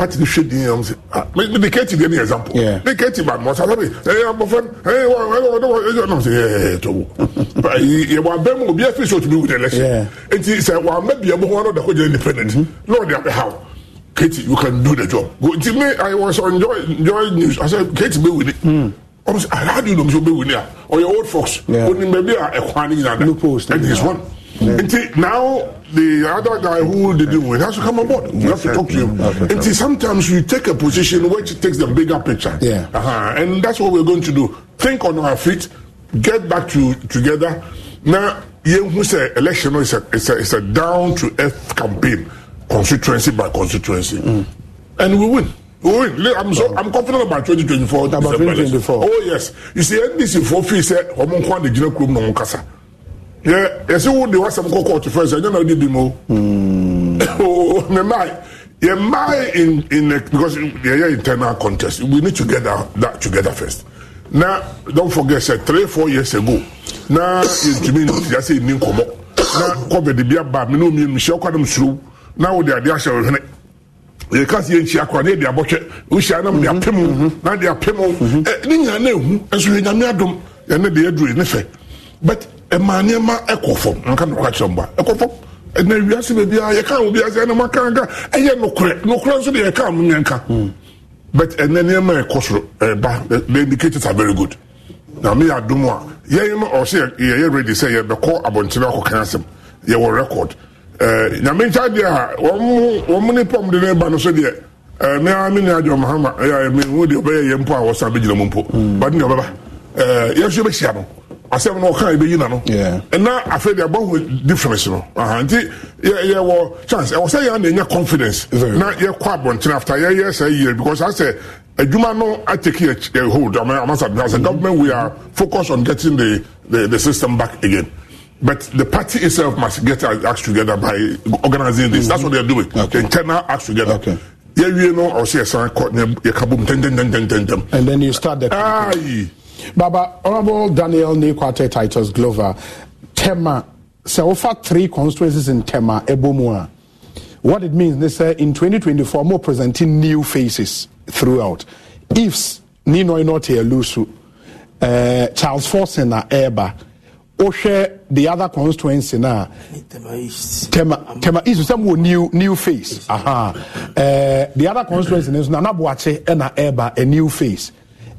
party ni hwɛ din yam sɛ ah me me de kɛnti de ni example ne kɛnti ba mɔ sasa bi ɛɛ abɔfra ɛɛ wa ɛɛ wa ɛɛ ɔnam sɛ ɛɛ tɔwɔ yɛ wa bɛn mu obi afiri so tumi wuli election eti sɛ wa mɛ bia bɔ hɔn ɔdɔ ko jɛ independent lɔɔdi abɛ ha o kɛnti you can do the job go ti me i was on joy joy news i said kɛnti bɛ wuli ɔmu sɛ ah how do you know sɛ o bɛ wuli ah ɔyɛ old fox onim bɛbi a ɛkwan ni nyina dɛ and he is one. Until now the other guy who they deal with has to come aboard. We have to talk to him. Until sometimes you take a position which takes the bigger picture. Yeah. Uh-huh. And that's what we're going to do. Think on our feet, get back to together. Now, you who say election is a, it's a, it's a down to earth campaign, constituency by constituency. Mm. And we win. We win. I'm, so, oh. I'm confident about 2024. About 2024. Oh, yes. You see, NDC for fee said, Omon Kwan, the Gina Krum, no Kasa yɛ yɛsi wo de wasɛm kɔ kɔɔtu fɛ sɛ ɛnyɛ na ɔdi di mu o ne mmaa yɛ mmaa in in a because yɛ yɛ internal contest we need to get that, together first na don forget sɛ three four years ago na yɛntumi yasɛ ni nkɔmɔ na covid bi aba mi n'omi mi hyɛ ɔkwa nam suru na wo de adeɛ ahyɛ ɔhwene yɛ kasi yɛ nkyia kora ne yɛ de abɔtwɛ wohyia nam de apem mhm. mhm. na de apem ɛ ne nyinaa na ehu nso yɛ nyame adom yɛ ne de yɛ duro yɛ ne fɛ but ɛma nneɛma ɛkɔ fam anka no kwa kyerɛ mbɔ a ɛkɔ fam ɛna wiase baabi a yɛka wo biase ɛna maka nka ɛyɛ nokorɛ nokorɛ nso deɛ yɛka mo nyɛnka hmm. but ɛna nneɛma ɛkɔ soro ɛba the indicators are very good na mi yɛ adom a yɛn no ɔsɛ yɛyɛ ready sɛ yɛbɛkɔ abɔntene akɔka asɛm yɛwɔ record nyame nkyɛn deɛ a wɔn wɔn nipa mu de ne ba no so deɛ ɛɛ me ara me nua jɔ mahama ɛyɛ ɛmɛ wo deɛ ɔbɛyɛ yɛn mpo a wɔsan bɛgyina mu mpo hmm. ba de ne ɔbɛba ɛɛ yɛn nso bɛhyia no asɛm no ɔka ɛbɛyi na no ɛna afei deɛ ɛbɔ difference no nti yɛwɔ chance ɛwɔ sɛ yɛa na ɛnya confidence na yɛkɔ abɔnten after yɛyɛ sɛ year because asɛ adwuma no atake a hold amasa because the government we are focused on getting the, the, the system back again But the party itself must get our acts together by organizing this. That's what they're doing. Mm-hmm. Okay. The internal acts together. Okay. Yeah, you know, I'll say a sign called Yakabum. And then you start the. Baba, Honorable Daniel Nekwate Titus Glover, Tema, sɛ wofa three constituencies in Tema, Ebomua. What it means, they say in 2024, more presenting new faces throughout. Ifs, Nino Inote Elusu, uh, Charles na Eba, Oshe, the other constituency na Tema Tema, isu East, some new, new face. Aha. Uh, the other constituency is Nanabuache, Ena Eba, a new face.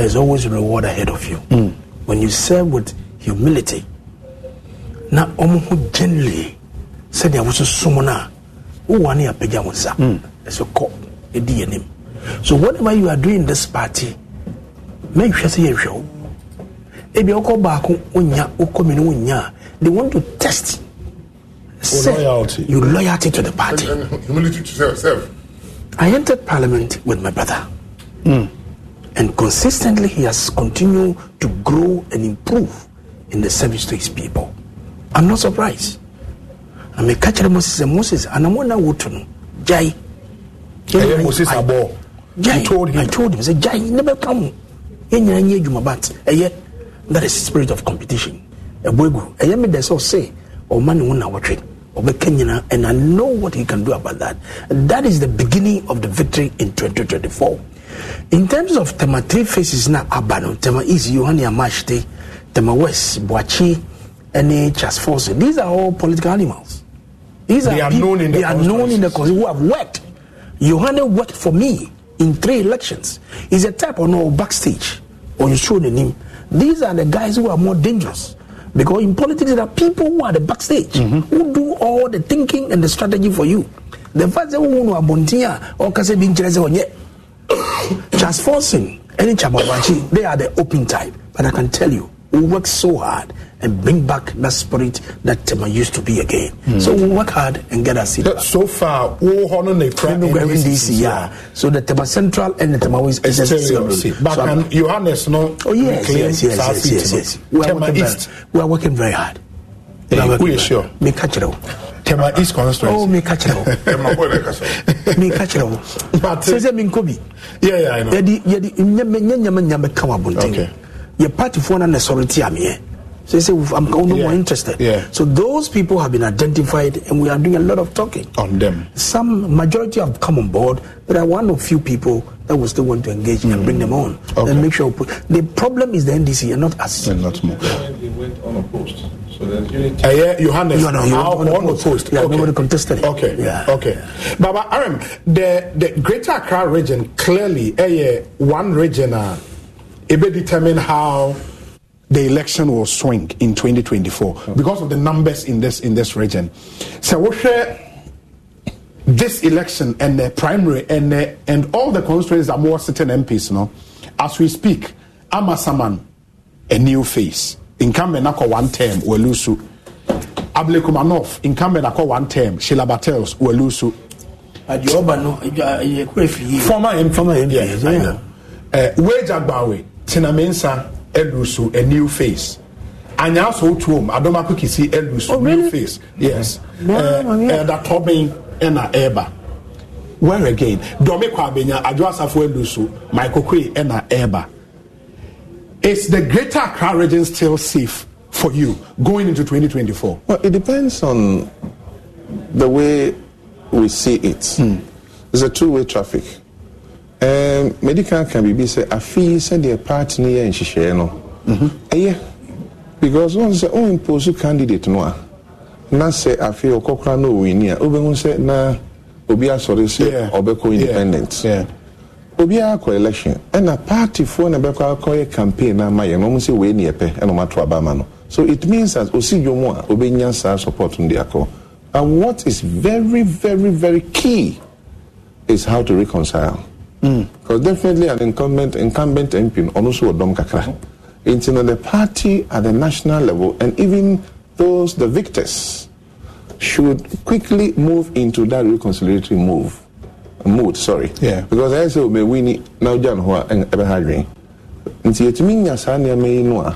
there's always reward ahead of you. Mm. When you serve with humility, na ɔmo ho gently sɛdeɛ woso som no a wowa ne apagya wo nsa ɛsɛ kɔ ɛdi yɛnim so whatever you are doing this party make sure you show. ebia wokɔ baako wonya wokɔ mene wonya they want to test oh, loyalty. your loyalty to the party and, and humility to serve. I entered parliament with my brother. Mm. And consistently, he has continued to grow and improve in the service to his people. I'm not surprised. I may catch Moses and Moses, and I'm one out Jai. Moses Abo. Jai. Told him. I told him, I said, Jai, never come. That is spirit of competition. Ebwegu, I am the say, or oh, man won our trade. Kenyana, and I know what he can do about that. And that is the beginning of the victory in 2024 in terms of tema three Faces, na aba tema east yohane amashite tema west boachi ɛne charles force these are all political animals these they are, people, known in the they are known in the who have worked yohane worked for me in three elections he's a type on our backstage or you show the name these are the guys who are more dangerous because in politics there are people who are the backstage mm-hmm. who do all the thinking and the strategy for you the fact that who abontia or kase bin kyerɛ sɛ just forcing any Chabawachi, they are the open type. But I can tell you, we work so hard and bring back that spirit that Tema used to be again. Mm. So we work hard and get us it. So far, all honor the this year. So the Tema Central and the Tema West is still But so can Johannes no? Oh yes, yes, yes, yes, yes, yes. We are, working very, we are working very hard. We are eh, working. Sure. Me catch it up tema east constituency. oh meka kyerɛ wo. tema bɔ bɛ ka sɔrɔ. meka kyerɛ wo. sɛsɛ mi nko bi. yeah yeah i know. Yadi yadi nyɛmɛ nyɛmɛ nyɛmɛ kawa bonten. okay. yɛ patifoɔ na na sɔrɔ ti amiyɛ. So they say, I'm no more interested. Yeah. So those people have been identified, and we are doing a lot of talking on them. Some majority have come on board, but I are one or few people that we still want to engage mm. and bring them on okay. and make sure. Put, the problem is the NDC and not us. And not more. They went unopposed ɛyɛ yohanes alcohol yeah, okay. nobody contested it. okay yeah. okay yeah. baba aram the the greater accra region clearly ɛyɛ eh, one region uh, it will determine how the election will swing in 2024 okay. because of the numbers in this in this region so we share this election and the primary and and all the constituencies are more certain MPs you know as we speak Amasaman a new face incumbent akɔ one term wɔlusu abilekumanov incumbent akɔ one term sheila bartels wɔlusu. adi ọba no ẹyẹ kúrẹ fi former mp former mp yẹn ẹ wage agbawe tinamensa ẹlusu a new face anyaso otuom adomako kisi ẹlusu oh, really? new face yes ẹda tọbin ẹna ẹba where again dọmi kwa abenya adwo asafo ẹlusu michael kwe ẹna ẹba. Is the greater Accra region still safe for you going into 2024? Well, it depends on the way we see it. Hmm. It's a two way traffic. Um, medical can be said, I feel send the partner in Shisheno. Mm-hmm. Eh, yeah. Because once the own impose candidate no ah. na say afei ɔkɔkora na no ni a wobɛhu na ubia asɔre sɛ ɔbɛkɔ independent yeah. Yeah obiara kɔ election ɛna partyfoɔ na bɛkɔ akɔyɛ campaign ama yɛn wɔn sɛ wei ni yɛpɛ ɛna wɔn ato aba no so it means that osi dwom a obɛnya saa support no de akɔ and what is very very very key is how to reconcile. Mm. because definitely an incumbent incumbent MP ɔno nso wɔ kakra nti the party at the national level and even those the victors should quickly move into that reconciliatory move. Mood, sorry yeah. because ɛyɛ sɛ ɔbɛwi ni na wogya ne ho a ɛbɛha dwen nti yɛtumi nya saa nneɛma yi no a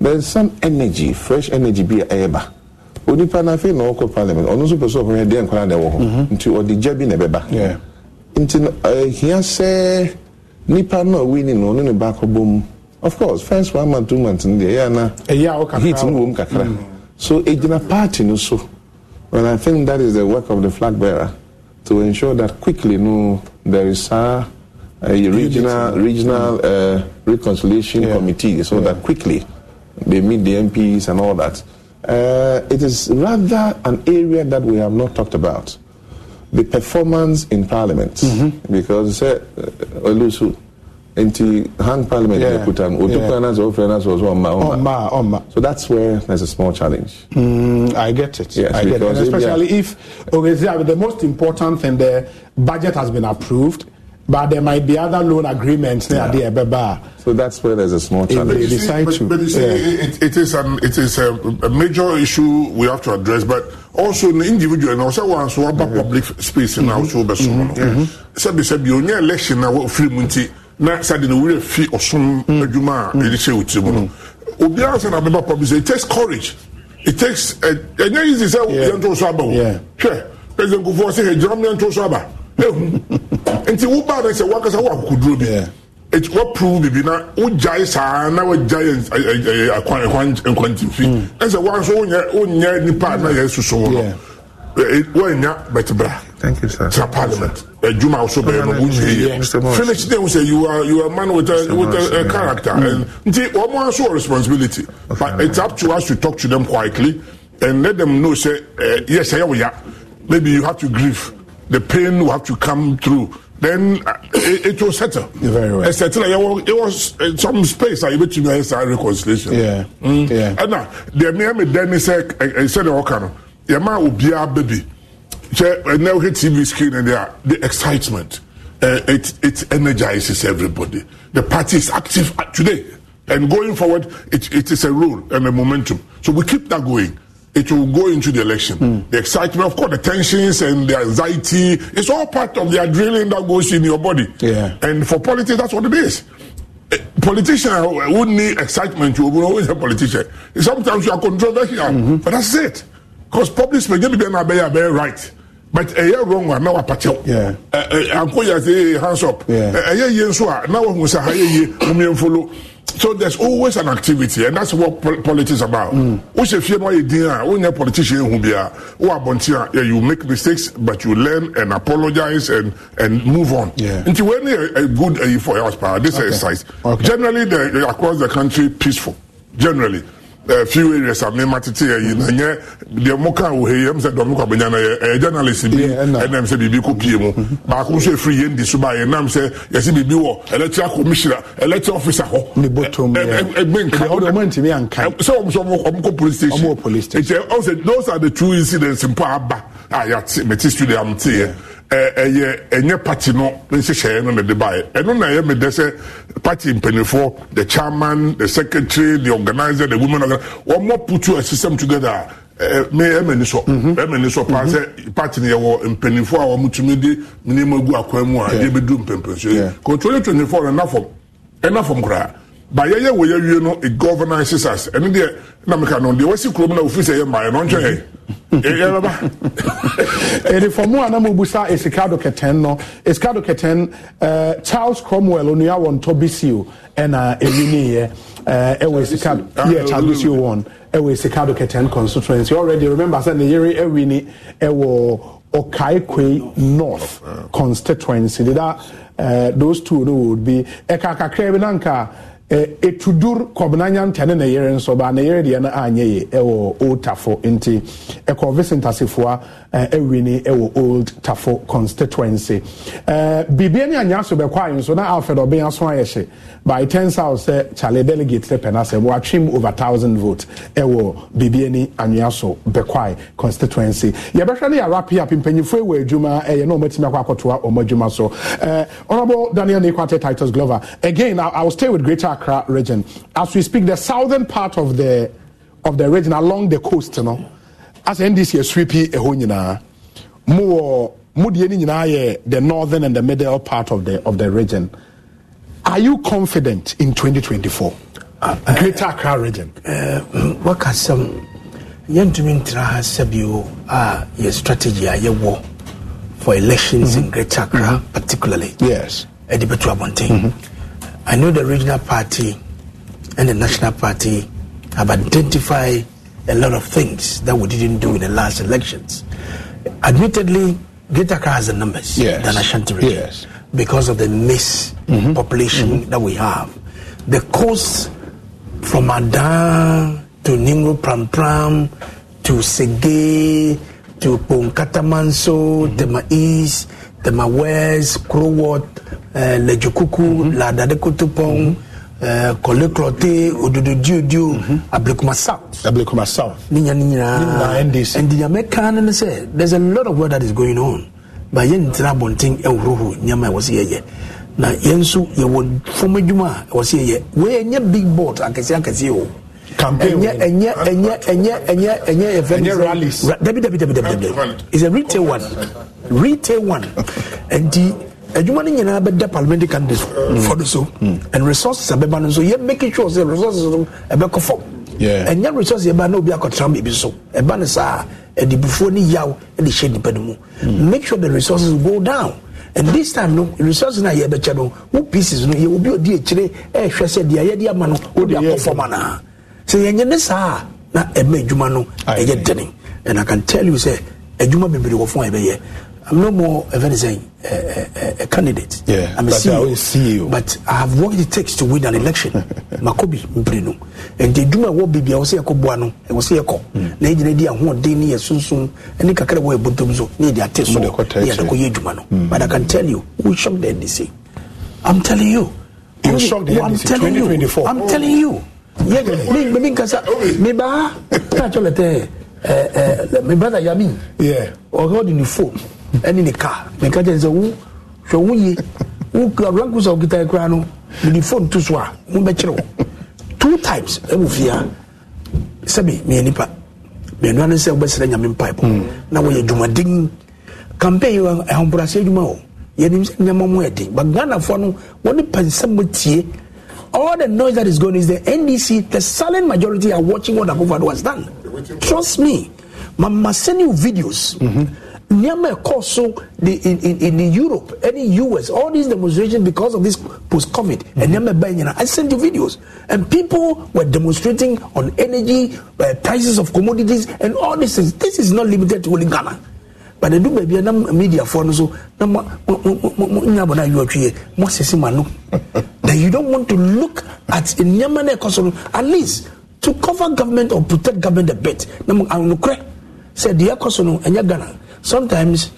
there's some energy fresh energy bi a ɛyɛ ba onipa no afei na ɔkɔ parliament ɔno nso pɛ sɛ ɔhwɛ deɛ nkwadaa na ɛwɔ hɔ mm-hmm. nti ɔde gya bi na ɛbɛba nti ɛhia eh, sɛ nipa no wini no ɔno ne ba akɔbɔ of course first one month two months no deɛ ɛyɛ ana heat no wɔ mu kakra mm. so ɛgyina party no so and i think that is the work of the flag bearer to ensure that quickly no, there is a, a regional, regional uh, reconciliation yeah. committee so yeah. that quickly they meet the MPs and all that. Uh, it is rather an area that we have not talked about the performance in parliament mm-hmm. because uh, uh Olusu nti hang parliament yeah. ɛkuta mu otu finance or finance was ɔma ɔma ɔma so that's where there's a small challenge. Mm, I get it. Yes, I get it. especially yeah. if okay, the most important thing the budget has been approved. But there might be other loan agreements yeah. near the Ebeba. So that's where there's a small challenge. If They decide to. But you see, yeah. it, it is, an, it is a, um, um, a major issue we have to address. But also in individual and also once so about public mm-hmm. space in mm-hmm. our so mm-hmm. Mm-hmm. Sabi sabi, election na free munti na sadi na wura fi ɔsom adwuma a yɛde hyɛ wo tirim no obiara sɛ na bɛba pɔbi sɛ it takes courage it takes ɛnyɛ easy sɛ yɛnto so aba wo hwɛ president kofoɔ sɛ hɛgyina mu yɛnto so aba ehu nti wo baa na sɛ wakasa wo akokoduro bi wapuruw bibi na wogyae saa na wagyae akwantimfi ɛsɛ wa nso wonyɛ nipa na yɛsusu wo no Eh, eh, wɔanya bɛte bra tra parliament adwuma eh, wo so bɛyɛ no wonyeyɛ finish then sɛ you are you are man with a with a, character mm. and nti wɔn also a responsibility but it's up to us to talk to them quietly and let them know Say yes ɛyɛ wo ya maybe you have to grieve the pain will have to come through then uh, it, it will settle. Very well. It settled. It was, uh, some space. I bet you guys reconciliation. Yeah. Mm. Yeah. And now, the mere me then is said, "Okay, yɛma obiara bɛ bi kyɛ ɛnɛ wohwɛ tv screen ɛnɛ a the excitement uh, it it energizes everybody the party is active uh, today and going forward it, it is a role and a momentum so we keep that going it will go into the election. Mm. The excitement, of course, the tensions and the anxiety, it's all part of the adrenaline that goes in your body. Yeah. And for politics, that's what it is. A eh, politician uh, would need excitement. You will always a politician. Sometimes you are controversial, mm-hmm. but that's it. because public speaking bi bɛn na bɛyɛ abɛyɛ right but ɛyɛ eh, wrong a na wapatɛw anko yɛ ase hands up ɛyɛ yie nso a na wɔn nsa ha yɛ yie wɔn yɛn folo so there's always an activity and that's what politics about o ṣe fie ma ye din a o nya politician ehun bia o abɔnten a you make mistakes but you learn and apologize and and move on nti wɛni a good eyi eh, for house power this exercise generally the across the country peaceful generally. Uh, few areas I'm not to tell you. Nanya, the Moka, who he is, and Domuka Banana, a journalist, and I'm saying, Bibico Piemo, Bakusha free in the Subai, and I'm saying, yes, Bibiwo, oh, a letter commissioner, a letter officer, the bottom, a bank, the other man to be unkind. So, some of police station, police station. Eh, also, those are the two incidents in Paba. I had Metis to the Amtia ɛyɛ ɛnyɛ party no nhyehyɛeɛ no na de baeɛ ɛno na ɛyɛ medɛ sɛ party mpanimfoɔ the chairman the secretary the organizer the women organizer wɔn mo put a system together me ɛmɛ ni sɔ mhm. ɛmɛ ni sɔ paa mhm. sɛ party no yɛwɔ mpanimfoɔ a wɔn tumi de nneɛma gu akwan mu a yɛ bɛ du mpɛmpɛnso yɛ kɔntoli twenty four ɛna fam ɛna fam koraa ba yɛyɛ wɔ yɛ wie no it governances us ɛne deɛ na meka no deɛ wasi kurom na ofiri sɛ yɛ mmaa ɛno ntwɛ yɛyɛbɛba ɛde fɔmu a na mobusa esikado kɛtɛn no esikado kɛtɛn uh, charles cromwell onua wɔ ntɔ bisio ɛna ɛwi neyɛ ɛwɔ esikado yɛ charles bisio wɔn ɛwɔ esikado kɛtɛn constituency already remember sɛ ne yere ɛwi ni ɛwɔ ɔkaekwei north oh, constituency deda uh, those two no would be ɛkakakra bi nanka. Eh, etudur kɔbnanya ntɛ ne yere nso ba ne yere deɛ no anyɛ yie ɛwɔ old tafo nti ɛkɔ vincent asefoa eh, ɛwi ni ɛwɔ old tafo constituency eh, biribiara ne anya so bɛkɔ ayi nso na alfred ɔbɛn aso ayɛ by ten south sɛ charlie delegate sɛ pɛn asɛm wɔatwem over thousand vote ɛwɔ biribiara ne anya so bɛkɔ ayi constituency yɛbɛhwɛ ne yɛrɛ apia mpanyinfoɔ ɛwɔ adwuma ɛyɛ na wɔn atumi akɔ akɔtoa wɔn adwuma so ɛɛ honourable daniel nikwate titus glover again i will stay with greater Accra region. As we speak, the southern part of the of the region along the coast, you know, as NDC is sweepy ehonyina, more the northern and the middle part of the of the region. Are you confident in 2024? Uh, Greater Accra region. Uh, some, yɛntumi ntena ha sɛ bio a yɛ strategy a yɛwɔ for elections mm-hmm. in Greater Accra, mm-hmm. particularly. Yes. Ɛde bɛtu abɔnten. Mm-hmm. I know the regional party and the national party have identified a lot of things that we didn't do in the last elections. Admittedly, Greater has the numbers yes. than Ashanti region yes. because of the miss mm-hmm. population mm-hmm. that we have. The coast from Adan to Ningro Pram Pram to Segei to Ponkatamanso, mm-hmm. Tema East, Tema West, Crowworth, eh, Lejukuku, mm -hmm. Eh, Ododo Diodio, mm -hmm. Ablekuma South. Ablekuma South. Ninya Ninya. NDC. And Ninya the say there's a lot of work that is going on. But yen tina bonting euruhu nyama e was here. Na yensu ye would form a juma e was here. We nye big boat, I can see I campaign ɛnyɛ it's a retail one retail one ɛnti adwuma no nyinaa bɛda parliamentary candidates fɔ do so and resources a bɛba no nso yɛ making sure sɛ resources no ɛbɛkɔ fam ɛnyɛ resources yɛba na obi akɔtram ebi so ɛba no saa ɛde bufuo ne yaw ɛde hyɛ nipa no mu make sure the resources go down and this time no resources na yɛbɛkyɛ no wo pieces no yɛ obi odi akyire ɛɛhwɛ sɛ deɛ yɛde ama no wode akɔ fam anaa sɛ yɛnyɛ ne saa a na ɛma adwuma no ɛyɛ dene and i can tell you sɛ adwuma bebree wɔ fo a ɛbɛyɛ I'm no more a very saying eh, eh, eh, a, candidate. Yeah, I'm a CEO, you. E but I have what it takes to win an election. Makobi mbrinu. And they do my wo bibi awose yako buano. Awose yako. Hmm. Na eji ne di ahu deni ya sunsun. Eni kakere wo ebutum zo. Ne di ate so. Ne adako ye duma no. Hmm. But I can tell you, we shocked the NDC. I'm telling you. You shocked the NDC. I'm telling you. I'm telling you yé mi mi kasa mi ba ká àjọ lẹtẹ mi brother Yamin ọ̀rẹ́ ọ̀dì ni fóònù ẹni ni ká mi ká jẹ́ nsẹ́ wú hwẹ́ wú yé wú kura rankusa òkúta ẹ̀ kura no mi ni fóònù tó so a wú bẹ́ kyerẹ́ wọ two times ẹ̀ wù fìyà sẹ́bi mi yẹ nípa mmienu ano sɛ wobɛsrɛ nyame mpaebɔ na wɔyɛ dwumaden campaign ahomperaseɛ adwuma o yɛnim sɛ nneɛma mu ɛden ba ghanafoɔ no wɔne pɛnsɛm tie All the noise that is going is the NDC, the silent majority are watching what Akufo-Addo has done. Trust me. Mama send you videos. Mm-hmm. Nyama also in, in, in Europe and in US, all these demonstrations because of this post COVID. Mm-hmm. And I sent you videos. And people were demonstrating on energy, uh, prices of commodities, and all these things. This is not limited to only Ghana. but ɛdu baabi na mediafoɔ no so na nya bɔ no ayiwatweyɛ moasese ma no that you don't want to look at nneɛma no ɛkɔ so at least to cover government or protect government a bit na nokorɛ sɛ deɛ ɛkɔ so no ɛnyɛ ghana sometimes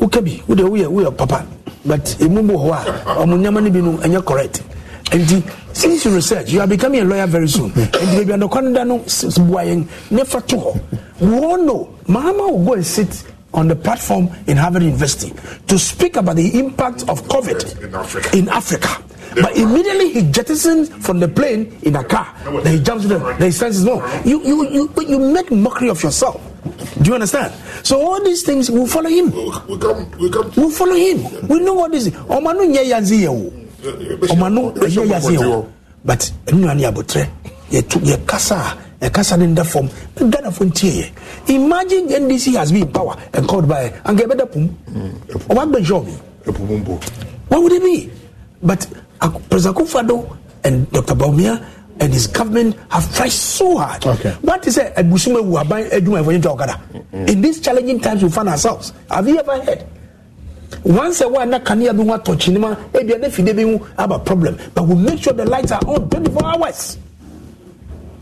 woka bi wode woyɛ woyɛ papa but ɛmu e mu wɔ hɔ a ɔmo nneɛma no bi no correct nti since you research you are becoming a lawyer very soon nti baabi anɔkwa no da no boa yɛn ne fa to hɔ we all know sit on the platform in Harvard University to speak about the impact of COVID in Africa. In Africa. But immediately he jettisons from the plane in a car. Then he jumps in. the, then he stands own. You, you, you, you make mockery of yourself. Do you understand? So all these things will follow him. we come, we come we'll follow him. We know what this is. Omanu nye yanzi yewo. Omanu nye yewo. But, enu nani abotre. kasa. ɛkasa ne nda fam ghanafoɔ ntieɛ imagine ndc has been in power and called by anka ɛbɛda pum mm, ɔba gbɛ nhyɛ ɔbi what would it be but uh, president akufado and dr baumia and his government have tried so hard. Okay. What is it? Abusuma who are buying Eduma to Okada. In these challenging times, we find ourselves. Have you ever heard? Once a while, na kania bi wa touch cinema. Ebi ane fide bi mu have a problem, but we make sure the lights are on 24 hours.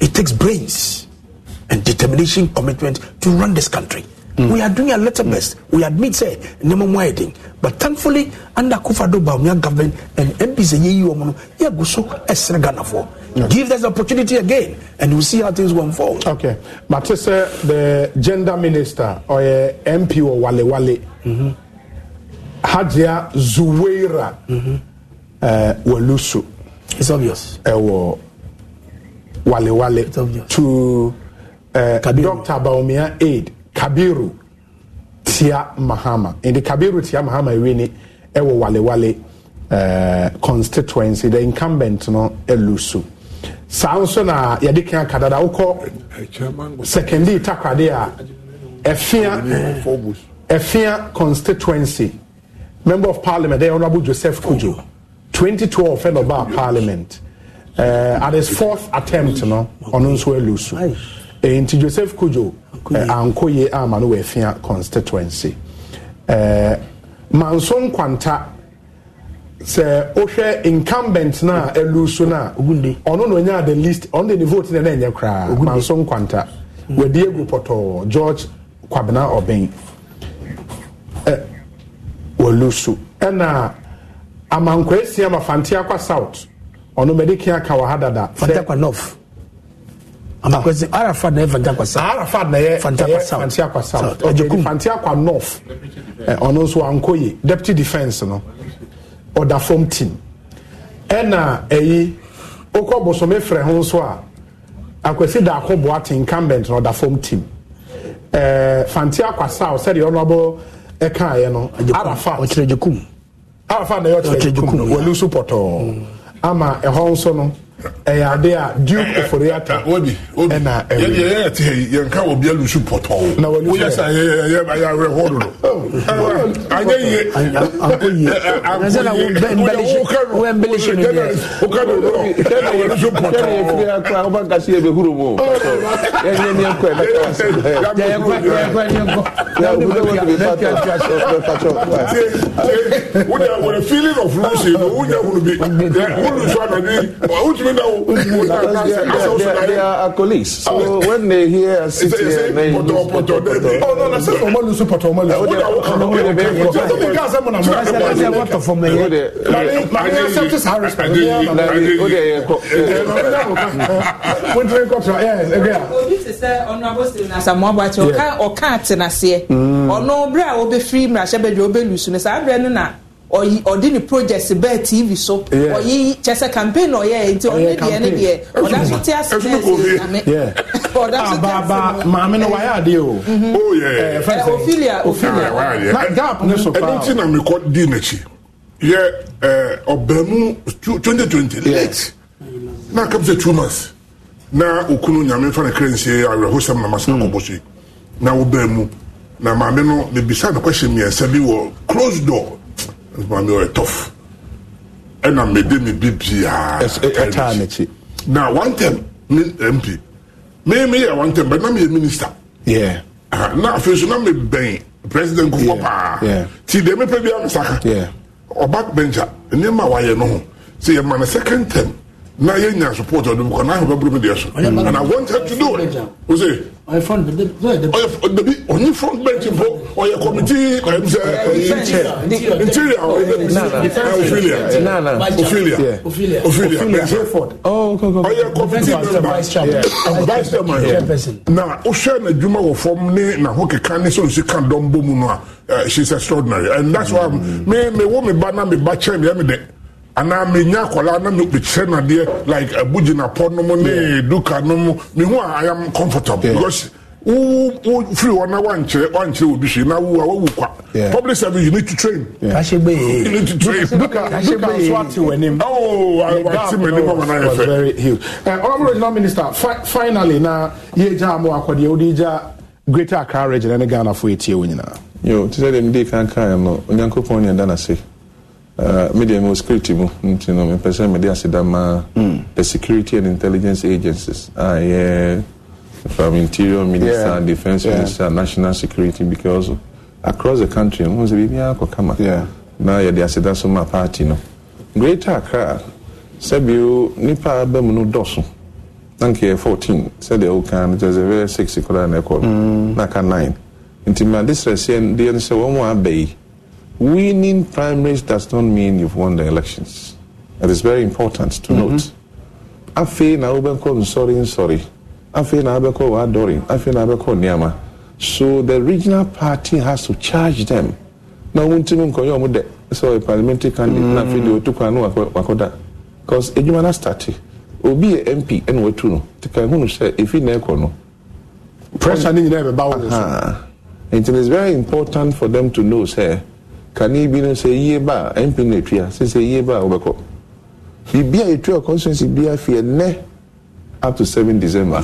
It takes brains and determination, commitment to run this country. Mm. We are doing our little best. We admit, say, Nemo wedding. But thankfully, under Kufado Baumia government and MPs, yeah, go so Ghana for. Give us the opportunity again, and we'll see how things will unfold. Okay. Matisse, the gender minister or uh, eh, MP or Wale Wale, mm-hmm. Hadia Zuweira mm-hmm. uh, Walusu. It's obvious. Uh, Wale Wale to uh, eh, Dr. Baumia Aid Kabiru Tia Mahama. In the Kabiru Tia Mahama wini Ewo Wale Wale uh, constituency the incumbent no elusu. Saa nso na yɛde kan kadada wokɔ secondary takwade a ɛfia ɛfia constituency member of parliament the honourable Joseph Kujo 2012 of our parliament. Eh, at his fourth attempt no ɔno nso alusu nti joseph kujo eh, ankɔ yie ama no wɔafia constituency eh, manso nkwanta sɛ wohwɛ incumbent no a alusu no a ɔno na ɔnya the least ɔno de ne vote no ɛna ɛnyɛ koraa manso nkwanta hmm. wadi egu pɔtɔɔ george kwabena ɔbɛn wɔlusu ɛna amankwasi ama fantea kwa south ɔno medicare ka wɔ ha dada. north ah. na south north ɔno eh, nso deputy defence no ɔda team ɛna ɛyi okɔ bosome frɛ ho nso a akwasi daako boate incumbent na ɔda fom team ɛɛ eh, south sɛdeɛ ɔno ɛkaayɛ no ɔkyerɛ arafa na yɛ ɔkyerɛ wɔlu so pɔtɔɔ. ama ɛhɔ nso no ɛyɛ ade a duke oforiata ɛna ɛwɛ yɛte hɛ yɛnka wɔ bia lusu pɔtɔɔ woyɛ sa yɛyɛyɛwerɛ hɔ dodo anyɛ yewoka dodoɛlusu pɔtɔɔ wode feeling of lusi no wonya hunu bi wolusu anadi wotumi even know they are colleagues so when they hear us sit here and then you use poto poto oh no na say Oh lusu poto ọmọ lusu wọ́n àwọn kan náà wọ́n bẹ yẹn tó ní accept this high ɔyi ɔde ne project bɛɛ tv so ɔyi kyɛsɛ campaign na ɔyɛ nti ɔne deɛ ne deɛ ɔda so te ase ne ɛsɛ nyame ɔda so te ase ne maame no wayɛ adeɛ o ɛɛ ofilia ofilia na gap ne so paa ɛno ti na mi kɔ di n'akyi yɛ ɛɛ ɔbɛn mu twenty twenty late na kɛm sɛ two months na okunu nyame fa ne kere nse awerɛhosɛm na masina kɔbɔ so yi na ɔbɛn mu na maame no mebisa ne kɔhyɛ mmiɛnsa bi wɔ close door maame ɔyɛ tɔf ɛna mede me bi biaa ɛtaa n'akyi na one term ne mp me me yɛ one term but na meyɛ minister yeah. uh, na afei so na mebɛn president kufuɔ yeah. paa yeah. ti deɛ mepɛ bia mesaka ɔba bencha nneɛma a wayɛ no ho sɛ yɛma no second term na yɛnya support ɔde bkɔ na ahwɛ bɛbrɛ me deɛ so and i wanted to do it ɔyɛ front bench ɔyɛ dabi ɔnyi front bench mpo ɔyɛ committee ɔyɛ misɛ interior ophelia ophelia ophelia ophelia oh, ɔyɛ committee member vice chairman na ɔhwɛ n'adwuma wɔ fam ne n'aho keka ne sɛ nsika dɔm bɔ mu no a eh, she's extraordinary and that's why me me wo me ba na me ba kyɛn me ɛmi dɛ anaa menya akwadaa na mekyerɛ no adeɛ like abugyinapɔ eh, no mu ne duka no mu mehu a i am comfortable because yeah. because firi hɔ na wankyerɛ wankyerɛ obi hwee na wo a wawu kwa public service you need to train you need to train duka nso ate w'anim oh ate m'anim ama na yɛ fɛ honourable law minister finally na yɛgya mo akɔdeɛ wode gya greater accra region ne ghanafoɔ ɛtie wo nyinaa yo te sɛ deɛ mede kankaa no onyankopɔn ne ɛda no ase Uh, media mu security mu nti no mepɛ sɛ mede aseda ma hmm. the security and intelligence agencies a ah, yɛ from interior minister yeah. defense yeah. minister national security because across the country hu sɛ biribiaa kɔ kama yeah. na yɛde aseda so ma party no greater accra sɛbio nipa ba mu no dɔso na nka yɛ 14 sɛdeɛ woka no kyerɛ sɛ 6 koraa na ɛkɔ no hmm. na ka 9 nti ma de srɛseɛ deɛ no sɛ wɔn mu aba yi winning primaries does not mean you've won the elections. It is very important to mm -hmm. note. afei na wobɛkɔ nsɔre nsɔre afei na wobɛkɔ wadɔre afei na wobɛkɔ nneɛma so the regional party has to charge them na wɔn ti mu nkɔyɛ wɔn dɛ parliamentary candidate na afei deɛ otu kwan no wakɔda because edwuma na start obi yɛ mp ɛna watu no tika ehunu sɛ efi na ɛkɔ no. pressure ni nyinaa bɛ ba wɔn so. it is very important for them to know say. kane bi no sɛ yie ba a mp na atua sɛ sɛ yie ba a wobɛkɔ biribi a ɛtua constituency biara fi ɛnɛ up to 7 december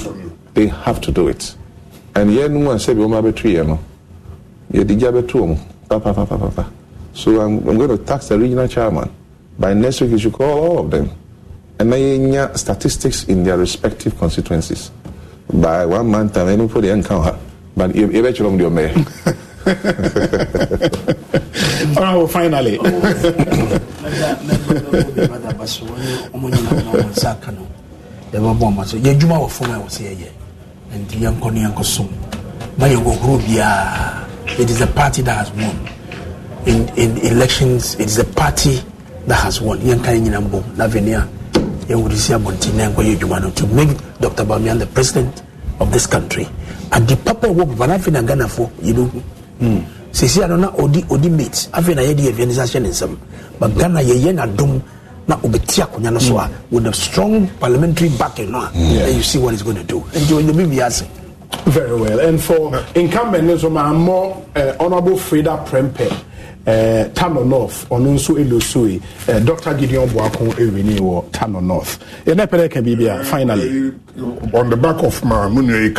they have to do it and yɛn no mu a sɛbi wɔn abɛto yɛn no yɛde gya bɛto wɔn papapapapa so I'm, i'm going to tax the regional chairman by next week you should call all of them and na yɛnya statistics in their respective constituencies by one month time ɛnu fo deɛ nka ha but yɛbɛkyerɛ wɔn deɛ ɔmɛyɛ. honorable finally yɛbɛbɔ ma so yɛadwuma wɔ fam a wɔ sɛ yɛyɛ nti yɛnkɔ no yɛnkɔ som ma yɛnkɔhoro biaa it is a party that has won in, in elections it is a party that has won yɛnka yɛ nyina mbom na afei ne a si abɔnten na yɛnkɔ yɛ adwuma no to make dr bamian the president of this country and the papa ɛwɔ baba na afei na ghanafoɔ yɛbɛhu sisi ano na odi odi mate afei na yɛ de evangelist ahyɛ ne nsam but ghana yɛyɛ n'adom na obɛti akonnwa no so a with a strong parliamentary backing no a then you see what it's going to do nti onyame bi ase. Very well, and for incumbent nso maa mɔ uh, honourable Freda prempe Uh, Tano North ɔno nso elosoi uh, Dr. Gideon Buako ewini wɔ Tano North yɛn na pɛrɛ kɛ biribi a finally. on the back of my mu nua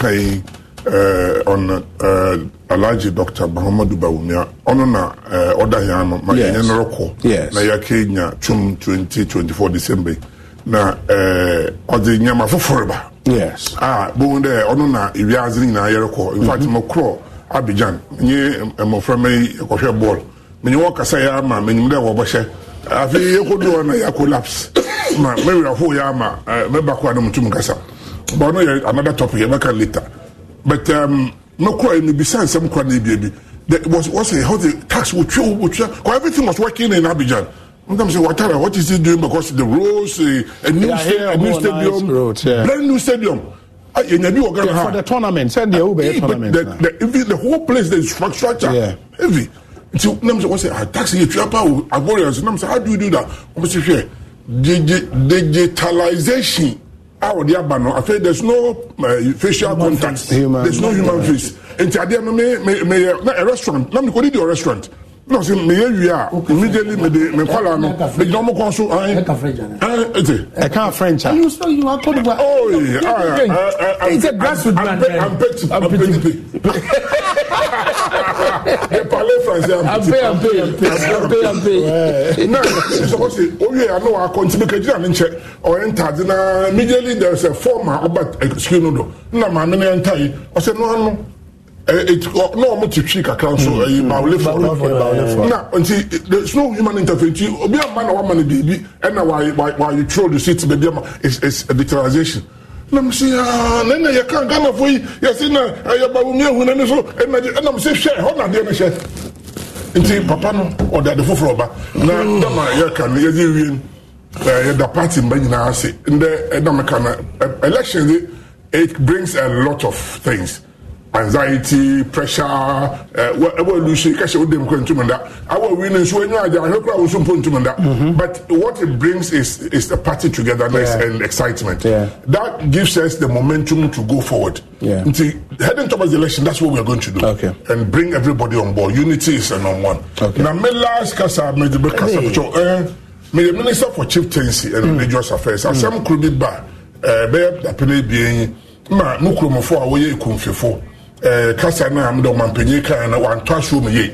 Eh, on uh, eh, Alaji Dr. Muhammadu Bawumia ọnụ na ọda ya anụ ma enye nrọkụ na ya ka nya chum 2024 December na ọdị eh, nye ma foforo ba a ah, bụ ndị ọnụ na iwi azị nyina ya rọkọ in fact mọ mm-hmm. kụrọ Abidjan nye mmọfra mmeri kọhwẹ bọọlụ menye wọ ya ama menyim dɛ wɔbɛhyɛ afei yɛkɔdu hɔ na ya collapse ma mɛwerɛhoɔ yɛ ama mɛba kɔ a no mutum kasa bɔ no yɛ another topic yɛbɛka lita. but mɛkura um, yi no bisa nsɛm kura na ebi ebi the was was a how the tax wotwa wotwa cause everything was working in abidjan sometimes say watara what is he doing because the roads uh, a new, yeah, sta- a new stadium road, yeah. brand new stadium yẹn bi wọ ghana ha for the tournament send the whole ah, eh, tournament the, the, the, the whole place the structure yeah. heavy nti nam sɛ wɔsɛ ah tax yɛ tua pa o agorɔ yɛ so sɛ how do you do that wɔn sɛ hwɛ digitalization a wɔde aba no afei there is no eh, facial human contact face. human there is no human face nti adeɛ no meyɛ na restaurant na mekɔdidi restaurant No, ɔsi meyɛ wie a immediately mede me kwala no megyina ɔmo kɔn so ɛte ɛka french a parler français un peu un peu un peu un peu un peu na sɔkɔ si owie ano wa kɔntimi kejì na ne nkyɛ ɔyɛ ntaade na immediately there is a form a ɔba sukuu no do na maame ne yɛ ntaade oh, ɔsɛ no ano na ɔmo te twi kakra nso ɛyi bawulefa na nti there is no human intervention obi ama na wama ne beebi wa wayi throw the seat beebi ama is is digitalization na mo se aa ah, na ɛna yɛ kan ghana fo yi yɛsi na ɛyɛ eh, bawumi ehun n'ani so ɛna gye ɛna mo se hwɛ ɛhɔ na adeɛ ne hyɛ nti papa no ɔde ade foforɔ ba na mm. dama yɛ kan yɛ di wiem ɛɛ eh, yɛ da party mba nyinaa ase ndɛ ɛdam eh, kan na election it brings a lot of things anxiety pressure ɛwɔ ɛlusi kɛse o dem ko ntoma da awɔ wi ni enyo aja ahwɛ kura wosu mpo ntoma da but what it brings is is the party togetherness yeah. and excitement yeah. that gives us the momentum to go forward yeah. heading towards the election that's what we are going to do okay. and bring everybody on board unity is a number one okay. na me last kasa me de be kasa pɛtɔ ɛɛ eh, me de minister for chieftaincy and mm. religious affairs asɛm kuro bi ba ɛɛ bɛyɛ dapɛlɛ ebien ma mu kuromofo a wɔyɛ ekunfefo. Eh, kasa no a mede ɔmampanyin kaa na wantɔ asoɔ mu yie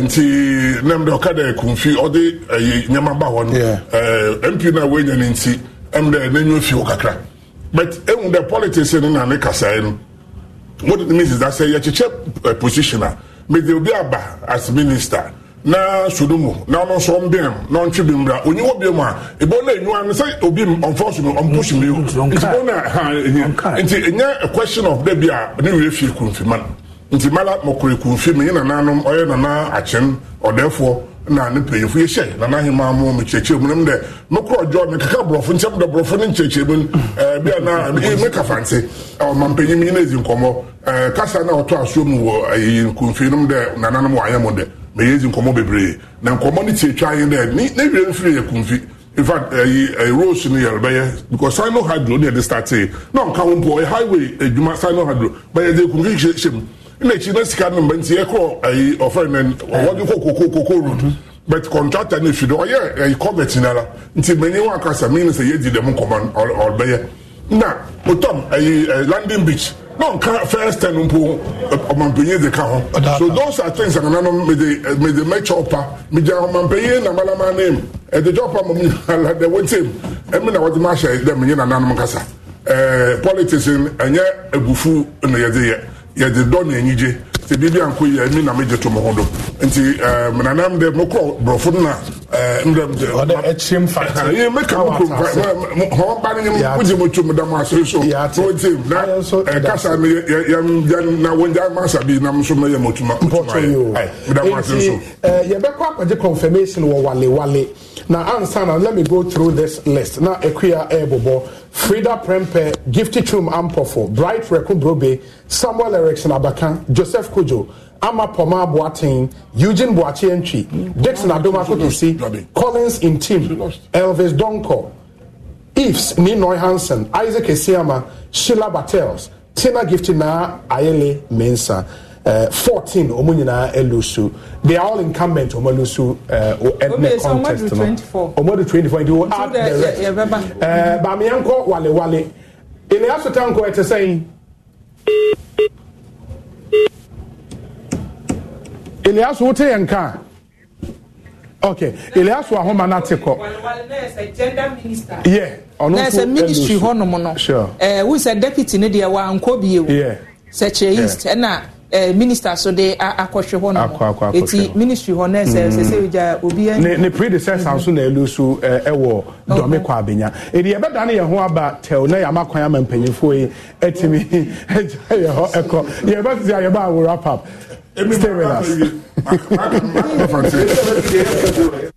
nti eh, eh, na dɛ ɔka dɛ kumfi ɔde ayi nneɛma ba hɔ no mp no a wɔanya no nti ɛm n'anwa fi hɔ kakra but ehu dɛ politics no na ne kasaeɛ no what it means is that sɛ yɛkyekyɛ position a mede obi aba as minister na sodo na ɔno nso ɔmbɛn na ɔntwe bi mbra onye wɔ biem a na enyiwa no sɛ obi ɔnfɔso mi ɔnpush nti na ha enyi nti enya question of dɛ bi a ne fi kunfi ma nti mala mɔkore kunfi mi nye na ɔyɛ nana akyɛn na ne mpanyinfo yɛ hyɛ nana ahema mu mu dɛ kaka borɔfo dɛ borɔfo ne mu ɛɛ na ɔma na ɔtɔ asuo mu bɛyɛ di nkɔmɔ bebree na nkɔmɔ no tie twa yɛn dɛ ne ne wie no firi yɛ kumfi in fact ɛyi ɛyi roads no yɛrɛ bɛyɛ because sino hydro ne yɛ de start yɛ na nka ho mpo ɔyɛ highway adwuma sino hydro bɛyɛ de kumfi hyɛ hyɛ mu ɛna akyi na sika no mba nti yɛkɔ ɛyi ɔfɛn nɛ ɔwɔde kɔ koko koko road but contractor ne fi do ɔyɛ ɛyi kɔbɛt nara nti mɛnyin wa akasa mɛnyin sɛ yɛ di dɛm nkɔmɔ ɔbɛyɛ na otom ɛyi ɛ landing beach na nka first ten mpo ɔmampanyin eh, de ka ho so those are things a nananom mede eh, mede mɛkyɛ ɔpa megyina ɔmampanyin na malama anim ɛde kyɛ ɔpa mɔmu nyinaa de wɔntem ɛmi na wɔde ma ahyɛ dɛ menye nananom kasa ɛɛ politics ɛnyɛ ebufu na yɛde yɛ yɛde dɔ na enyigye sɛ biribi ankɔ yi ɛmi na megye to mo ho do nti eh, menanam dɛ mokɔ borɔfo no na eh, mɛkamhɔba no nyɛ wogye motu mda mo asere so na wotim na eh, kasa no na wogya masa bi nam so mɛyɛ motuma mda mo asere so yɛbɛkɔ akɔgye confirmation wɔ wale. na ansa na let me go through this list na ɛkua ɛɛbobɔ Frida Prempe, Gifty Chum Ampofo, Bright Rekun Brobe, Samuel Erickson Abakan, Joseph Kujo, Ama Poma Boateng, Eugene Boachienchi, mm-hmm. Dixon Adomako Kisi, Collins Intim, mm-hmm. Elvis Donko, Eves Ninoy Hansen, Isaac Esiama, Sheila Battels, Tina Gifty Na Ayele Mensah. Eh, fourteen. 14 ọmọ nyinaa elusu they are all incumbent ọmọ elusu ẹnẹ eh, contest no ọmọ de 24 nti wọ́n add the rest baami eh, yẹn kọ walewale ìní asota nkọ ẹ ti sẹ́yìn eliasu wote yẹn nka ok eliasu ahoma na ti kọ. yẹ ọno nso elusu na ẹsẹ ministry hɔ nom no sure. uh, wusa deputy ni deɛ wa nkɔ bie o sɛ kye east ɛna. Yeah eh, minister so de akɔhwɛ hɔ nom ɛti ministry hɔ na ɛsɛ sɛ sɛ wogya obi ne, ne predecessor nso na ɛlu so ɛwɔ dɔme kɔ abenya ɛdi yɛbɛda ne yɛ ho aba tɛw na yɛama kwan ama mpanyimfoɔ yi atumi agya yɛ hɔ ɛkɔ yɛbɛsisi a yɛbɛ awo wrap up stay with us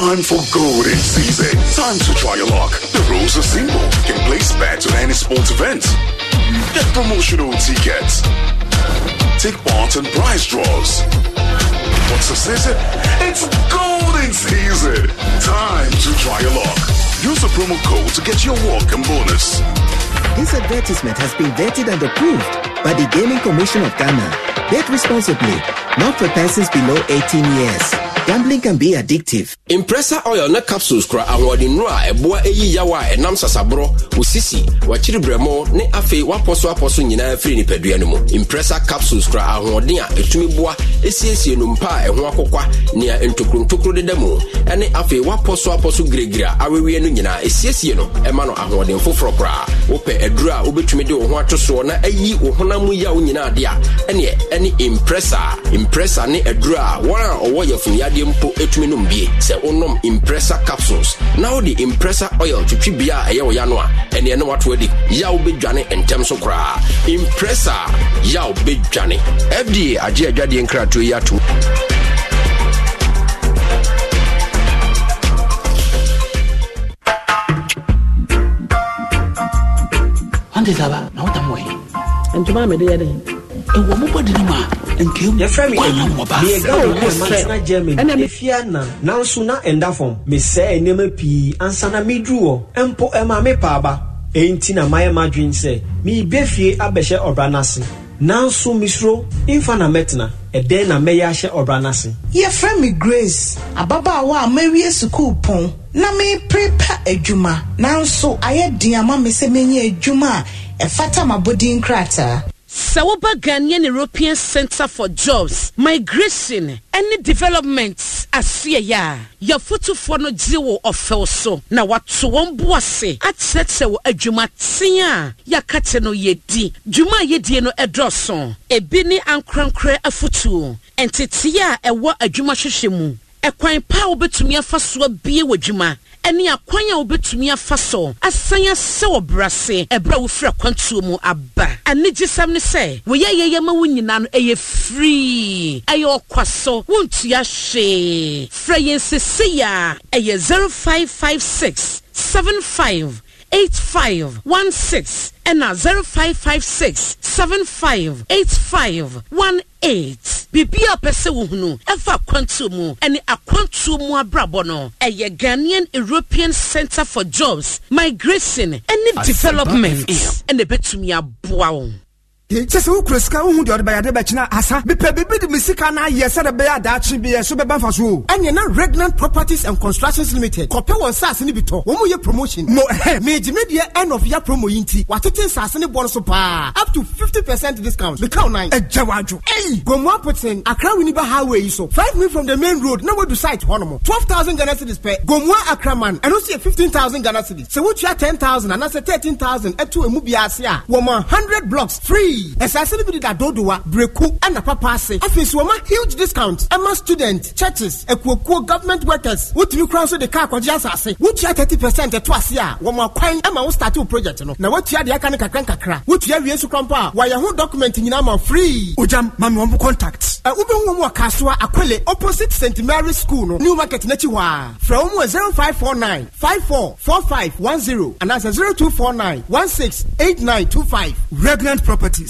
Time for golden season. Time to try your luck. The rules are simple. You can place bets on any sports event. Get promotional tickets. Take part in prize draws. What's the season? It's golden season. Time to try your luck. Use the promo code to get your welcome bonus. This advertisement has been vetted and approved by the Gaming Commission of Ghana. Bet responsibly, not for persons below 18 years. Gambling can be addictive. Impressor oil na capsules kura ahoɔden nuru a ɛboa eyi yawa a ɛnam sasaboro, osisi, wakyiri brɛmo ne afei wapɔ so apɔ so nyinaa firi nipadua no mu. Impressor capsules kura ahoɔden a etumi boa esiesie no a ɛho akɔkwa nea ntokuro ntokuro deda mu ɛne afei wapɔ so apɔ so giregire a awewie no nyinaa esiesie no ɛma no ahoɔden foforɔ koraa. Wopɛ aduru a wobɛtumi de wo ho ato soɔ na ayi wo honam yaw nyinaa de a ɛneɛ ɛne impressor impressor ne aduru a wɔn a ɔwɔ yɛfunuyadeɛ adeɛ mpo tumi nom bie sɛ wonom impressor capsules na wode impressa oil twitwi bia a ɛyɛ wo ya no a ɛneɛ ne wato adi yaw bɛdwane ntɛm so koraa impressor yaw bɛdwane fda agye adwadeɛ nkratoɔ yi atom ante saba na wotam wɔ he ntoma a mede yɛ ɛwɔ mobɔde no mu a nkɛmɛfia na nanso na ɛnda fam mesɛe nneɛma pii ansa na meduru hɔ mpo ɛma me paaba ɛnti na mayɛ m'adwene sɛ merebɛ fie abɛhyɛ ɔbra no ase nanso misuro mfa na mɛtena ɛdɛn na mɛyɛ ahyɛ ɔbra no ase yɛfrɛ me grace ababaawa a mawie sukuu pɔn na meprepa adwuma nanso ayɛ den ama me sɛ menyɛ adwuma a ɛfata m'abɔdin krataa sɛ woba ghanaian european center for jobs migration ɛne development aseɛyɛ a yɛfotofoɔ no gye wo ɔfɛw so na wato wɔn bo ase akyerɛkyerɛ wɔ adwumaten a yɛaka kye no yɛdi dwuma a yɛdie no ɛdɔɔso ebi ne ankorankora afotuo nteteeɛ a ɛwɔ adwuma hwehwɛ mu ɛkwan pa a wobɛtumi afa soɔ bie wɔ adwuma ɛne akwan a wobɛtumi afa so asan asɛ wɔ brase ɛberɛ a wofiri akwantuo mu aba anigyesɛm ne sɛ woyɛ yɛyɛ ma wo nyinaa no ɛyɛ firii ɛyɛ ɔkwa so wontua hwee frɛ yɛn sesei a ɛyɛ 0556 75 eight five one six ɛna zero five five six seven five eight five one eight. biribi a pɛ sɛ wohunu ɛfa akwantuo mu ɛne akwantuo mu abrabɔ no ɛyɛ ghanaian european Center for jobs migration ɛne development ɛna ɛbɛtumi aboa wɔn kyɛ sɛ wokura sika wohu deɛ ɔde bɛyɛde bɛkyena asa mepɛ biribi de me sika no ayɛ sɛde bɛyɛ adaakye biɛ so bɛba mfa so o ɛnyɛ regnant properties and constructions limited kɔpɛ wɔn nsase no bi tɔ wɔ mu yɛ promotion mo ɛhɛ eh, meegyemɛdeɛ end of year promo yi nti watete nsase no bɔ no so paa up to fifty percent discount mekaw nan agya wadwo ei gomoa poten akra winiba highway yi so 5 mil from the main road na wadu site hɔ nom 12000 ghana cities pɛ gomoa akra man ɛno so yɛ 15000 ghana cities sɛ wotua 10000 anaasɛ 13000 ɛto ɛmu biase a wɔma 100 blocks free free ɛsase no bi deda dodowa breku ɛna papa ase afei so huge discount ɛma student churches akuokuo government workers wotumi kura nso de kaa akɔgye asase wotua thirty percent ɛto ase a wɔn akwan ɛma wo start wo project no na wotua deɛ aka ne kakra nkakra wotua wie nso kura mpo a wɔayɛ ho document nyinaa ma free. ojam maami wɔn mo contact. ɛ wobɛn wɔn mu wɔ akwele opposite st mary school no new market n'akyi hɔ a frɛ mu wɔ zero five four nine five four four five one zero and anaasɛ zero two four nine one six eight nine two five. regnant properties.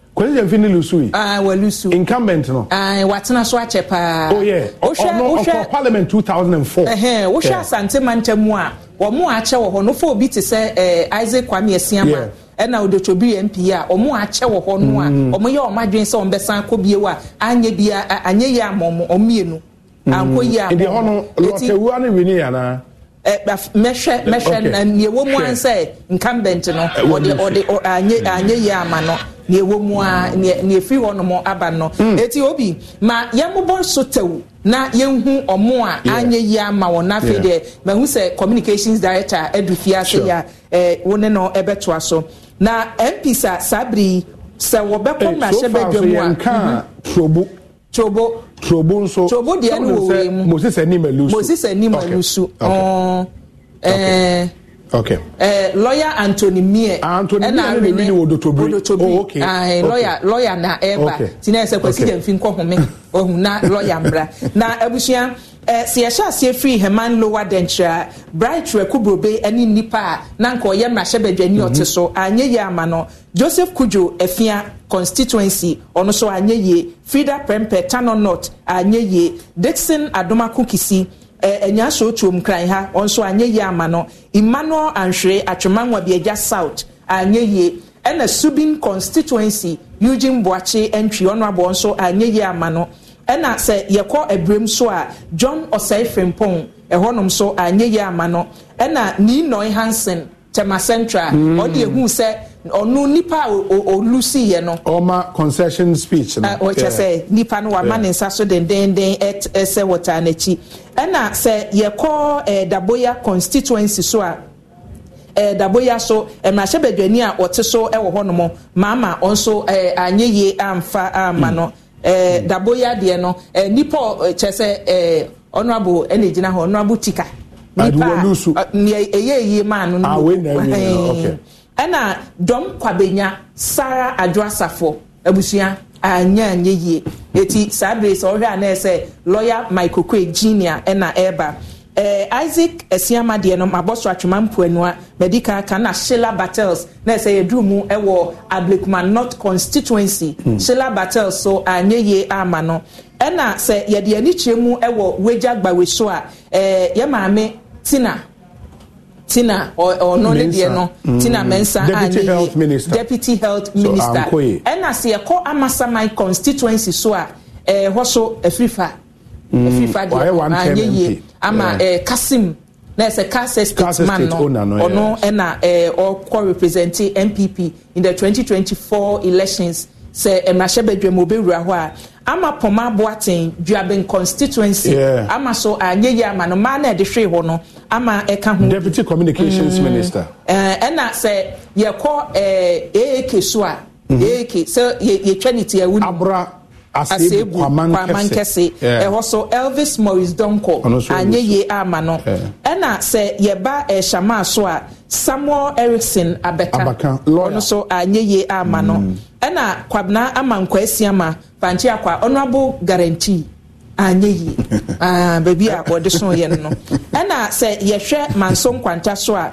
kwesịrị mfe n'ilusu yi. Ah, walusu incumbent no. Ah, watena so akyɛ paa. oyɛ ɔno ɔkɔ parliament two thousand and four. wohwɛ asante mantɛ mu a wɔn a akyɛ wɔ hɔ no fo obi te sɛ eh, isaac kwame esiama. ɛna a wɔn akyɛ wɔ hɔ no a wɔn yɛ wɔn adwene sɛ wɔn bɛsan kɔ bie wa anyɛ bia yie ama wɔn mmienu. no lɔtɛwua wini Eh, mɛhwɛ mɛhwɛ na nea ɛwɔ mu an sɛ no eh, ɔde ɔde anye anye yie ama no mu a nea hmm. nea aba no hmm. eti obi ma yɛmobɔ so tew na yɛnhu ɔmo a anye yie ama wɔn n'afɛ deɛ mɛhu sɛ communications director edu ya ɛɛ eh, wɔne no ɛbɛtoa na mps a saa bere sɛ wɔbɛkɔ chobo chobo nso chobo deɛ no wɔ wei mu moses anim alusu moses anim alusu ɔn ɛɛ okay ɛɛ lawyer anthony mie anthony mie ɛna rene odotobiri odotobiri oh okay ɛɛ ah, eh, lawyer lawyer na ɛɛba ti na ɛsɛ kwasi jɛnfin kɔhome ɔhun na lawyer mbra na abusua sɛ yɛhyɛ aseɛ firi heman lower denkyerɛ a bright rekuburobe ne nipa a na nka ɔyɛ mmarahyɛbadwani ɔte mhm. so anyɛ yie ama no joseph kujo efia constituency ɔno so anyɛ yie frida prempɛ tano north anyɛ yie dixon adomako kisi ɛnyaso tuom kran ha ɔnso anyɛ yie ama no emmanuel anhwere atwemanwa biagya south anyɛ yie ɛna subin constituency eugene boakye ntwi ɔno abɔ nso anyɛ yie ama no ɛna sɛ yɛkɔ abirem so a john ɔsɛe frimpong ɛhɔnom so anyɛ yie ama no ɛna ninoi hansen tema central hmm. ɔde ehu sɛ ɔno nipa a olu si yɛ no. ɔma concession speech no. ɔkyɛ sɛ nipa no wama ne nsa so dendenden ɛsɛ wɔtaa n'akyi ɛna sɛ yɛkɔ ɛɛ daboya constituency so a ɛɛ daboya so mmarahyɛbadwani a ɔte so ɛwɔ hɔnom maama ɔnso ɛɛ anyɛ yie amfa ama hmm. no. Eh, daboya deɛ no eh, nipa eh, kyɛ sɛ ɔnoabo ɛna gyina hɔ ɔnoabo tika nipa nea ɛyɛ yie maa no no ah, ɛna dɔm kwabenya sara adwoasafo abusua anya anya yie eti saa bere sɛ ɔhwɛ a na ɛsɛ lawyer michael kwe junior ɛna ɛɛba. eh, isaac esiama deɛ no mabɔ so atwema mpoanua mɛdi kan na sheila battles na ɛsɛ yɛduru mu ɛwɔ ablekuma north constituency hmm. sheila battles so anyɛ yie ama no ɛna sɛ yɛde ani kyerɛ mu ɛwɔ wagya gbawe so a ɛɛ eh, yɛ maame tina tina ɔno ne deɛ no hmm. tina mensa anyɛ yie deputy health minister ɛna sɛ yɛkɔ amasaman constituency so a ɛɛ eh, hɔ so afirifa. Mm. fifa deɛ anyɛ yie ama eh, kasim na ɛsɛ cars State man no ɔno ɛna eh, ɔkɔ represent npp in the 2024 elections sɛ mmarahyɛ badwam obɛwura hɔ a ama pɔma boaten duabin constituency yeah. ama so anyɛ yie ama no mmaa na ɛde hwee hɔ no ama ɛka ho deputy communications mm, minister eh, ɛna sɛ yɛkɔ ɛɛ aak so a mm-hmm. aak sɛ yɛtwa ne ti awu abra asebu kwamankɛse ɛhɔ so elvis morris donko anyɛ yie ama no ɛna sɛ yɛba ɛhyɛmaa eh, so a samuel erickson abeka, ɔno so anyɛ yie ama no mm. ɛna kwabena ama nkwa asiama pankye akwa honorable guarantee anyɛ yie ah, baabi a wɔde so yɛ no ɛna sɛ yɛhwɛ manso nkwanta so a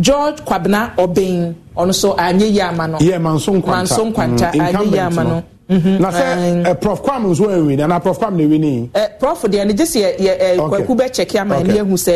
george kwabena ɔbɛn ɔno so anyɛ yie ama no manso nkwanta mm, anyɛ yie ama no Mm-hmm. na sɛ eh, prof kwam nso ɛwi na na prof kwam na ɛwi ni. Eh, eh, prof deɛ no gye sɛ yɛ kwaku bɛ kyɛkɛ ama ɛni ehu sɛ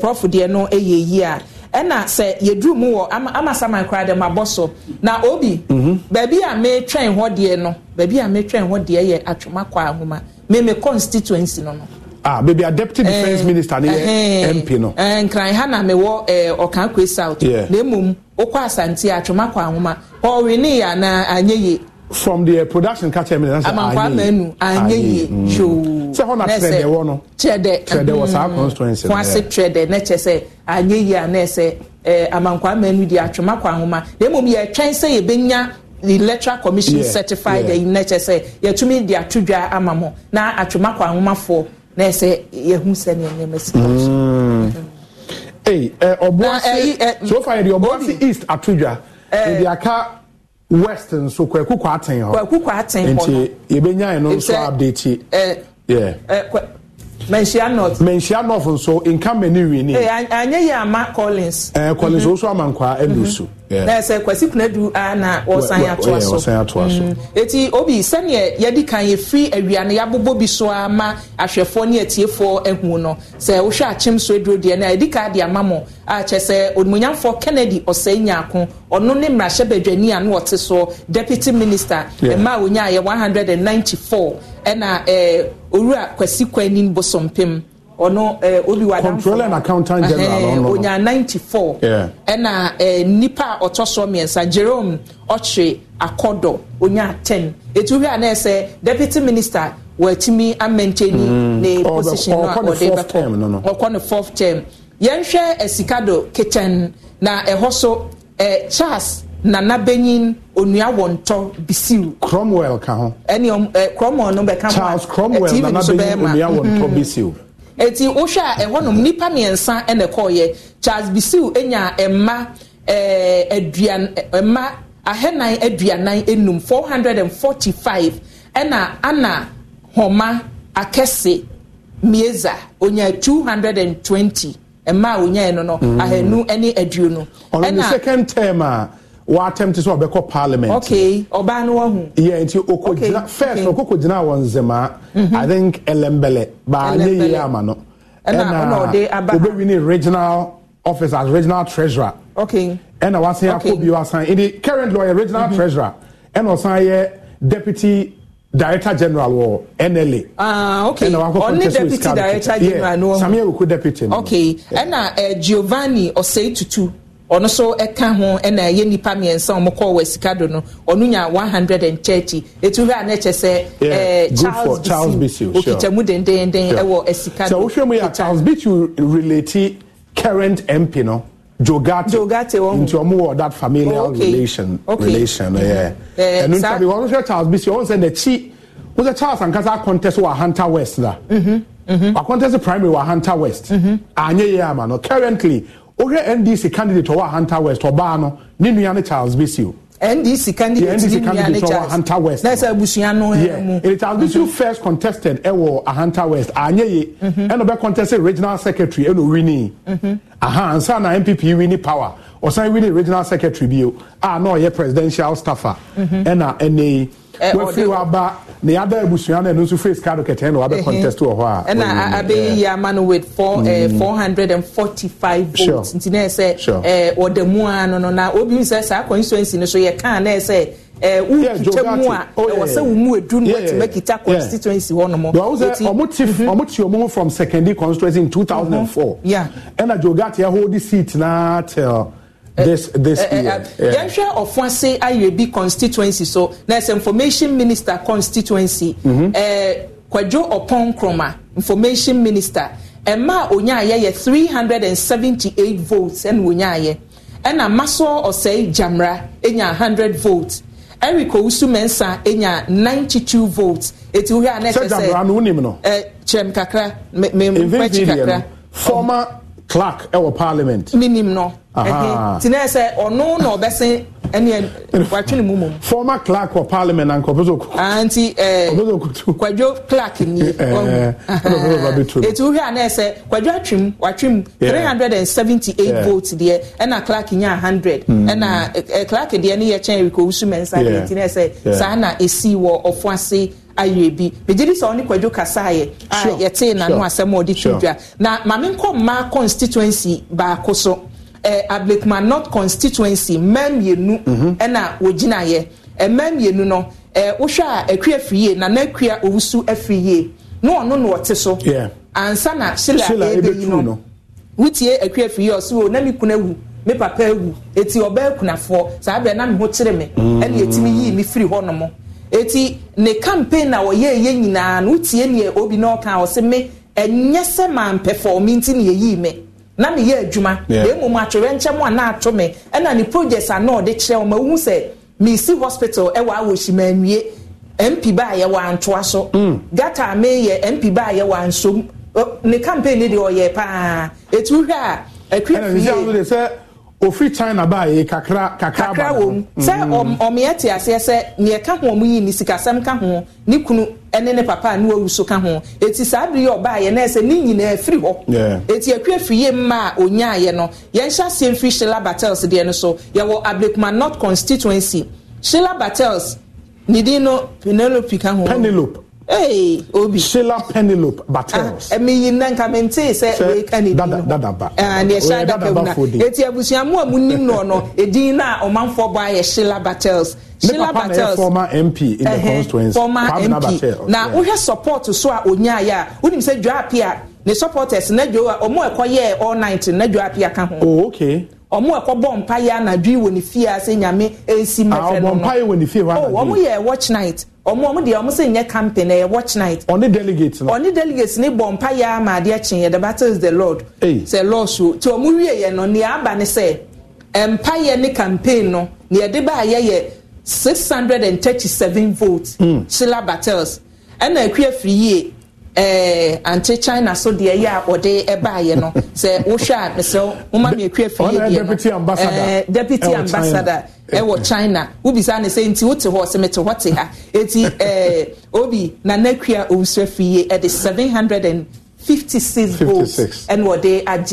prof deɛ no ɛyɛ yi a ɛna sɛ yɛduru mu wɔ ama ama saman koraa dɛm abɔ so na obi. Mm-hmm. Beebi a metwɛn hɔ deɛ no Beebi a metwɛn hɔ deɛ yɛ atwoma kɔ ahoma meme constituency no no. ah baby a deputy defence minister ne yɛ mp no. nkran ha na mewɔ ɔkan Okankwe south. na emom Okwa asante atwoma kɔ ahoma ɔwini yɛ ana anyɛ yie. from the uh, production kakyɛ mi na sɛ amanfa amenu anye yie show sɛ hɔ na kyerɛ dɛ wɔ no kyerɛ dɛ kyerɛ dɛ wɔ saa constituency no kwasi kyerɛ dɛ ne kyɛ sɛ anye yie a ne sɛ eh, ɛɛ amanfa amenu di atwoma kɔ ahoma na emu yɛ twɛn sɛ yɛ bɛ nya the electoral commission yeah, certified ɛyi ne kyɛ sɛ yɛtumi di ato dwa ama mo na atwoma kɔ ahoma foɔ na ɛsɛ yɛhu sɛ ne nneɛma si kɔ so. ɛyi ɛ so far yɛ de ɔbuasi east atudwa ebi eh. aka west nso kwaku kwa aten hɔ kwaku kwa aten hɔ nti yɛbɛnya ɛno nso update ɛ ɛ mɛnhyia north mɛnhyia north nso nka mɛni wi ɛ anyɛ yɛ ama collins ɛ eh, collins o mhm. nso ama nkwa ɛna osu. na ɛsɛ kwasi kunadu a na ɔsan atoa so ɔsan atoa so eti obi sɛnea yɛde kan yɛfiri awiane yɛabobɔ bi so ama ahwɛfoɔ ne atiefoɔ ehu no sɛ wohwɛ akyem so eduro deɛ na yɛde kan de ama mo a kyɛ sɛ onimonyamfoɔ kennedy ɔsɛn nyaako ɔno ne mmarahyɛbadwani a no ɔte soɔ deputy minister mmaa onyaa yɛ one hundred and ninety four ɛna ɛɛ eh, owura kwasi kwanin bosompem. ɔno eh, obi wa controller and accountant general eh, onya ninety four ɛna eh, nipa a ɔtɔ so mmiɛnsa jerome ɔtwe akɔdɔ onya ten etu hwɛ anɛ sɛ deputy minister wɔatumi amɛntɛni mm. ne position no a ɔde bɛtɔ ɔkɔ ne fourth term yɛnhwɛ esikado kitchen na ɛhɔ so ɛ charles nana benyin onua wɔntɔ bisiw. cromwell ka ho. ɛni ɛ cromwell no bɛ ka ho a charles cromwell nana benyin onua wɔntɔ bisiw. eti wohwɛ a ɛhɔnom nipa mmiɛnsa ɛna ɛkɔɔyɛ charles bisiu enya mma aduan mma aduanan enum four hundred and forty five ɛna ana homa akɛse mieza onya two hundred and twenty mmaa onya no no mm. ahenu ɛne aduonu. ɔno a. w'atɛm te sɛ ɔbɛkɔ parliament. okay ɔbaa no wɔn ho. yɛ nti okɔ gyina first okoko gyina wɔn nzemaa mhm. i think elembele baa nye yie ama no ɛna obɛwi ni regional office as regional treasurer. okay ɛna wasan akɔ bi wasan ɛdi currently ɔyɛ regional mhm. treasurer ɛna ɔsan yɛ deputy director general wɔ nla. ah okay ɔne deputy director general no wɔn ho yeah samiya oku deputy. okay ɛna eh, giovanni ɔsɛyi tutu ɔno nso ka ho na ɛyɛ nipa mmiɛnsa wɔn kɔɔ wɔ sika do no ɔno nya one hundred and thirty etu hɛ anɛ sɛ ɛɛ charles bisiu okita mu dendenden ɛwɔ eh, sika do sɛ wohwɛ mu charles bisiu relate current mp no jogate jogate wɔn nti wɔn wɔ that familial oh, okay. relation okay. relation ɛyɛ ɛnu ntabi wɔn hwɛ charles bisiu wɔn sɛ n'akyi wɔn sɛ charles ankasa contest wɔ ahanta west da. Mm -hmm. contest primary were Hunter West. Mm-hmm. Anye Yama. No, currently, wohwɛ ndc candidate ɔwɔ hunter west ɔbaa no ne nua ne charles besio ndc candidate ne nua ne charles hunter west na ɛsɛ abusua no mu charles besio mhm. first contested ɛwɔ hunter west anyɛ ye mhm. ɛna ɔbɛ contested regional secretary ɛna owini mhm. aha ansa na npp wini power ɔsan wini regional secretary bio a na ɔyɛ presidential staffer ɛna ɛnɛ yi wofi waba ne yada abusua no ɛno nso face card kɛtɛn na wabɛ contest wɔ hɔ a ɛna abɛyiyi ama no with four eh, mm. four hundred and forty five votes nti na ɛsɛ ɔda eh, mu a no na obi sɛ saa constituency no so yɛ kan na ɛsɛ wotwitwa mu a ɛwɔ sɛ wo mu edu no watumi akita constituency hɔ nom ɔmo ti mm-hmm. from secondary constituency in two thousand and mm-hmm. four ɛna jogati ɛhɔ di seat na tell. Eh, this this eh, eh, year. yɛnhwɛ ɔfɔnse ayɛ IUB constituency so na information minister constituency mm-hmm. kwadwo ɔpɔn nkroma information minister Emma onyaayɛ yɛ three hundred and seventy eight votes ɛna onyaayɛ ɛna maso ɔsɛe Jamra enya hundred votes eric owusu enya ninety two votes etu hwɛ a na no no. ɛɛ kakra mɛ kakra. former clark ɛwɔ parliament. minim no ɛhi tina sɛ ɔno na ɔbɛsen ɛni watwi mu mu. former clark wɔ parliament na nkɔ pɛsɛ okutu. anti ɛɛ kwadwo clark ni. ɛɛ etu hwɛ anɛ sɛ kwadwo atwim watwim three hundred and seventy eight votes deɛ ɛna clark nya hundred mm. ɛna clark deɛ ne yɛ kyɛn eriko wusu mɛnsa deɛ tina sɛ saa na esi wɔ ɔfo ayɛ bi megye di sɛ ɔne kwadwo kasaayɛ a yɛtee n'ano asɛm a ɔde to na maame nkɔ mmaa constituency baako so eh, ablekuma north constituency mmaa mmienu mhm. ɛna wɔgyinaeɛ mmaa mmienu no eh, wohwɛ a akua afiri yie na n'akua owusu afiri yie na ɔno na ɔte so ansa na shila ɛbɛyi no wotie akua afiri yie ɔso na mi kuna wu me papa awu eti ɔbaa akunafoɔ saa bɛɛ na me ho kyerɛ me mm. ɛna etimi yii me firi hɔnom. eti ne campaign na wɔyɛ yɛ nyinaa no wotie nea obi na ɔka ɔsɛ me ɛnyɛ sɛ maa mpɛfɔmi nti na eyi me na me yɛ adwuma na emu atwerɛ nkyɛn a na ato me ɛna ne project a na ɔde kyerɛ wɔn ehu sɛ meesi hospital ɛwɔ awɔhyima nwie mp baa a yɛwɔ antoa so mm. gata a meyɛ mp baa a yɛwɔ ansom ne campaign ne deɛ ɔyɛ paa etu hwɛ a ɛkwi fie. ofiri china baa eh, yɛ kakra kakra ba wɔ mu mm. sɛ ɔmeɛ te aseɛ sɛ neɛ ka ho ɔmo yi ne sikasɛm ka ho ne kunu ne ne papa a ne wawu so ka ho eti saa bere yɛ ɔbaa yɛ na ɛsɛ ne nyinaa firi hɔ eti akua firi yie mma a onyaayɛ no yɛn hyɛ aseɛ mfiri sheila battles deɛ no so yɛwɔ ablekuma north constituency sheila battles ne din no penelope ka ho penelope Hey, Obi. Sheila Penelope Battles. Ah, Ẹmi yi nan ka mi n te sẹ wei ka ne di no. Dadaba. Ani ẹhyẹ adaka mu na. Eti abusuamu a mu nim no no edin na ọmanfọ bọ ayẹ Sheila Battles. Sheila Battles. Ne papa na yẹ former MP in the constituency. Former MP. Na wohwɛ support so a onyaa yɛ a, wonim sɛ dwa apia ne supporters ne dwa a ɔmo ɛkɔ all night ne dwa apia ka ho. Oh, okay ɔmo ɛkɔbɔ mpa yɛ anadwi wɔ ne fie ase nyame esi mɛfɛ no no ɔmo yɛ watch night ɔmo ɔmo deɛ ɔmo sɛ nyɛ camping ɛyɛ watch night. ɔne delegate no ɔne delegate ne bɔ mpa yɛ ama adeɛ kyen yɛ the battle is the lord sɛ lɔɔso tí ɔmo wie yɛ no nea aba ne sɛ mpa ne campaign no nea yɛde ba yɛ yɛ six hundred and thirty seven votes. Hmm. sheila battles ɛna akua firi yie Eh, ante china so deɛ yɛ a ɔde ɛbaayɛ no sɛ wohwɛ a mesrɛ woma miekue fie deɛ no deputy ambassador ɛwɔ eh, eh, china wobisa ne sɛ nti wote hɔ sɛ mete hɔ te ha eti obi nanakua owusua fie ɛde seven hundred and fifty six votes ɛna ɔde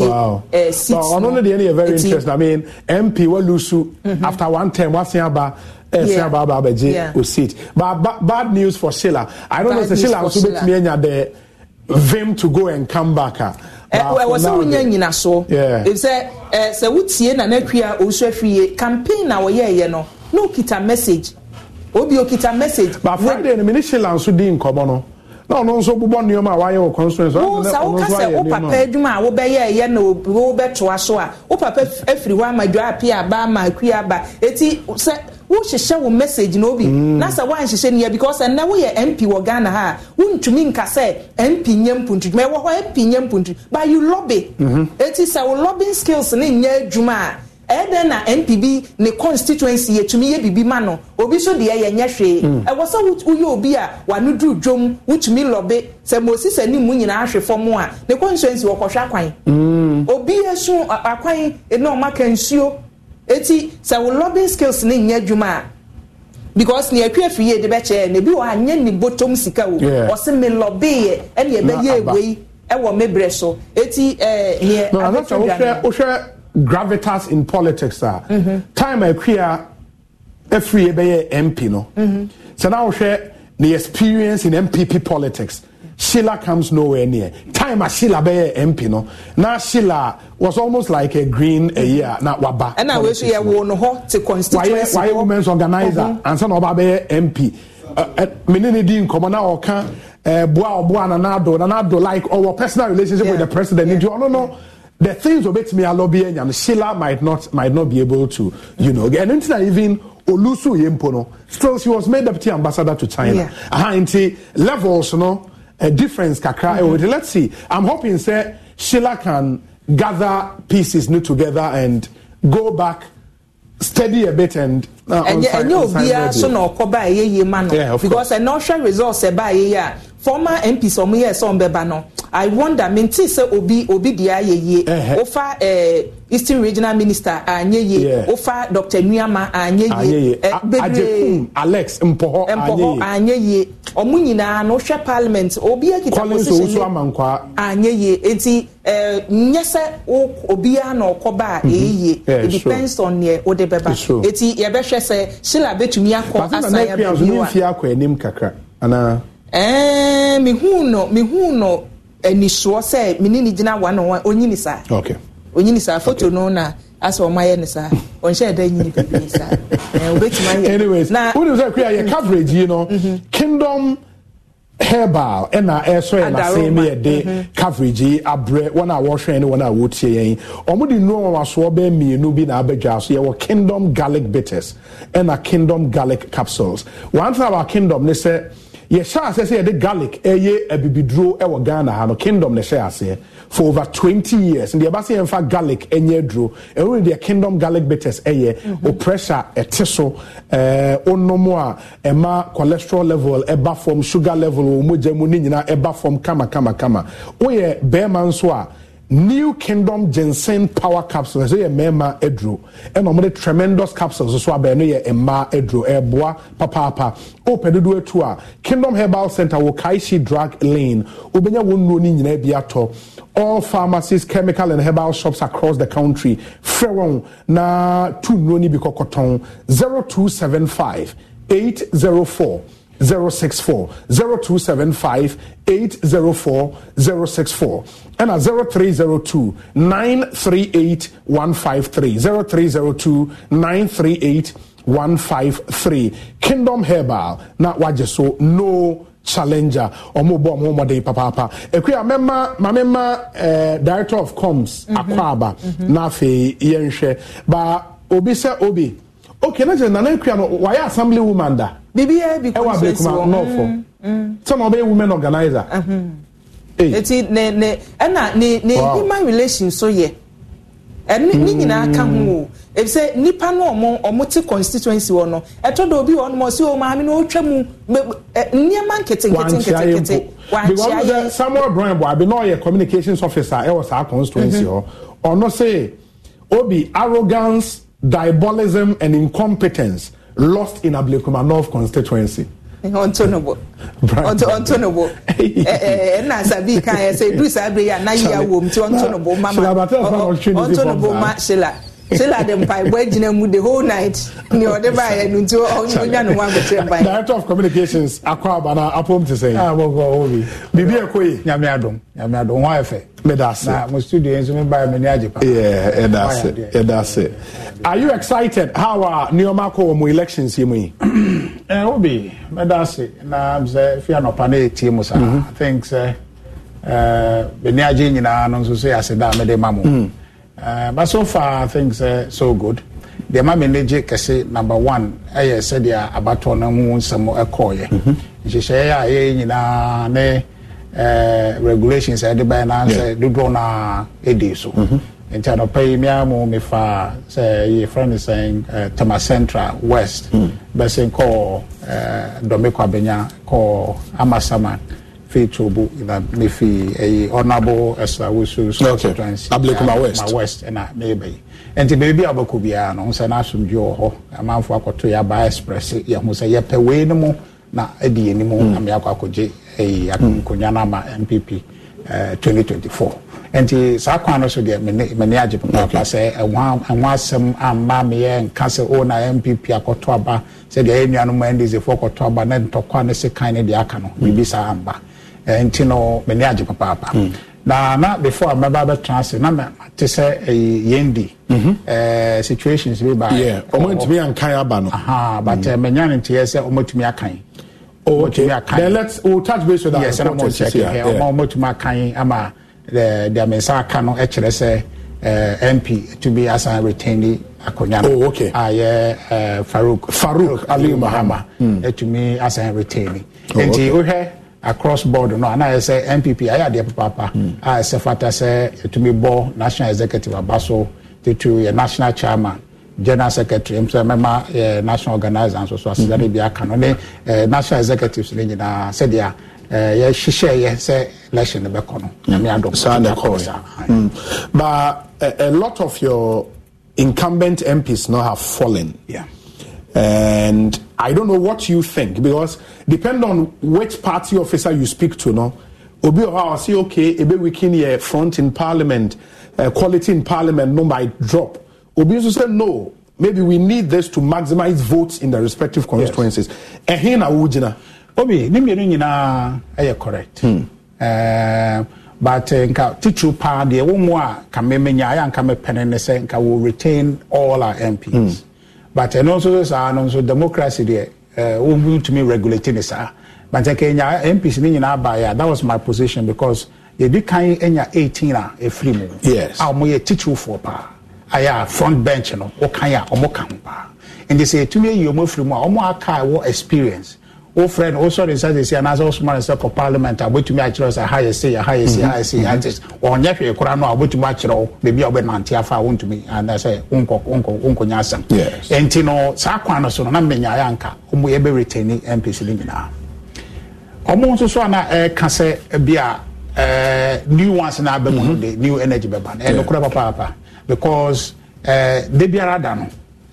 six no ɔno no deɛ no yɛ very interesting i mean mp walusu mm-hmm. after one term what's wasen about? ɛsɛn eh, abaaba abɛgye oseat but bad news for sheila i don't bad know sɛ sheila nso bɛtumi anya the vim to go and come back a. ɛwɔ sɛ wonya nyinasoɔ sɛ sɛ wotie na n'atwi a ɔwusu afiri yie campaign na wɔyɛɛyɛ no na okita message obi okita message. but friday no mi ni sheila nso di nkɔmɔ no na ɔno nso bobɔ nneɛma a wayɛ wɔ constituency. wo sa wo kasa wo papa adwuma a wobɛyɛ ɛyɛ na wo bɛtoa so a wo papa afiri hɔ ama dwa api aba ama akui aba eti sɛ wohyehyɛ wo message na obi mm. na sɛ woanhyehyɛ no yɛ because ɛnɛ woyɛ mp wɔ ghana ha a wontumi nka sɛ mp nyɛ mpuntudwuma ɛwɔ hɔ mp nyɛ mpuntudwuma but you lobby mm-hmm. eti sɛ wo lobbying skills ne nyɛ adwuma a ɛdɛn na npb ne constituency yɛtumi yɛ bibi ma no obi so deɛ yɛnyɛ hwee hmm. ɛwɔ sɛ woyɛ obi a wano duru dwom wotumi lɔbe sɛ mosi sɛ ne mu nyinaa hwe fam a ne constituency wɔkɔhwɛ akwan hmm. obi esu akwan na ɔmaka nsuo eti sɛ wo lɔbe skills ne nyɛ adwuma a because nea atwa afiri yie de bɛkyɛ na ebi wɔ ha nyɛ ne bɔtɔm sika o ɔsi mi lɔbeeɛ ɛna ɛbɛyɛ ewe yi ɛwɔ mebrɛ so eti ɛɛ eh, neɛ abɛtwa dwa no. gravitas in politics a time akua afiri ɛbɛyɛ mp no sɛ na share the experience in mpp politics Sheila comes nowhere near. Time as Sheila be MP no. Now Sheila was almost like a green a year. Now waba. And I see you won hot to constituency. Why, why women's organizer mm-hmm. and son of Abe MP. Uh, uh, Menini di nkɔmɔ na ɔka eh, boa ɔboa na na na like our personal relationship yeah. with the president. Yeah. you? ɔno no. Yeah. the things obetumi alọbi enyam sheila might not might not be able to you know and until even olusu yempo no still she was made deputy ambassador to china yeah. aha nti levels no a difference kakra mm -hmm. let's see i'm hoping say sheila can gather pieces new together and go back steady a bit and. ẹnyẹ ẹnyẹ obiara so na ọkọ ba ẹyẹ yie ma no because I know ọhwẹ results ẹ ba ẹyẹ yẹ former mps ọmọ yẹ ẹsẹ ọmọbẹba no i wonder mi ti sẹ obi obi di ayẹ ye. ofa ẹẹ eh, eastern regional minister anyẹ yie ofa dr nuyama anye ye. ẹ eh, bebree ajekun alex mpọhọ eh, anye ye. mpọhọ anyẹ ọmọ nyinaa na ọhwẹ parliament obi ekita position collins owusu amankwa anyẹ yie eti ẹ obi sẹ obiara na ọkọ ba mm-hmm. eyi it depends on yẹ ọdẹ bẹba eti yẹ bẹ hwẹ sẹ sheila betumi akọ asan yẹ bẹ yi wa. pàṣẹ nana ekpe azo ɛɛ eh, mihuu no mihuu no anisoɔ sɛ mini ni gyina one on one onyini saa okay. onyini saa foto no na asɛ ɔmo ayɛ ne saa ɔnhyɛ ɛda nyini bebree saa ɛɛ eh, obetuma yɛ anyways na wúni sɛ kúrẹ́ yɛ coverage yi no mm-hmm. kingdom herbal ɛna ɛsɔ yɛn asɛn mi yɛ coverage yi abrɛ wɔn a wɔhwɛn ne wɔn a wɔtie yɛn ɔmo de nnuro wɔn asoɔ bɛɛ mmienu bi na abɛdwa so yɛwɔ kingdom garlic bitters ɛna kingdom garlic capsules one thing about kingdom ne sɛ yɛhyɛ aseɛ sɛ yɛde garlic ɛyɛ abibiduro ɛwɔ ghana ha no kingdom na ɛhyɛ aseɛ for over twenty years ndeɛ ɛba sɛ yɛmfa garlic ɛnyɛ aduro ɛwɔ deɛ kingdom garlic bitters ɛyɛ mhm. o pressure ɛte so ɛɛ onom a ɛma cholesterol level ɛba fam sugar level wɔ mogya mu ne nyinaa ɛba fam kama kama kama woyɛ bɛrima nso a new kingdom ginseng power capsule ɛsɛ yɛ mmarima aduro ɛna wɔde tremendous capsules nso abɛn no yɛ mmaa aduro ɛɛboa papaapa open dodo etu a kingdom herbal center wɔ kaishi drug lane obɛnya wɔn nuo ne nyinaa bi atɔ all pharmacies chemical and herbal shops across the country frɛ wɔn na tu nuo ne bi kɔkɔtɔn zero two seven five eight zero four. 064 0275 804 064 and at 0302 938 153 0302 938 153 Kingdom Herbal na waje so no challenger ɔmo bɔ ɔmo papa papaapa ekuya mɛma mamema ɛɛ eh, director of comms mhm. akwaba mm -hmm. n'afɛ ba obi sɛ obi okay na jɛ nana ekuya no wayɛ assembly woman da biribi yɛ bi kun sɛ si wɔ ɛwɔ abirikuma nɔɔfɔ sɛma women organizer. Mm-hmm. eti ne ne ɛna ne ne human relations so yɛ ɛne ni mm. nyinaa ka ho o oh. ebisɛ nipa no ɔmo ɔmo te constituency wɔ no ɛtɔ do obi wɔ no ɔsi o oh, maame no otwa mu eh, nneɛma nkete nkete nkete nkete wankyia yɛ samuel brown bo abi na ɔyɛ communications officer ɛwɔ eh, saa constituency hɔ mm-hmm. ɔno oh. se obi arrogance diabolism and incompetence lost in North constituency. Ontonobo. Ontonobo. Na asabi kan yɛ sɛ edu saa na yɛ anayi awom ti Ontonobo mama. Ontonobo ma ah. Sheila sila de mpaebɔ agyina mu the whole night ne ɔde baayɛ no nti ɔnya ne ho akokyerɛ mpa director of communications akɔ aba na apom te sɛ wɔbi biribi ɛkɔ yi nyame adom nyame adom ho ayɛ fɛ medase mo studio nso me baayɛ m'ani agye pa ɛdase ɛdase are you excited how are nneɛma akɔ wɔ mo elections yi mu yi wobi medase na sɛ fi anɔpa ne ɛtie mu saa mm-hmm. i think sɛ m'ani agye nyinaa no nso so yɛ aseda a mede ma mo Eh, but so far things are so good. The ma mene gye kɛse number one ɛyɛ sɛdeɛ abatoɔ no mu nsɛm ɛkɔɔyɛ nhyehyɛeɛ a yɛyɛ nyinaa ne uh, regulations a yɛde bɛɛ na sɛ dodoɔ no a ɛdi so nti anɔpa yi mea mu mefaa sɛ yɛfrɛ no sɛn tama central west bɛse kɔɔ dɔme kɔ abɛnya kɔɔ amasaman fii tobo ina ne fii ɛyi ɔnabo ɛsa wosu so constituency ablekuma uh, west ma west ɛna ne yɛ bɛyi nti beebi a ɔbɛkɔ biara no nsa n'asomdwe wɔ hɔ amanfo akɔto yaba express yɛn ho sɛ yɛpɛ wei no mu na ɛdi yɛn nimu na mɛ akɔ akɔgye ɛyi akonnwa no ama npp ɛɛ twenty twenty four nti saa kwan no so deɛ mene mene agye papaapa sɛ ɛho asɛm amma meyɛ nka sɛ o na npp akɔto aba sɛdeɛ ɛyɛ nnuanom ndc foɔ akɔto aba na ntɔkwa ne sekan ne deɛ aka no biribi saa amba. Eh, nti no mene agye papaapa mm. na na before mmaba bɛtena ase na mate sɛ eh, yɛn di mhm. eh, situations bi baa ɔmantumi ankan aba no but manya mm. ne nteɛ sɛ ɔmatumi akan ɔmatumi akanɔmatumi akan ama deɛ me nsa aka no kyerɛ sɛ mp tumi asan retain akonnwa no oh, okay. ayɛ uh, farouk farouk ali mahama mm. as a retain oh, nti wohwɛ across board no ana yɛ sɛ npp ayɛ adeɛ papaapa hmm. a ɛsɛ fata sɛ yɛtumi bɔ national executive aba so titu yɛ national chairman general secretary mpɛ mɛma yɛ national organizer nso so aseda hmm. de bi aka no ne eh, national executives ne nyinaa sɛdeɛ yɛhyehyɛ yɛ sɛ election ne bɛkɔ no nyame adɔm saa na ɛkɔ but a, eh, a lot of your incumbent MPs now have fallen yeah. And I don't know what you think because depend on which party officer you speak to, no. Obi or say, okay, maybe we can hear front in parliament, uh, quality in parliament, no by drop. Obi also said, no, maybe we need this to maximize votes in the respective constituencies. Yes. na ujina. Obi, ni mienu nyina ɛyɛ correct. Hmm. Uh, but eh, nka titiri paa umwa wɔn mu a kamemenya ayɛ nka mepɛnɛ ne nka will retain all our MPs. Hmm. but ɛno eh, nso so saa ah, no nso democracy deɛ eh, eh, wɔntumi regulate ne saa but ɛkɛnya mps ne nyinaa baeɛ a that was my position because yɛdi kan nya 18 a ɛfiri mu yes. a ah, ɔmoyɛ titirifoɔ paa ayɛ ah, a front bench no wokan a ɔmo ka ho paa nti sɛ ɛtumi ayi ɔmo afiri mu a ɔmo aka ɛwɔ experience wo frɛ oh, no wosɔre nsa si anaasɛ wosoma no sɛ kɔ parliament a wobɛtumi akyerɛ sɛ ha yɛ sei ha yɛ sei ha yɛ sei ante ɔnyɛ hwee kora no a wobɛtumi akyerɛ wo baabi a wobɛnante afa a wontumi anaasɛ wonkɔnya asɛm ɛnti no saa kwan no so no na mmɛnyaeɛ eh, anka ɔmo yɛbɛretani mpɛsi no nyinaa ɔmo nso so ana ɛka sɛ bi a eh, new ones no abɛmu no de new energy bɛba eh, no ɛnokorɛ papaapa because da biara da no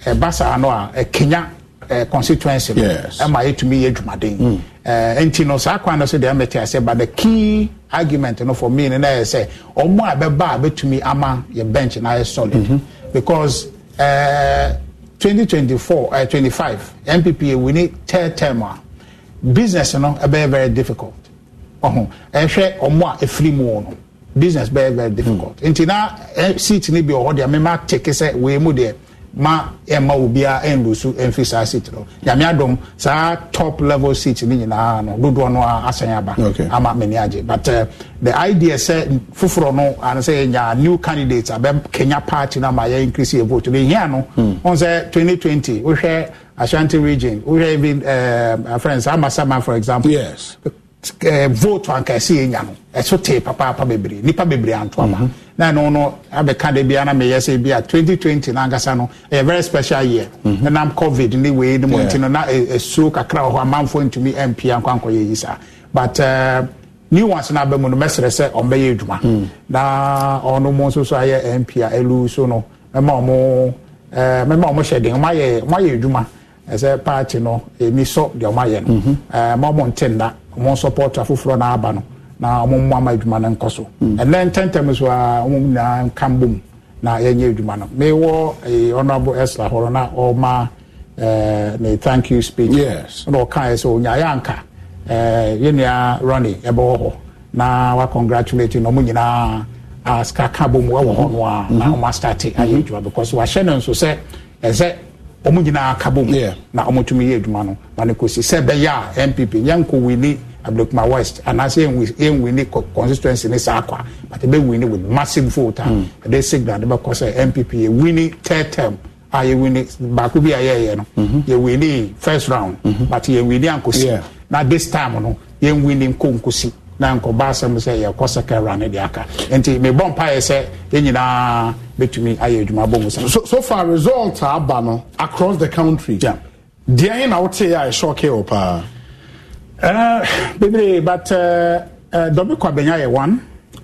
ɛba saa no a ah, ɛkenya Uh, constituency ɛma yɛtumi yɛ adwumaden mm. eh, nti no saa kwan no so deɛ mete ase but the key argument no for me no na yɛ sɛ ɔmo a bɛba a bɛtumi ama yɛ bench na yɛ solid mm -hmm. because uh, 2024 uh, 25 npp we need third term a business no ɛbɛyɛ eh, very difficult ɔho ɛhwɛ ɔmo a ɛfiri mu no business bɛyɛ very difficult mm. nti na seat ni bi wɔ hɔ deɛ mema teke sɛ wei mu deɛ ma ɛma obiara ɛnlusu ɛnfi saa seat no nyame adom saa top level seat no nyinaa no dodoɔ no asan aba ama mani agye but uh, the idea sɛ foforɔ no ano sɛ yɛnya new candidate abɛ kenya party no ama yɛ increase yɛ vote no ɛhia no hmm. ɔn sɛ 2020 wohwɛ ashanti region wohwɛ even uh, friends amasama for example yes vote wankɛse yɛ nya no ɛso tee papaapa bebree nipa bebree anto ama na ɛno no abɛka de bia na meyɛ sɛ twenty 2020 nankasa no ɛyɛ very special year ɛnam covid ne wei no mu nti no na ɛsuo kakra wɔ hɔ amanfoɔ ntumi ampia nkwankɔyɛ yi saa but new ones na abɛ mu no mɛsrɛ sɛ ɔmbɛyɛ adwuma na ɔno mu nso so ayɛ mp a ɛlu so no mɛma ɔmo mɛma ɔmo hyɛ den ɔmo ayɛ ɔmo ayɛ adwuma ɛsɛ party no ɛni sɔ deɛ ɔmo ayɛ no ɛɛ mɛ ɔmo nte nna wɔn support afoforɔ na aba no na wɔn mu ama adwuma no nkɔ so ɛnɛ ntɛntɛm so a wɔn nyinaa nka mbom na yɛnyɛ adwuma no mewɔ eh, honourable esra hɔ na ɔma eh, ne thank you speech yes. Eh, e na ɔka yɛ sɛ onyayɛ anka eh, yɛnua ronny ɛbɛwɔ hɔ na wakongratulate na wɔn nyinaa asika ka bom ɛwɔ e hɔ no a hmm. na wɔn asitati ayɛ hmm. adwuma because wahyɛ ne nso sɛ ɛsɛ. E wɔn nyinaa ka bɔ mu na wɔtumi yɛ adwuma no ma ne kɔsi sɛ bɛyɛ a npp yɛnkɔ wili abilokuma west anaasɛ yɛn wili constituency ne saa kwa but ebe wili with massive vote a hmm. ɛde signal de bɛkɔ sɛ npp yɛ wili third term a yɛ wili baako bi a yɛyɛ no mhm. yɛ wili first round mhm. but yɛ wini ankosi na this time no yɛn wini nko nkosi na nkɔba asɛm sɛ yɛkɔ sɛkɛra ne de aka nti mebɔ mpaeɛ sɛ yɛn nyinaa bɛtumi ayɛ adwuma bɔ mu sɛ so, far result a aba no across the country yeah. deɛn na wote a ɛhyɛ ɔkɛ wɔ paa uh, bebree but uh, eh, uh, eh, dɔbi kwabɛnya yɛ one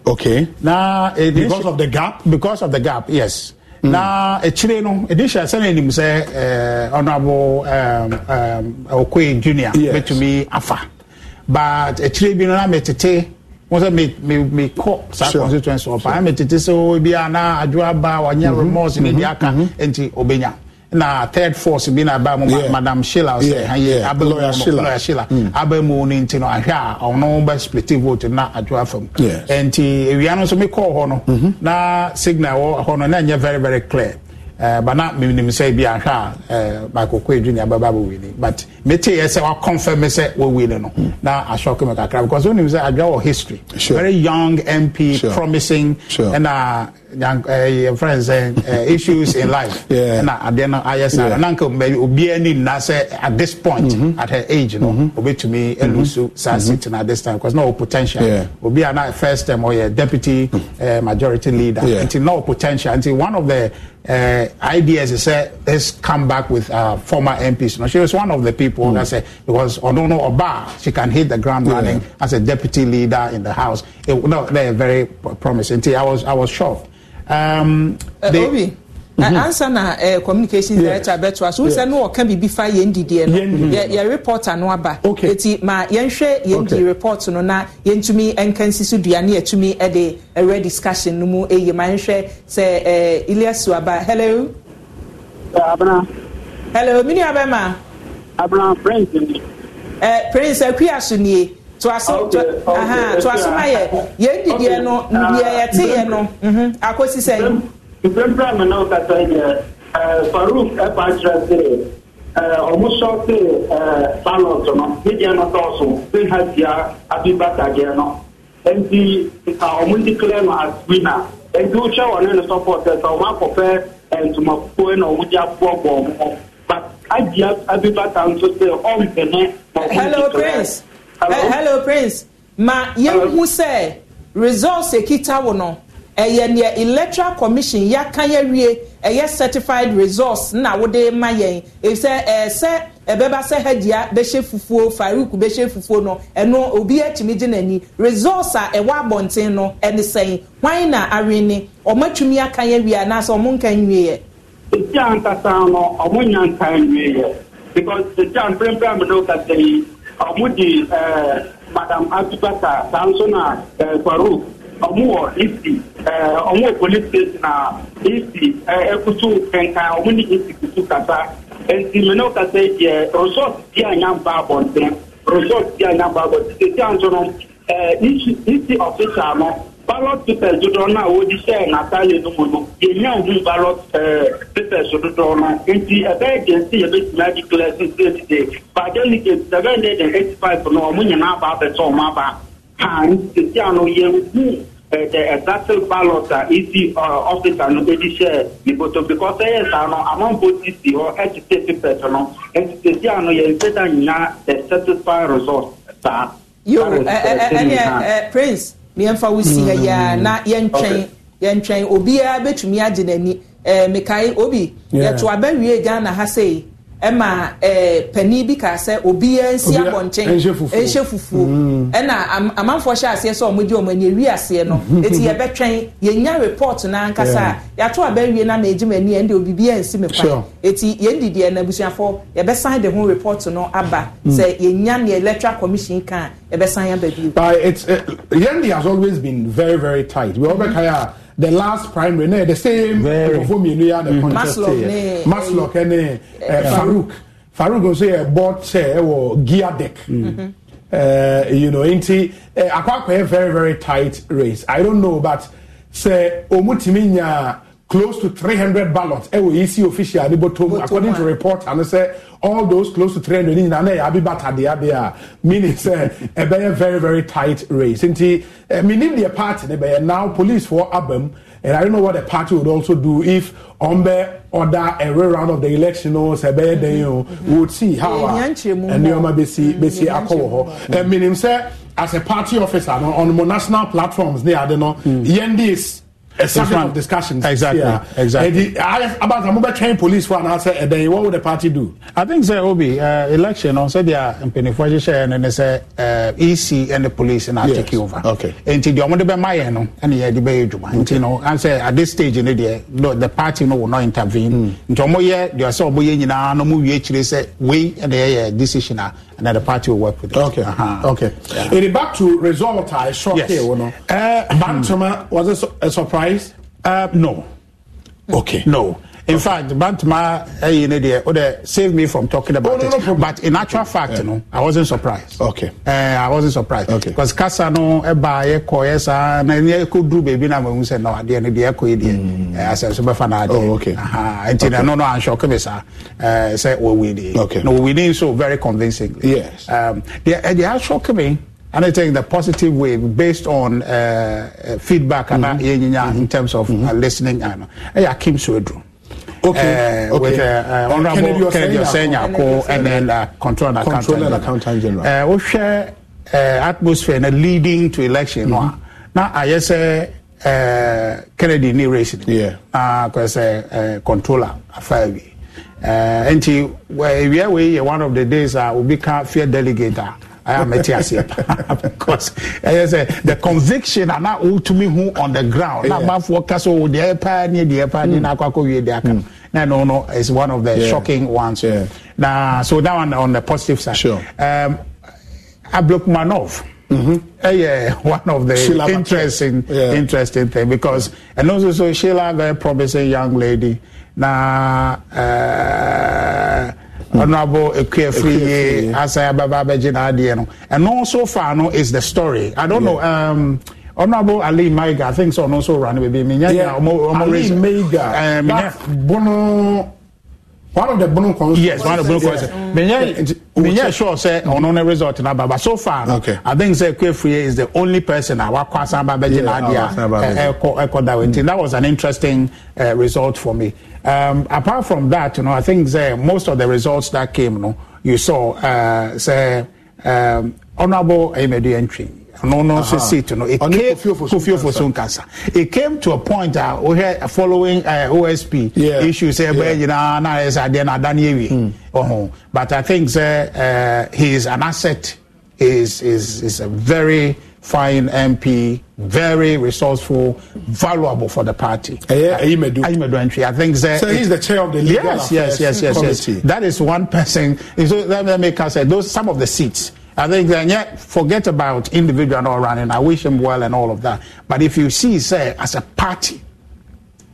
okay na uh, because of the gap because of the gap yes Mm. na akyire no ɛde hyɛ sɛ no anim sɛ ɔnabo okoe junior yes. bɛtumi afa but akyire bi no na metete wọn sɛ mi mi mi kɔ saa constituency ɔpa ɛn metete sɛ o oh, bi a na adwo aba wanya mhm. remorse ne bi mhm. aka mhm. nti obenya na third force bi na ba mu madam sheila sɛ ɛyɛ abɛmu lawyer sheila mm. abɛmu ne nti no ahwɛ a ɔno bɛ split vote na adwo afam nti ewia no nso mi kɔɔ hɔ no na signal wɔ no na nyɛ very very clear bana menim sɛ bi ahwɛ a makoko edu eh, ne ababa bɛ wele but mete yɛ sɛ wakɔnfɛn mi sɛ wɔwele no na asɔkɔ mi kakra because onim sɛ adwa wɔ history sure. very young mp sure. promising ɛna. Sure. Uh, Eh, friends eh, eh, issues in life na adeɛ no ayɛ saa na nka obiara ni nna sɛ at this point mm-hmm. at her age no obetumi elusu saa seat at this time because na o potential obi a na first term ɔyɛ deputy mm. majority leader nti na o potential nti one of the uh, ideas is say let's come back with uh, former MPs. No, she was one of the people mm. that said because Onono Oba she can hit the ground yeah. running as a deputy leader in the house. It, no, they're very promising. I was I was shocked. Um, they, uh, Obi, mhm. ansa na uh, communication director bɛto aso wosɛ no wɔka biribi fa yɛn didiɛ no yɛ reporter no aba okay. ɛti ma yɛnhwɛ yɛn di report no na yɛntumi nkansi so dua ne yɛtumi de ɛwɛ discussion no mu ɛyɛ ma nhwɛ sɛ uh, eh, iliasu aba hello abena hello mini abema. abena eh, eh, prince ni prince akuya so nie to aso ah, to ah, aha to aso ma yɛ yɛn didiɛ no deɛ ti yɛ no ah, mhm, akosi sɛn. mpempere ama na ɔkasa yi yɛ eh, farouk ɛfa akyerɛ sɛ ɔmo sɔ sɛ eh, ballot no ne deɛ no dɔɔso ne ha bia abibata deɛ no nti nka ɔmo declare no as winner nti wohwɛ wɔne ne support sɛ ɔmo akɔfɛ eh, ntomakuo na ɔmo de aboaboa ɔmo but agye abibata nso sɛ ɔmpene ma ɔmo declare hello prince ma yɛnhu sɛ results ekita wo no ɛyɛ neɛ electoral commission yɛaka yɛ wie ɛyɛ certified results na wode ma yɛn efisɛ ɛsɛ ɛbɛba sɛ hɛdia bɛhyɛ fufuo farouk bɛhyɛ fufuo no ɛno obi atumi gye n'ani results a ɛwɔ abɔnten no ɛne sɛn hwan na awene ɔmo atumi aka yɛ wie anaasɛ ɔmo nka nwie yɛ. esi ankasa no ɔmo nya nka nwie yɛ because esi ampempem do kasa yi. Ọmụdị dị eh, madam abibata sanso eh, Kwaru, ọmụwọ isi ọmụ eh, polis steeti na isi ekutu nka ọmụ isi kutu kasa nti mmemme kasa yɛ resort dị anya mba abɔnten resort dị anya mba abɔnten tete anso no isi isi ọfisa balọt pepa dodoɔ no uh, a wɔdi sɛ n'ataadeɛ no mu no yɛnya ohun balọt pepa so dodoɔ no nti ɛbɛyɛ deɛ nsi yɛbɛtumi adi class nsi ɛdide baagye ne kɛ seven hundred and eighty five no wɔn nyinaa aba abɛtɔ wɔn aba haa nti a no yɛhu ɛdɛ ɛdase balọt a esi ɔfisa no edi hyɛ ne bɔtɔ because ɛyɛ saa no amanfo ti si hɔ ɛtete pepa no ɛtete a no yɛn nsɛda nyinaa the satisfied result saa. yoo ɛɛ ɛɛ ɛɛ prince. mmeɛmfa wo si ha yaa na yɛntwɛn yɛntwɛn obiara ah, bɛtumi agye n'ani eh, mekae obi yɛto abɛwie eh, ghana ha sei ɛma ɛɛ eh, panyin bi kaa sɛ obiara nsi abɔnten nhyɛ fufuo ɛna amanfoɔ hyɛ aseɛ sɛ wɔn di wɔn ani ewi aseɛ no eti yɛbɛtwɛn yɛnya report n'ankasa a yɛato abɛwie na mɛgye mɛ nia ɛnde obibiara nsi mɛ kwan eti yɛn didi ɛna abusuafo yɛbɛsan de ho report no aba mm. sɛ yɛnya ne electoral commission kan yɛbɛsan yɛn baabi. Eh, yɛn de has always been very very tight wɛ ɔbɛka yɛ a the last primary na the same nkurɔfoɔ mmienu yɛ adakɔ ne maslock eh, ne eh, eh, farouk farouk nso yɛ board chair ɛwɔ gear deck. mm you know, nti uh, akɔ akɔyɛ very very tight race. I don't know, but sɛ ɔmu tumi nyaa close to 300 ballots ɛwɔ ec official ne bɔtɔm according to report ano say all those close to 300 ne nyinaa na yɛ abebatadeɛ adeɛ a meaning sɛ ɛbɛyɛ very very tight race nti menim deɛ party ne bɛyɛ now policefoɔ abam and i don't know what the party would also do if ɔmbɛ order a re-round of the election o sɛ ɛbɛyɛ den yi o we'll see how a nneɛma bɛsi bɛsi akɔ wɔ hɔ meaning say as a party officer no on mo national platforms ne ade no mm. yɛn de A subject of discussions. Exactly. Yeah. Exactly. About the, about I'm train police for an answer. and then what would the party do? I think say Obi uh, election on say they are in Penifwaji share and then they say uh, EC and the police and I yes. take over. Okay. Until the amount of my no and yeah the bay juma. Until no and say at this stage in the day no, the party no will not intervene. Until hmm. mm. mo yeah they are so mo yeah no move we actually say we and the decision and then the party will work with it. Okay. Uh-huh. Okay. Yeah. In back to result, I shocked yes. you know. Uh, Bantama, was it a surprise? Uh, no. Okay. No in fact bantama ɛyi ne deɛ o de save me from talking about oh, no, no, it but in actual fact yeah. no i wasnt surprised okay uh, i wasnt surprised okay because kasa no ɛba yɛ kɔ yɛ saa na ɛni ɛkɔ duru beebi na mahu sɛ na adeɛ ne deɛ ɛkɔ yi deɛ asɛm so bɛfa na adeɛ okay nti na no no anhyɛ ɔkɛ mi saa sɛ wɔwi deɛ okay na wɔwi ne so very convincing yes deɛ ɛdeɛ ahyɛ ɔkɛ mi and I think the positive way based on uh, feedback mm-hmm. and in terms of mm-hmm. uh, I and uh, Akim Swedru okay, uh, okay. with uh, uh, Honorable Kennedy and then uh, Control and Control and Accountant General. Uh, we share uh, atmosphere na leading to election. Mm -hmm. Now, I say uh, Kennedy ni race Yeah. Uh, ah, because uh, controller a bi. Uh, nti wia wei yɛ one of the days a ah, obi ka fear delegate ah. I am a TSC because uh, the conviction and now to me who on the ground. Now, yeah. for castle, the airpad near the airpad in Aquaco, the Aka. No, no, no, it's one of the yeah. shocking ones. Yeah. Now, so that one on the positive side. Sure. Um, Ablokmanov. Mm-hmm. Uh, yeah, one of the Sheila interesting, yeah. interesting thing because and also so Sheila, very promising young lady. Now, uh, honorable Ekuyefriye Asaya Baba Abegina Adie no and also far no is the story I don't know um, honorable Ali Maiga I think so no so ran baby me yeah, yeah. Omo, omo Ali Maiga um, that bono one of the bono concerns. yes one of the bono concerns. menye menye sure say ọ̀nà ní result na baba so far okay. i think say kwefuye is the only person na wakọ asanba bẹjẹ na adi a ẹkọ ẹkọ that way that was an interesting uh, eh, result for me um, apart from that you know, i think say most of the results that came you, know, you saw uh, say um, honourable emedu entry no no so say to no it came kofiofo so nkasa it came to a point a uh, following uh, osp yeah. issues sɛ ɛbɛyɛ nyinaa na ayɛ sɛ adeɛ na ada ne but i think sɛ uh, he is an asset is is is a very fine mp very resourceful valuable for the party eh, Yeah, ayimedu eh, ayimedu uh, i think sɛ so he's the chair of the legal yes, yes yes yes yes, that is one person so let me make us say those some of the seats I think then, yeah, forget about individual all running. I wish him well and all of that. But if you see, say, as a party,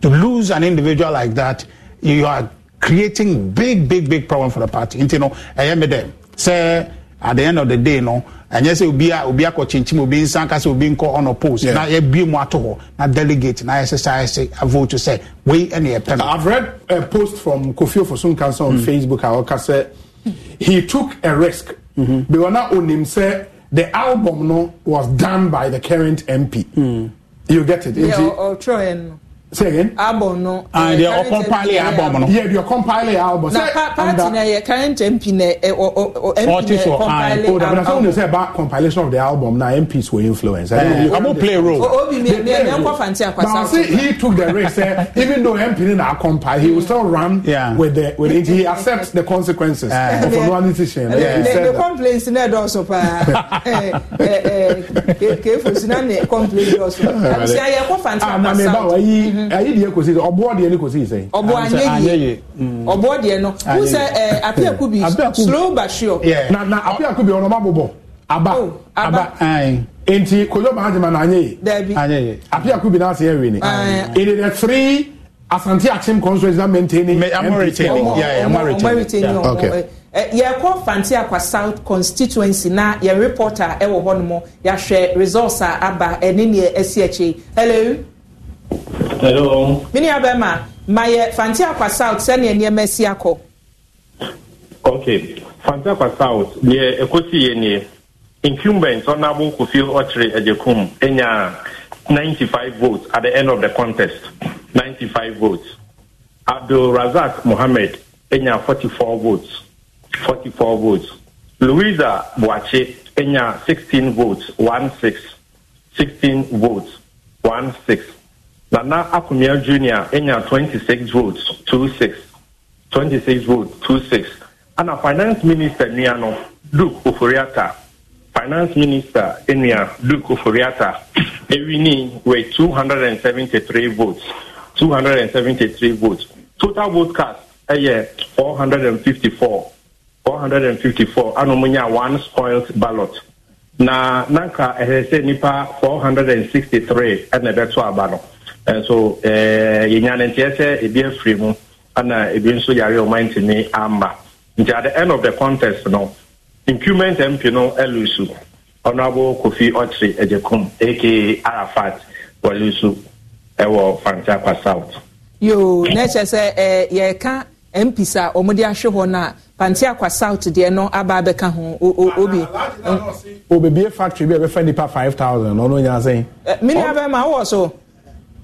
to lose an individual like that, you are creating big, big, big problem for the party. You know, I am them. Say, at the end of the day, you know, and yes, will be a will be obi akɔ kyinkyim obi nsa nkasa obi nkɔ on oppose na yɛbue mu to hɔ now delegate now na say, yɛsɛ vote to say, we any no. I've read a post from for Ofosu Nkansa on mm. Facebook I ɔka sɛ he took a risk Mm-hmm. because na onim sɛ the album no was done by the current mp mm. you get it. Yeah, or, or try and say again. album no. and ah, eh, they are compile album no. yeah they are compile album. na pa party na yɛ current mp na ɛ ɔ ɔ mp na ah, compile oh, album. o na sɛ wọn sɛ ba compilation of the album na mps were influence. a mo play role. obi mi mi mi n kɔ fanti akwasa. na see, he took the risk eh, say even though mp na compile he will still run. Yeah. with the with it he accepts the consequences. Yeah. of one eh, decision. the the complaints na dɔɔso paa kefo sinna ne complaint dɔɔso. a bɛ se a yɛ kɔ fanti akwasa. a na mi ba wa yi. Mm-hmm. ayé deɛ kò si sɛ ɔboɔ deɛ ni kò si sɛ. ɔboɔ anyɛ yie mm. ɔboɔ deɛ no n sɛ ɛɛ eh, apiaku bi slow bashio. na na apiaku bi ɔnɔ ma bobɔ aba oh, aba ɛn nti kojo mahadum na anyɛ yie anyɛ apiaku bi n'asɛ ɛwɛ ni it is a three asante akyem constituency that maintaining. i'm retaining yeah i'm oh, oh, eh, fante akwa south constituency na yɛ reporter ɛwɔ hɔnom yɛahwɛ results a aba ɛne neɛ ɛsi akyire hello hello. mi Abema, abẹ́ẹ̀ma ma yɛ fanti akwa south sɛnea nneɛma si akɔ. ok fanti akwa south deɛ ɛkɔsi yɛ nie incumbent honourable kofi ɔkyerɛ ɛgyekum enya ninety five votes at the end of the contest ninety five votes abdul razak mohammed enya forty four votes forty four votes louisa buache enya sixteen votes one six sixteen votes one six na na Akumia Junior enya 26 votes, 26. 26 votes, 26. And a finance minister Niano, Duke Oforiata. Finance minister Enya Duke Oforiata. Ewini were 273 votes. 273 votes. Total vote cast, a year, 454. 454. Anomunya one spoiled ballot. Na nanka ɛsɛ e sɛ nipa 463 ɛna ɛbɛto aba no. nso eh, yɛnya no nteɛ sɛ ebi afiri mu ana ebi nso yare ɔma ntumi amba nti at the end of the contest no incumbent mp no ɛlusu ɔnoabo kofi ɔkyere agyekom aka arafat wɔlusu ɛwɔ fantiakwa south yoo na ɛkyɛ sɛ eh, yɛka mps a wɔde ahwe hɔ no a pantiakwa south deɛ no aba abɛka ho obi. obibie factory bi a bɛfa nipa five thousand ɔno nyɛ asɛn. Eh, mini abɛɛma wɔ so.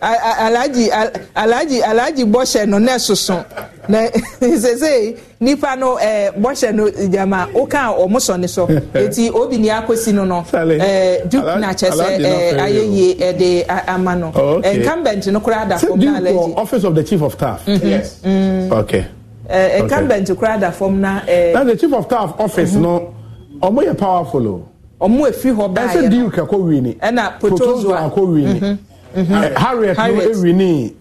alaji alaji alhaji bɔhyɛ no ne soso na sese nipa no ɛɛ bɔhyɛ no gyama oka ɔmo sɔ ne sɔ eti obi ni akosi no no ɛɛ duke na kyɛ sɛ ɛɛ ayɛ yie ɛde ama no incumbent no koraa da fam na alhaji office of the chief of staff. Mm-hmm. Mm -hmm. incumbent koraa da fam na na the chief of staff office mm-hmm. no ɔmo yɛ powerful o. ɔmo efi hɔ baayɛ no ɛsɛ duke akɔ wi ni ɛna potozo akɔ wi ni. Mm-hmm. Mm-hmm. Uh, harriet no ewini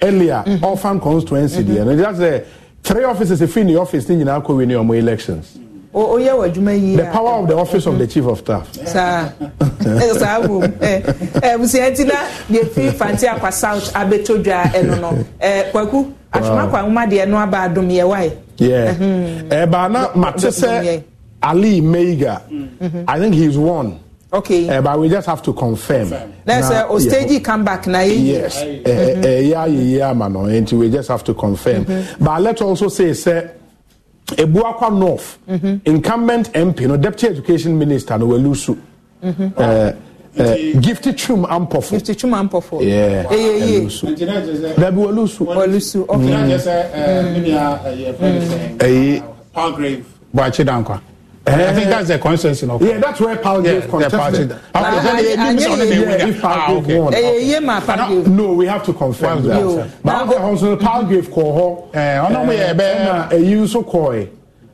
elia orphan mm-hmm. constituency deɛ And mm-hmm. that's the three offices efi the office ne nyinaa kɔ wini ɔmo elections. o yẹ wọ adwuma yi. the power of the office of the chief of staff. saa saa eh, wo ɛ ɛ busuanti na deɛ fi fanti akwa south abeto dwa ɛno eh, no ɛ eh, kwaku atwumakwa nwoma deɛ no aba adum yɛ wae. yɛ ɛbaa na mate ali meiga i think he is one. Okay. Uh, but we just have to confirm. Let's say uh, oh, Osteji yeah. come back now. Eh? Yes. Eh, mm-hmm. Uh, uh, yeah, yeah, man. And we just have to confirm. Mm-hmm. But let's also say, sir, Ebuakwa North, mm-hmm. incumbent MP, no deputy education minister, no Welusu. Mm-hmm. Uh, uh, gifty chum ampofo. gifty chum ampofo. yeah eye eye dabi olusu. olusu oh, okay. ǹjẹ́ jẹ́ sẹ́ ẹ̀ palgrave. bọ̀ àti dankwa. Uh, I think that's the consensus. Of yeah, that's where Paul yeah, gave contested. Okay, then ah, No, we have to confirm that. But also Paul mm-hmm. gave Koho. Ọ̀nà mi yẹ bẹ́ẹ̀. Èyí nso kọ̀ ẹ̀.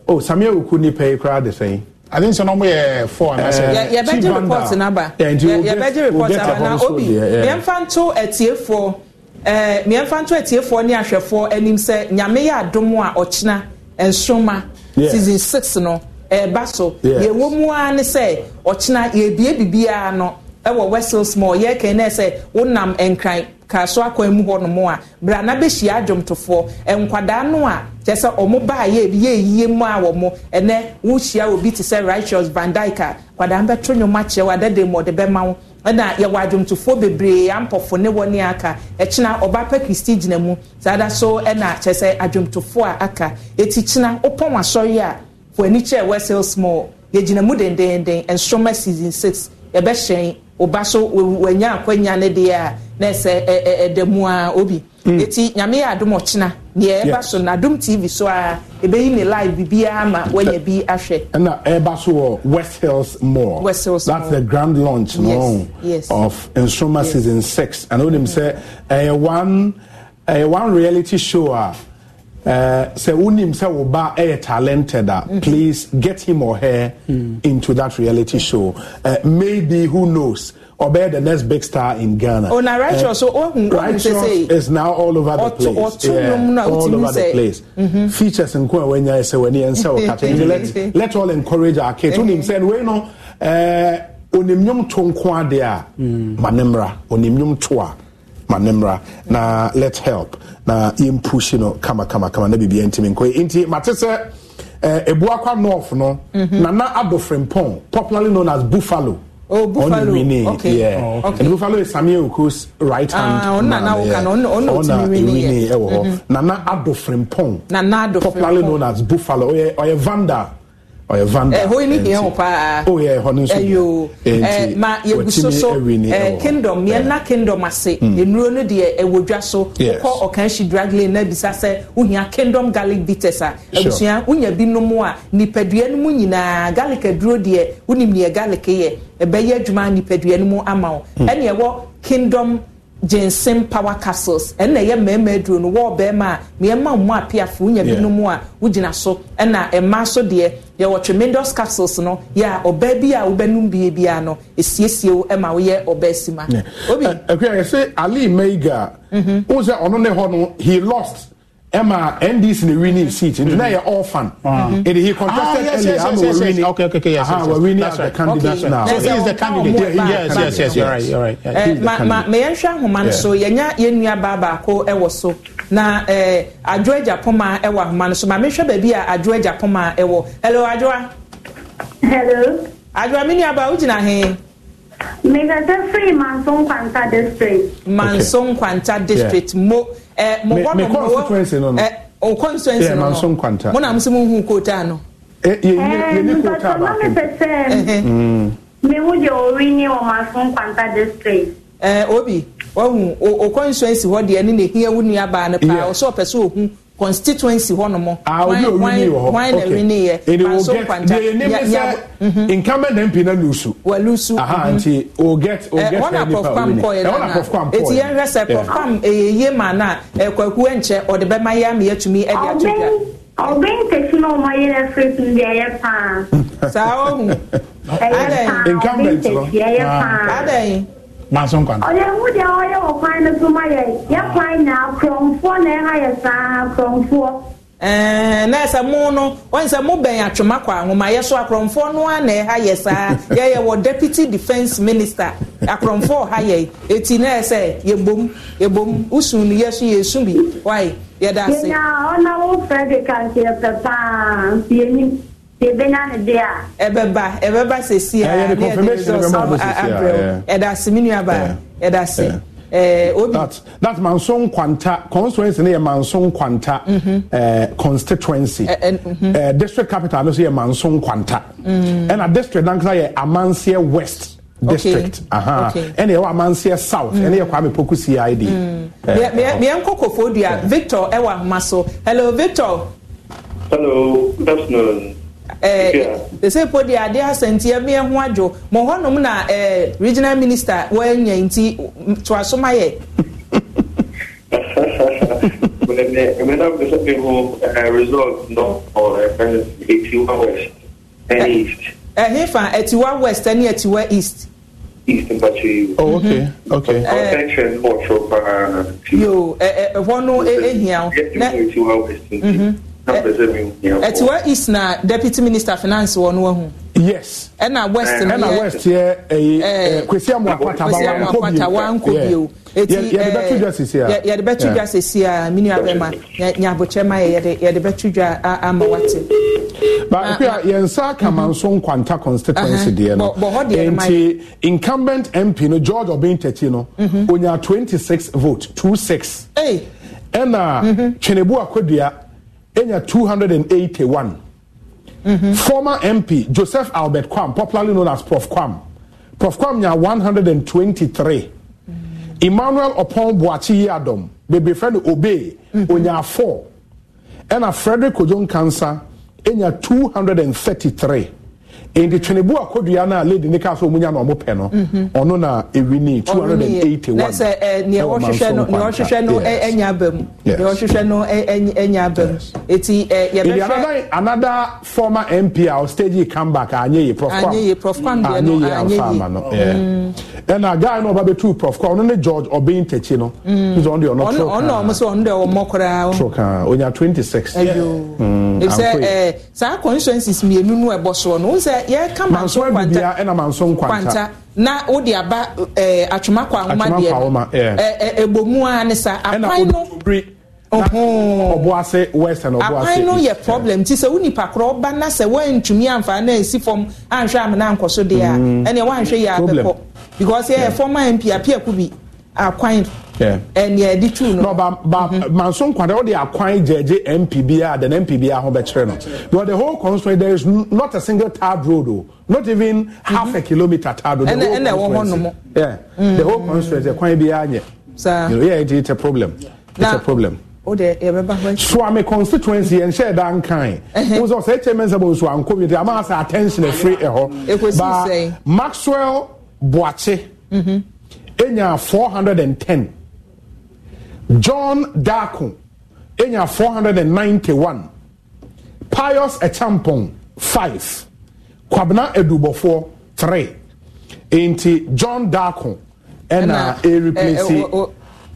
O Sami Ewoku ni pẹ̀yì kura de sẹ́yìn. I think so no more four and I said yeah better report number yeah better report number na obi yẹn fa nto ẹtiefoɔ eh, ɛɛ eh, yẹn fa nto ẹtiefoɔ ne ahwɛfoɔ anim sɛ nyame yɛ adomo a ɔkyena nsoma season six no. ɛɛba so yɛwɔ mu ara ne sɛ ɔkyena yɛbie biribiara no ɛwɔ small yɛrkan no sɛ wonam nkran kaaso akwan mu hɔ a bra bɛhyia adwomtofoɔ nkwadaa no a kyɛ sɛ ɔmo baa yɛ bi yɛyie mu a wɔ ɛnɛ te sɛ righteous kwadaa bɛto nnwom akyerɛ wɔ adada mu ɔde bɛma wo ɛna yɛwɔ adwomtofoɔ bebree ampɔfo ne ne kristi gyina mu saa da so ɛna kyɛ sɛ adwomtofoɔ a aka for ani kyerɛ wɛsɛl small yɛgyina mu dendenden nsoroma season six yɛbɛhyɛn ɔba eh, eh, eh, hmm. so wanya akwanya ne deɛ a na ɛsɛ ɛda mu a obi eti nyame yɛ adom ɔkyena deɛ ɛba so na adom tv so a ɛbɛyi ne live biribiara ma wanya bi ahwɛ ɛna ɛba so wɔ west hills mall west hills mall that's the grand launch no yes, yes. of nsoroma yes. season six and wonim sɛ ɛyɛ one ɛyɛ one reality show a uh, Uh, sɛ wonim sɛ wo ba ɛyɛ talented a mhm. please get him or her mm. into that reality show uh, maybe who knows ɔbɛyɛ the next big star in Ghana. Oh, na righteous uh, so ohun ohun sese. righteous is now all over the place. ọtún ọtún nomu na all over the place. Mm-hmm. features nko a wẹnyẹ ẹsẹ wẹni ẹnsẹ ọkata let let all encourage our kids. onim sẹ wei no onimnyom to nko ade a hmm. ma ne mmra to a ma na let's help. na yɛmpushi no kamakamakama na biribia ntimi nkɔ nti mate sɛ eh, ebuakwa north no mhm. nana adofrempɔn popularly known as buffalo Oh, Buffalo. Rene, okay. Yeah. Oh, okay. And Buffalo is Samuel Oku's right hand. Ah, ona na uka no no no ona Rene ewo. Eh, mhm. Nana Adofrempong. Nana Adofrempong. Popularly known as Buffalo. Oye Oye Vanda. ɔyɛ vanda ɛhɔ eh, yi ni hiɛ ho paa o oh, yɛ ɛhɔ nso ɛyo eh, eh, ma yɛgu so ɛɛ kingdom oh, yɛn kingdom ase hmm. enuro no deɛ ɛwɔ dwa so kɔ ɔkanhyi drag na bisa sɛ ohia kingdom garlic bitters a abusua wonya bi nom a nipadua no mu nyinaa garlic aduro deɛ wonim deɛ garlic yɛ ɛbɛyɛ adwuma nipadua no mu ama wo ɛnna hmm. ɛwɔ kingdom ginseng power castles ɛna ɛyɛ mmarima aduro no wɔɔ bɛrima a mmarima mu apiafo wonya binom a wogyina so ɛna mmaa so deɛ yɛwɔ tremendous castles no yɛ a ɔbaa bi a wobɛnum bie biara no ɛsiesie wo ma woyɛ ɔbaa si ma obi ɛhwɛ uh, ali meiga wohu sɛ ɔno ne hɔ no he lost Emma NDC ni winning seat. Nti na yɛ all fan. Ede ah. he ah, contested ah, yes, earlier. Yes, yes, yes, yes. Okay, okay, Yes, yes, yes. right. the candidate okay. now. So he is the candidate. Yeah, yeah, yes, yes, yes. You're right, you're right. Yeah, uh, ma ma yɛn hwɛ ahoma no so yɛnya yɛn nua baa baako ɛwɔ so na ɛɛ eh, adwoa japoma ɛwɔ ahoma no so ma mehwɛ baabi a adwoa japoma ɛwɔ. Hello adwoa. Hello. Adwoa mi nua baa o gyina he. Mekasa firi Manson Kwanta district. Manson Kwanta district mo. ɛ mɔ hɔ nom constituency no no ɛ eh, constituency no no manso nkwanta mo na kota no. Eh, eh, mm. ni kota baako mi wu jɛ ori obi wɔn hu o constituency hɔ deɛ ne na ehia wu nua baa ne paa ɔsɛ ɔpɛ constituency hɔnom ah, wọn na wini yɛ panso kwanta mhm. incumbent mp na lusu walusu mhm. nti o get o eh, get ɛwọn eh, na prof pam kɔ eh, yɛ nana eti yɛn hwɛ sɛ prof pam eyeye maa na ɛkɔkuo nkyɛn ɔde bɛ ma yam yɛ tumi ɛde ato dwa. ɔbɛn tɛsi na ɔmɔ yɛ na fɛ tun de ɛyɛ paa. saa ɔhun adan incumbent lɔ ah. adan. Eh, ma so nkwa ah, no ɔyɛ hu deɛ ɔyɛ wɔ kwan no so ma yɛ yɛ kwan na akorɔmfoɔ na ɛha yɛ saa akorɔmfoɔ na sɛ mo no wɔn sɛ mo bɛn atwoma kɔ ahomayɛ so akorɔmfoɔ no a na ɛha yɛ saa yɛyɛ wɔ deputy defence minister akorɔmfoɔ ah, ha yɛ eti na sɛ yɛbom yɛbom usun no yɛsu yɛsu bi wae yɛda ase. yɛn a ɔna wo fɛ de kanseɛ pɛ paa ɛbɛba ɛbɛba sɛsi a eh, ne yɛde resɔs abrɛw ɛda ase me nuaba ɛda ase that that manson kwanta constituency ne yɛ manson kwanta mm-hmm. uh, eh, constituency uh, mm-hmm. uh, district capital no so yɛ manson kwanta mm. ɛna district nankasa yɛ amanseɛ west district ɛna yɛwɔ amanseɛ south ɛna yɛ mm. kwame poku cid meɛnkɔ mm. kɔfoɔ dua victor ɛwɔ ahoma so hello victor hello good afternoon ɛsɛ eh, eh, po deɛ adeɛ asɛnteɛ meɛ ho adwo ma hɔnom na eh, regional minister wɔanya nti toaso ma yɛ Madam Bishop ho result no or Etiwa West and East. Ɛhefa Etiwa West ɛne Etiwa East. East Mpatu. Oh, okay, mhm. okay. Attention for Chopra. Uh, Yo, ɛhɔ no ehia. Yɛ Etiwa West. ɛti eh, eh, wa east na deputy minister finance wɔ no wahu. yes ɛna west no yɛ ɛna west yɛ ɛyi eh, kwesi amu akwata ba uh, wa nko bi o uh, eti ɛɛ yɛde bɛtu dwa sisi a mini abɛma nyabokyɛma yɛ yɛde bɛtu dwa ama wate. baako a yɛn nsa kama mm-hmm. nso nkwanta constituency uh-huh. deɛ no nti incumbent mp no george obin tɛti no mm-hmm. onya twenty six vote two six ɛna twenebu akodua enya 281 mm-hmm. former mp joseph albert kwam popularly known as prof kwam prof kwam nya 123 mm-hmm. emmanuel opon boachi adom baby friend obey mm-hmm. onya 4 ɛna frederick ojon cancer enya 233 nti twenibu akodua no a lady ne kaa sɛ ɔmu nya na ɔmo pɛ no ɔno mhm. na ɛwi ne 281 sɛ neɛ ɔhwehwɛ no anya aba mu neɛ ɔhwehwɛ no anya aba mu ɛti yɛbɛhwɛ another former mp a ɔstage yi come back anyɛ yɛ profanyɛ prof kwan deɛ no anyɛ yɛ no ɛna guy no ɔba bɛtu prof kwan ɔno ne george ɔbɛn tɛkyi no nso ɔno deɛ ɔno toro kaa ɔno ɔmo sɛ ɔno deɛ ɔmo koraa toro kaa onya 26 ɛyoo ɛfisɛ saa constituencies mmienu no ɛbɔ soɔ no n sɛ sɛ yɛka manso kwanta ɛna manso kwanta na wode aba ɛɛ eh, atwoma kɔ ahoma deɛ ɛɛ eh, eh, ebomu a ne sa apan no ɔbo west and ɔbo ase apan no yɛ problem ti sɛ wo nipa korɔ ɔba na sɛ wɔntumi amfa na esi fam anhwɛ amena nkɔ so deɛ a mm. ɛnna wɔanhwɛ yɛ abɛkɔ because yɛ fɔm a mp apia kubi akwan. ɛnea ɛde tu no. nɔba ba manso nkwada o de akwan gyegye npb a then npb a ho bɛkyerɛ no but the whole constituency there is not a single tarred road o not even half mm -hmm. a mm-hmm. kilometre tarred road. ɛnna ɛnna ɛwɔ hɔ nom. yeah mm -hmm. the whole constituency kwan bi anyɛ. saa you know yeah it is a problem. it's na, a problem. o de yɛbɛba hɔ akyi. swami constituency yɛn nhyɛ dan kan. o sɔ sɛ ɛkyɛ mɛnsa bɔ nsu anko mi ama asa attention efiri ɛhɔ. ekosi sɛn. maxwell buakye. ɛnya mm-hmm. four hundred and ten. john dako enya 491 pius echampon 5 kwabena edubɔfoɔ 3 enti john dako ɛna ɛreplace eh, eh, oh, oh.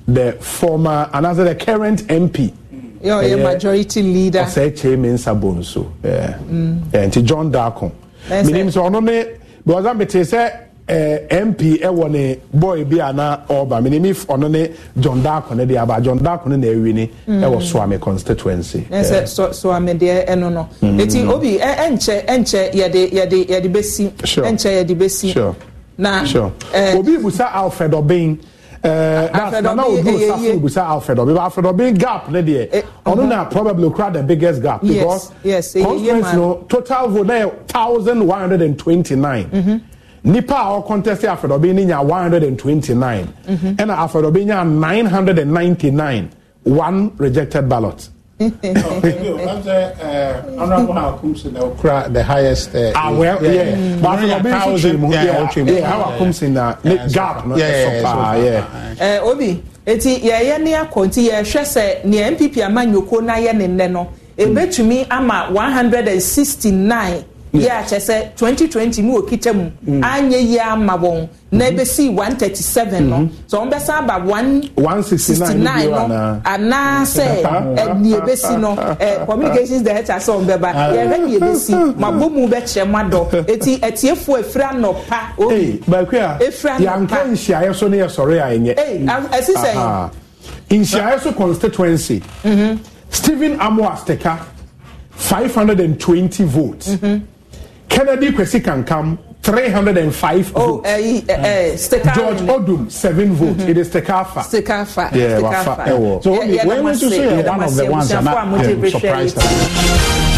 the former anaasɛ the current mp yɛ ɔyɛ eh, majority leader ɔsɛ kyerɛ mi nsa bɔ nso john dako menim sɛ ɔno ne because amete sɛ Eh, mp ɛwɔ eh, ne boy bi a na ɔba mi ni mi ɔno ne john darko ne de aba john darko ne na ewi ni ɛwɔ mm. eh, suame constituency. ɛsɛ suame deɛ ɛno no eti obi ɛnkyɛ ɛnkyɛ yɛde yɛde yɛde besi ɛnkyɛ yɛde besi na obi busa alfred obin. Alfred Obi busa Alfred Obi Alfred Obi gap ne deɛ ɔno probably kura biggest gap because conference no total vote thousand one hundred and twenty nine. Mm-hmm. nipa a ɔkɔntɛsɛ afɔdɔbɛn ni one hundred and twenty nine mhm. and afɔdɔbɛn nya nine hundred and ninety nine one rejected ballot. no, uh, Honorable Akumsi na okura the highest. Uh, ah well, yeah. yeah. Mm. But mm. Afro thousand, yeah, yeah, yeah, yeah. How Akumsi gap yeah, yeah. Eh Obi, eti yɛyɛ ne akɔ nti ni sɛ nea NPP neno. Ebe na yɛ hmm. ama one hundred and sixty nine. yɛ akyɛ sɛ 2020 mu okita mu mm. anyɛ yie ama wɔn na mm-hmm. ebesi 137 no mm-hmm. so wɔn bɛsa aba 169 no anaasɛ ɛni mm-hmm. eh, ebesi no eh, communications director sɛ wɔn bɛba yɛhwɛ ni ebesi ma bɔ mu bɛkyerɛ mu adɔ eti etiefo efira nɔpa obi efira nɔpa yanka nhyiaeɛ so ne yɛ sɔre a ɛnyɛ ɛsi sɛ so constituency stephen amoas teka 520 votes. Mm -hmm. Kennedy Kwesi Kankam, 305 oh, votes. Uh, uh, uh, George Odum, 7 mm-hmm. votes. is Tekafa. Tekafa. Yeah, Tekafa. So yeah, yeah, when we say one of the ones, I'm um, surprised.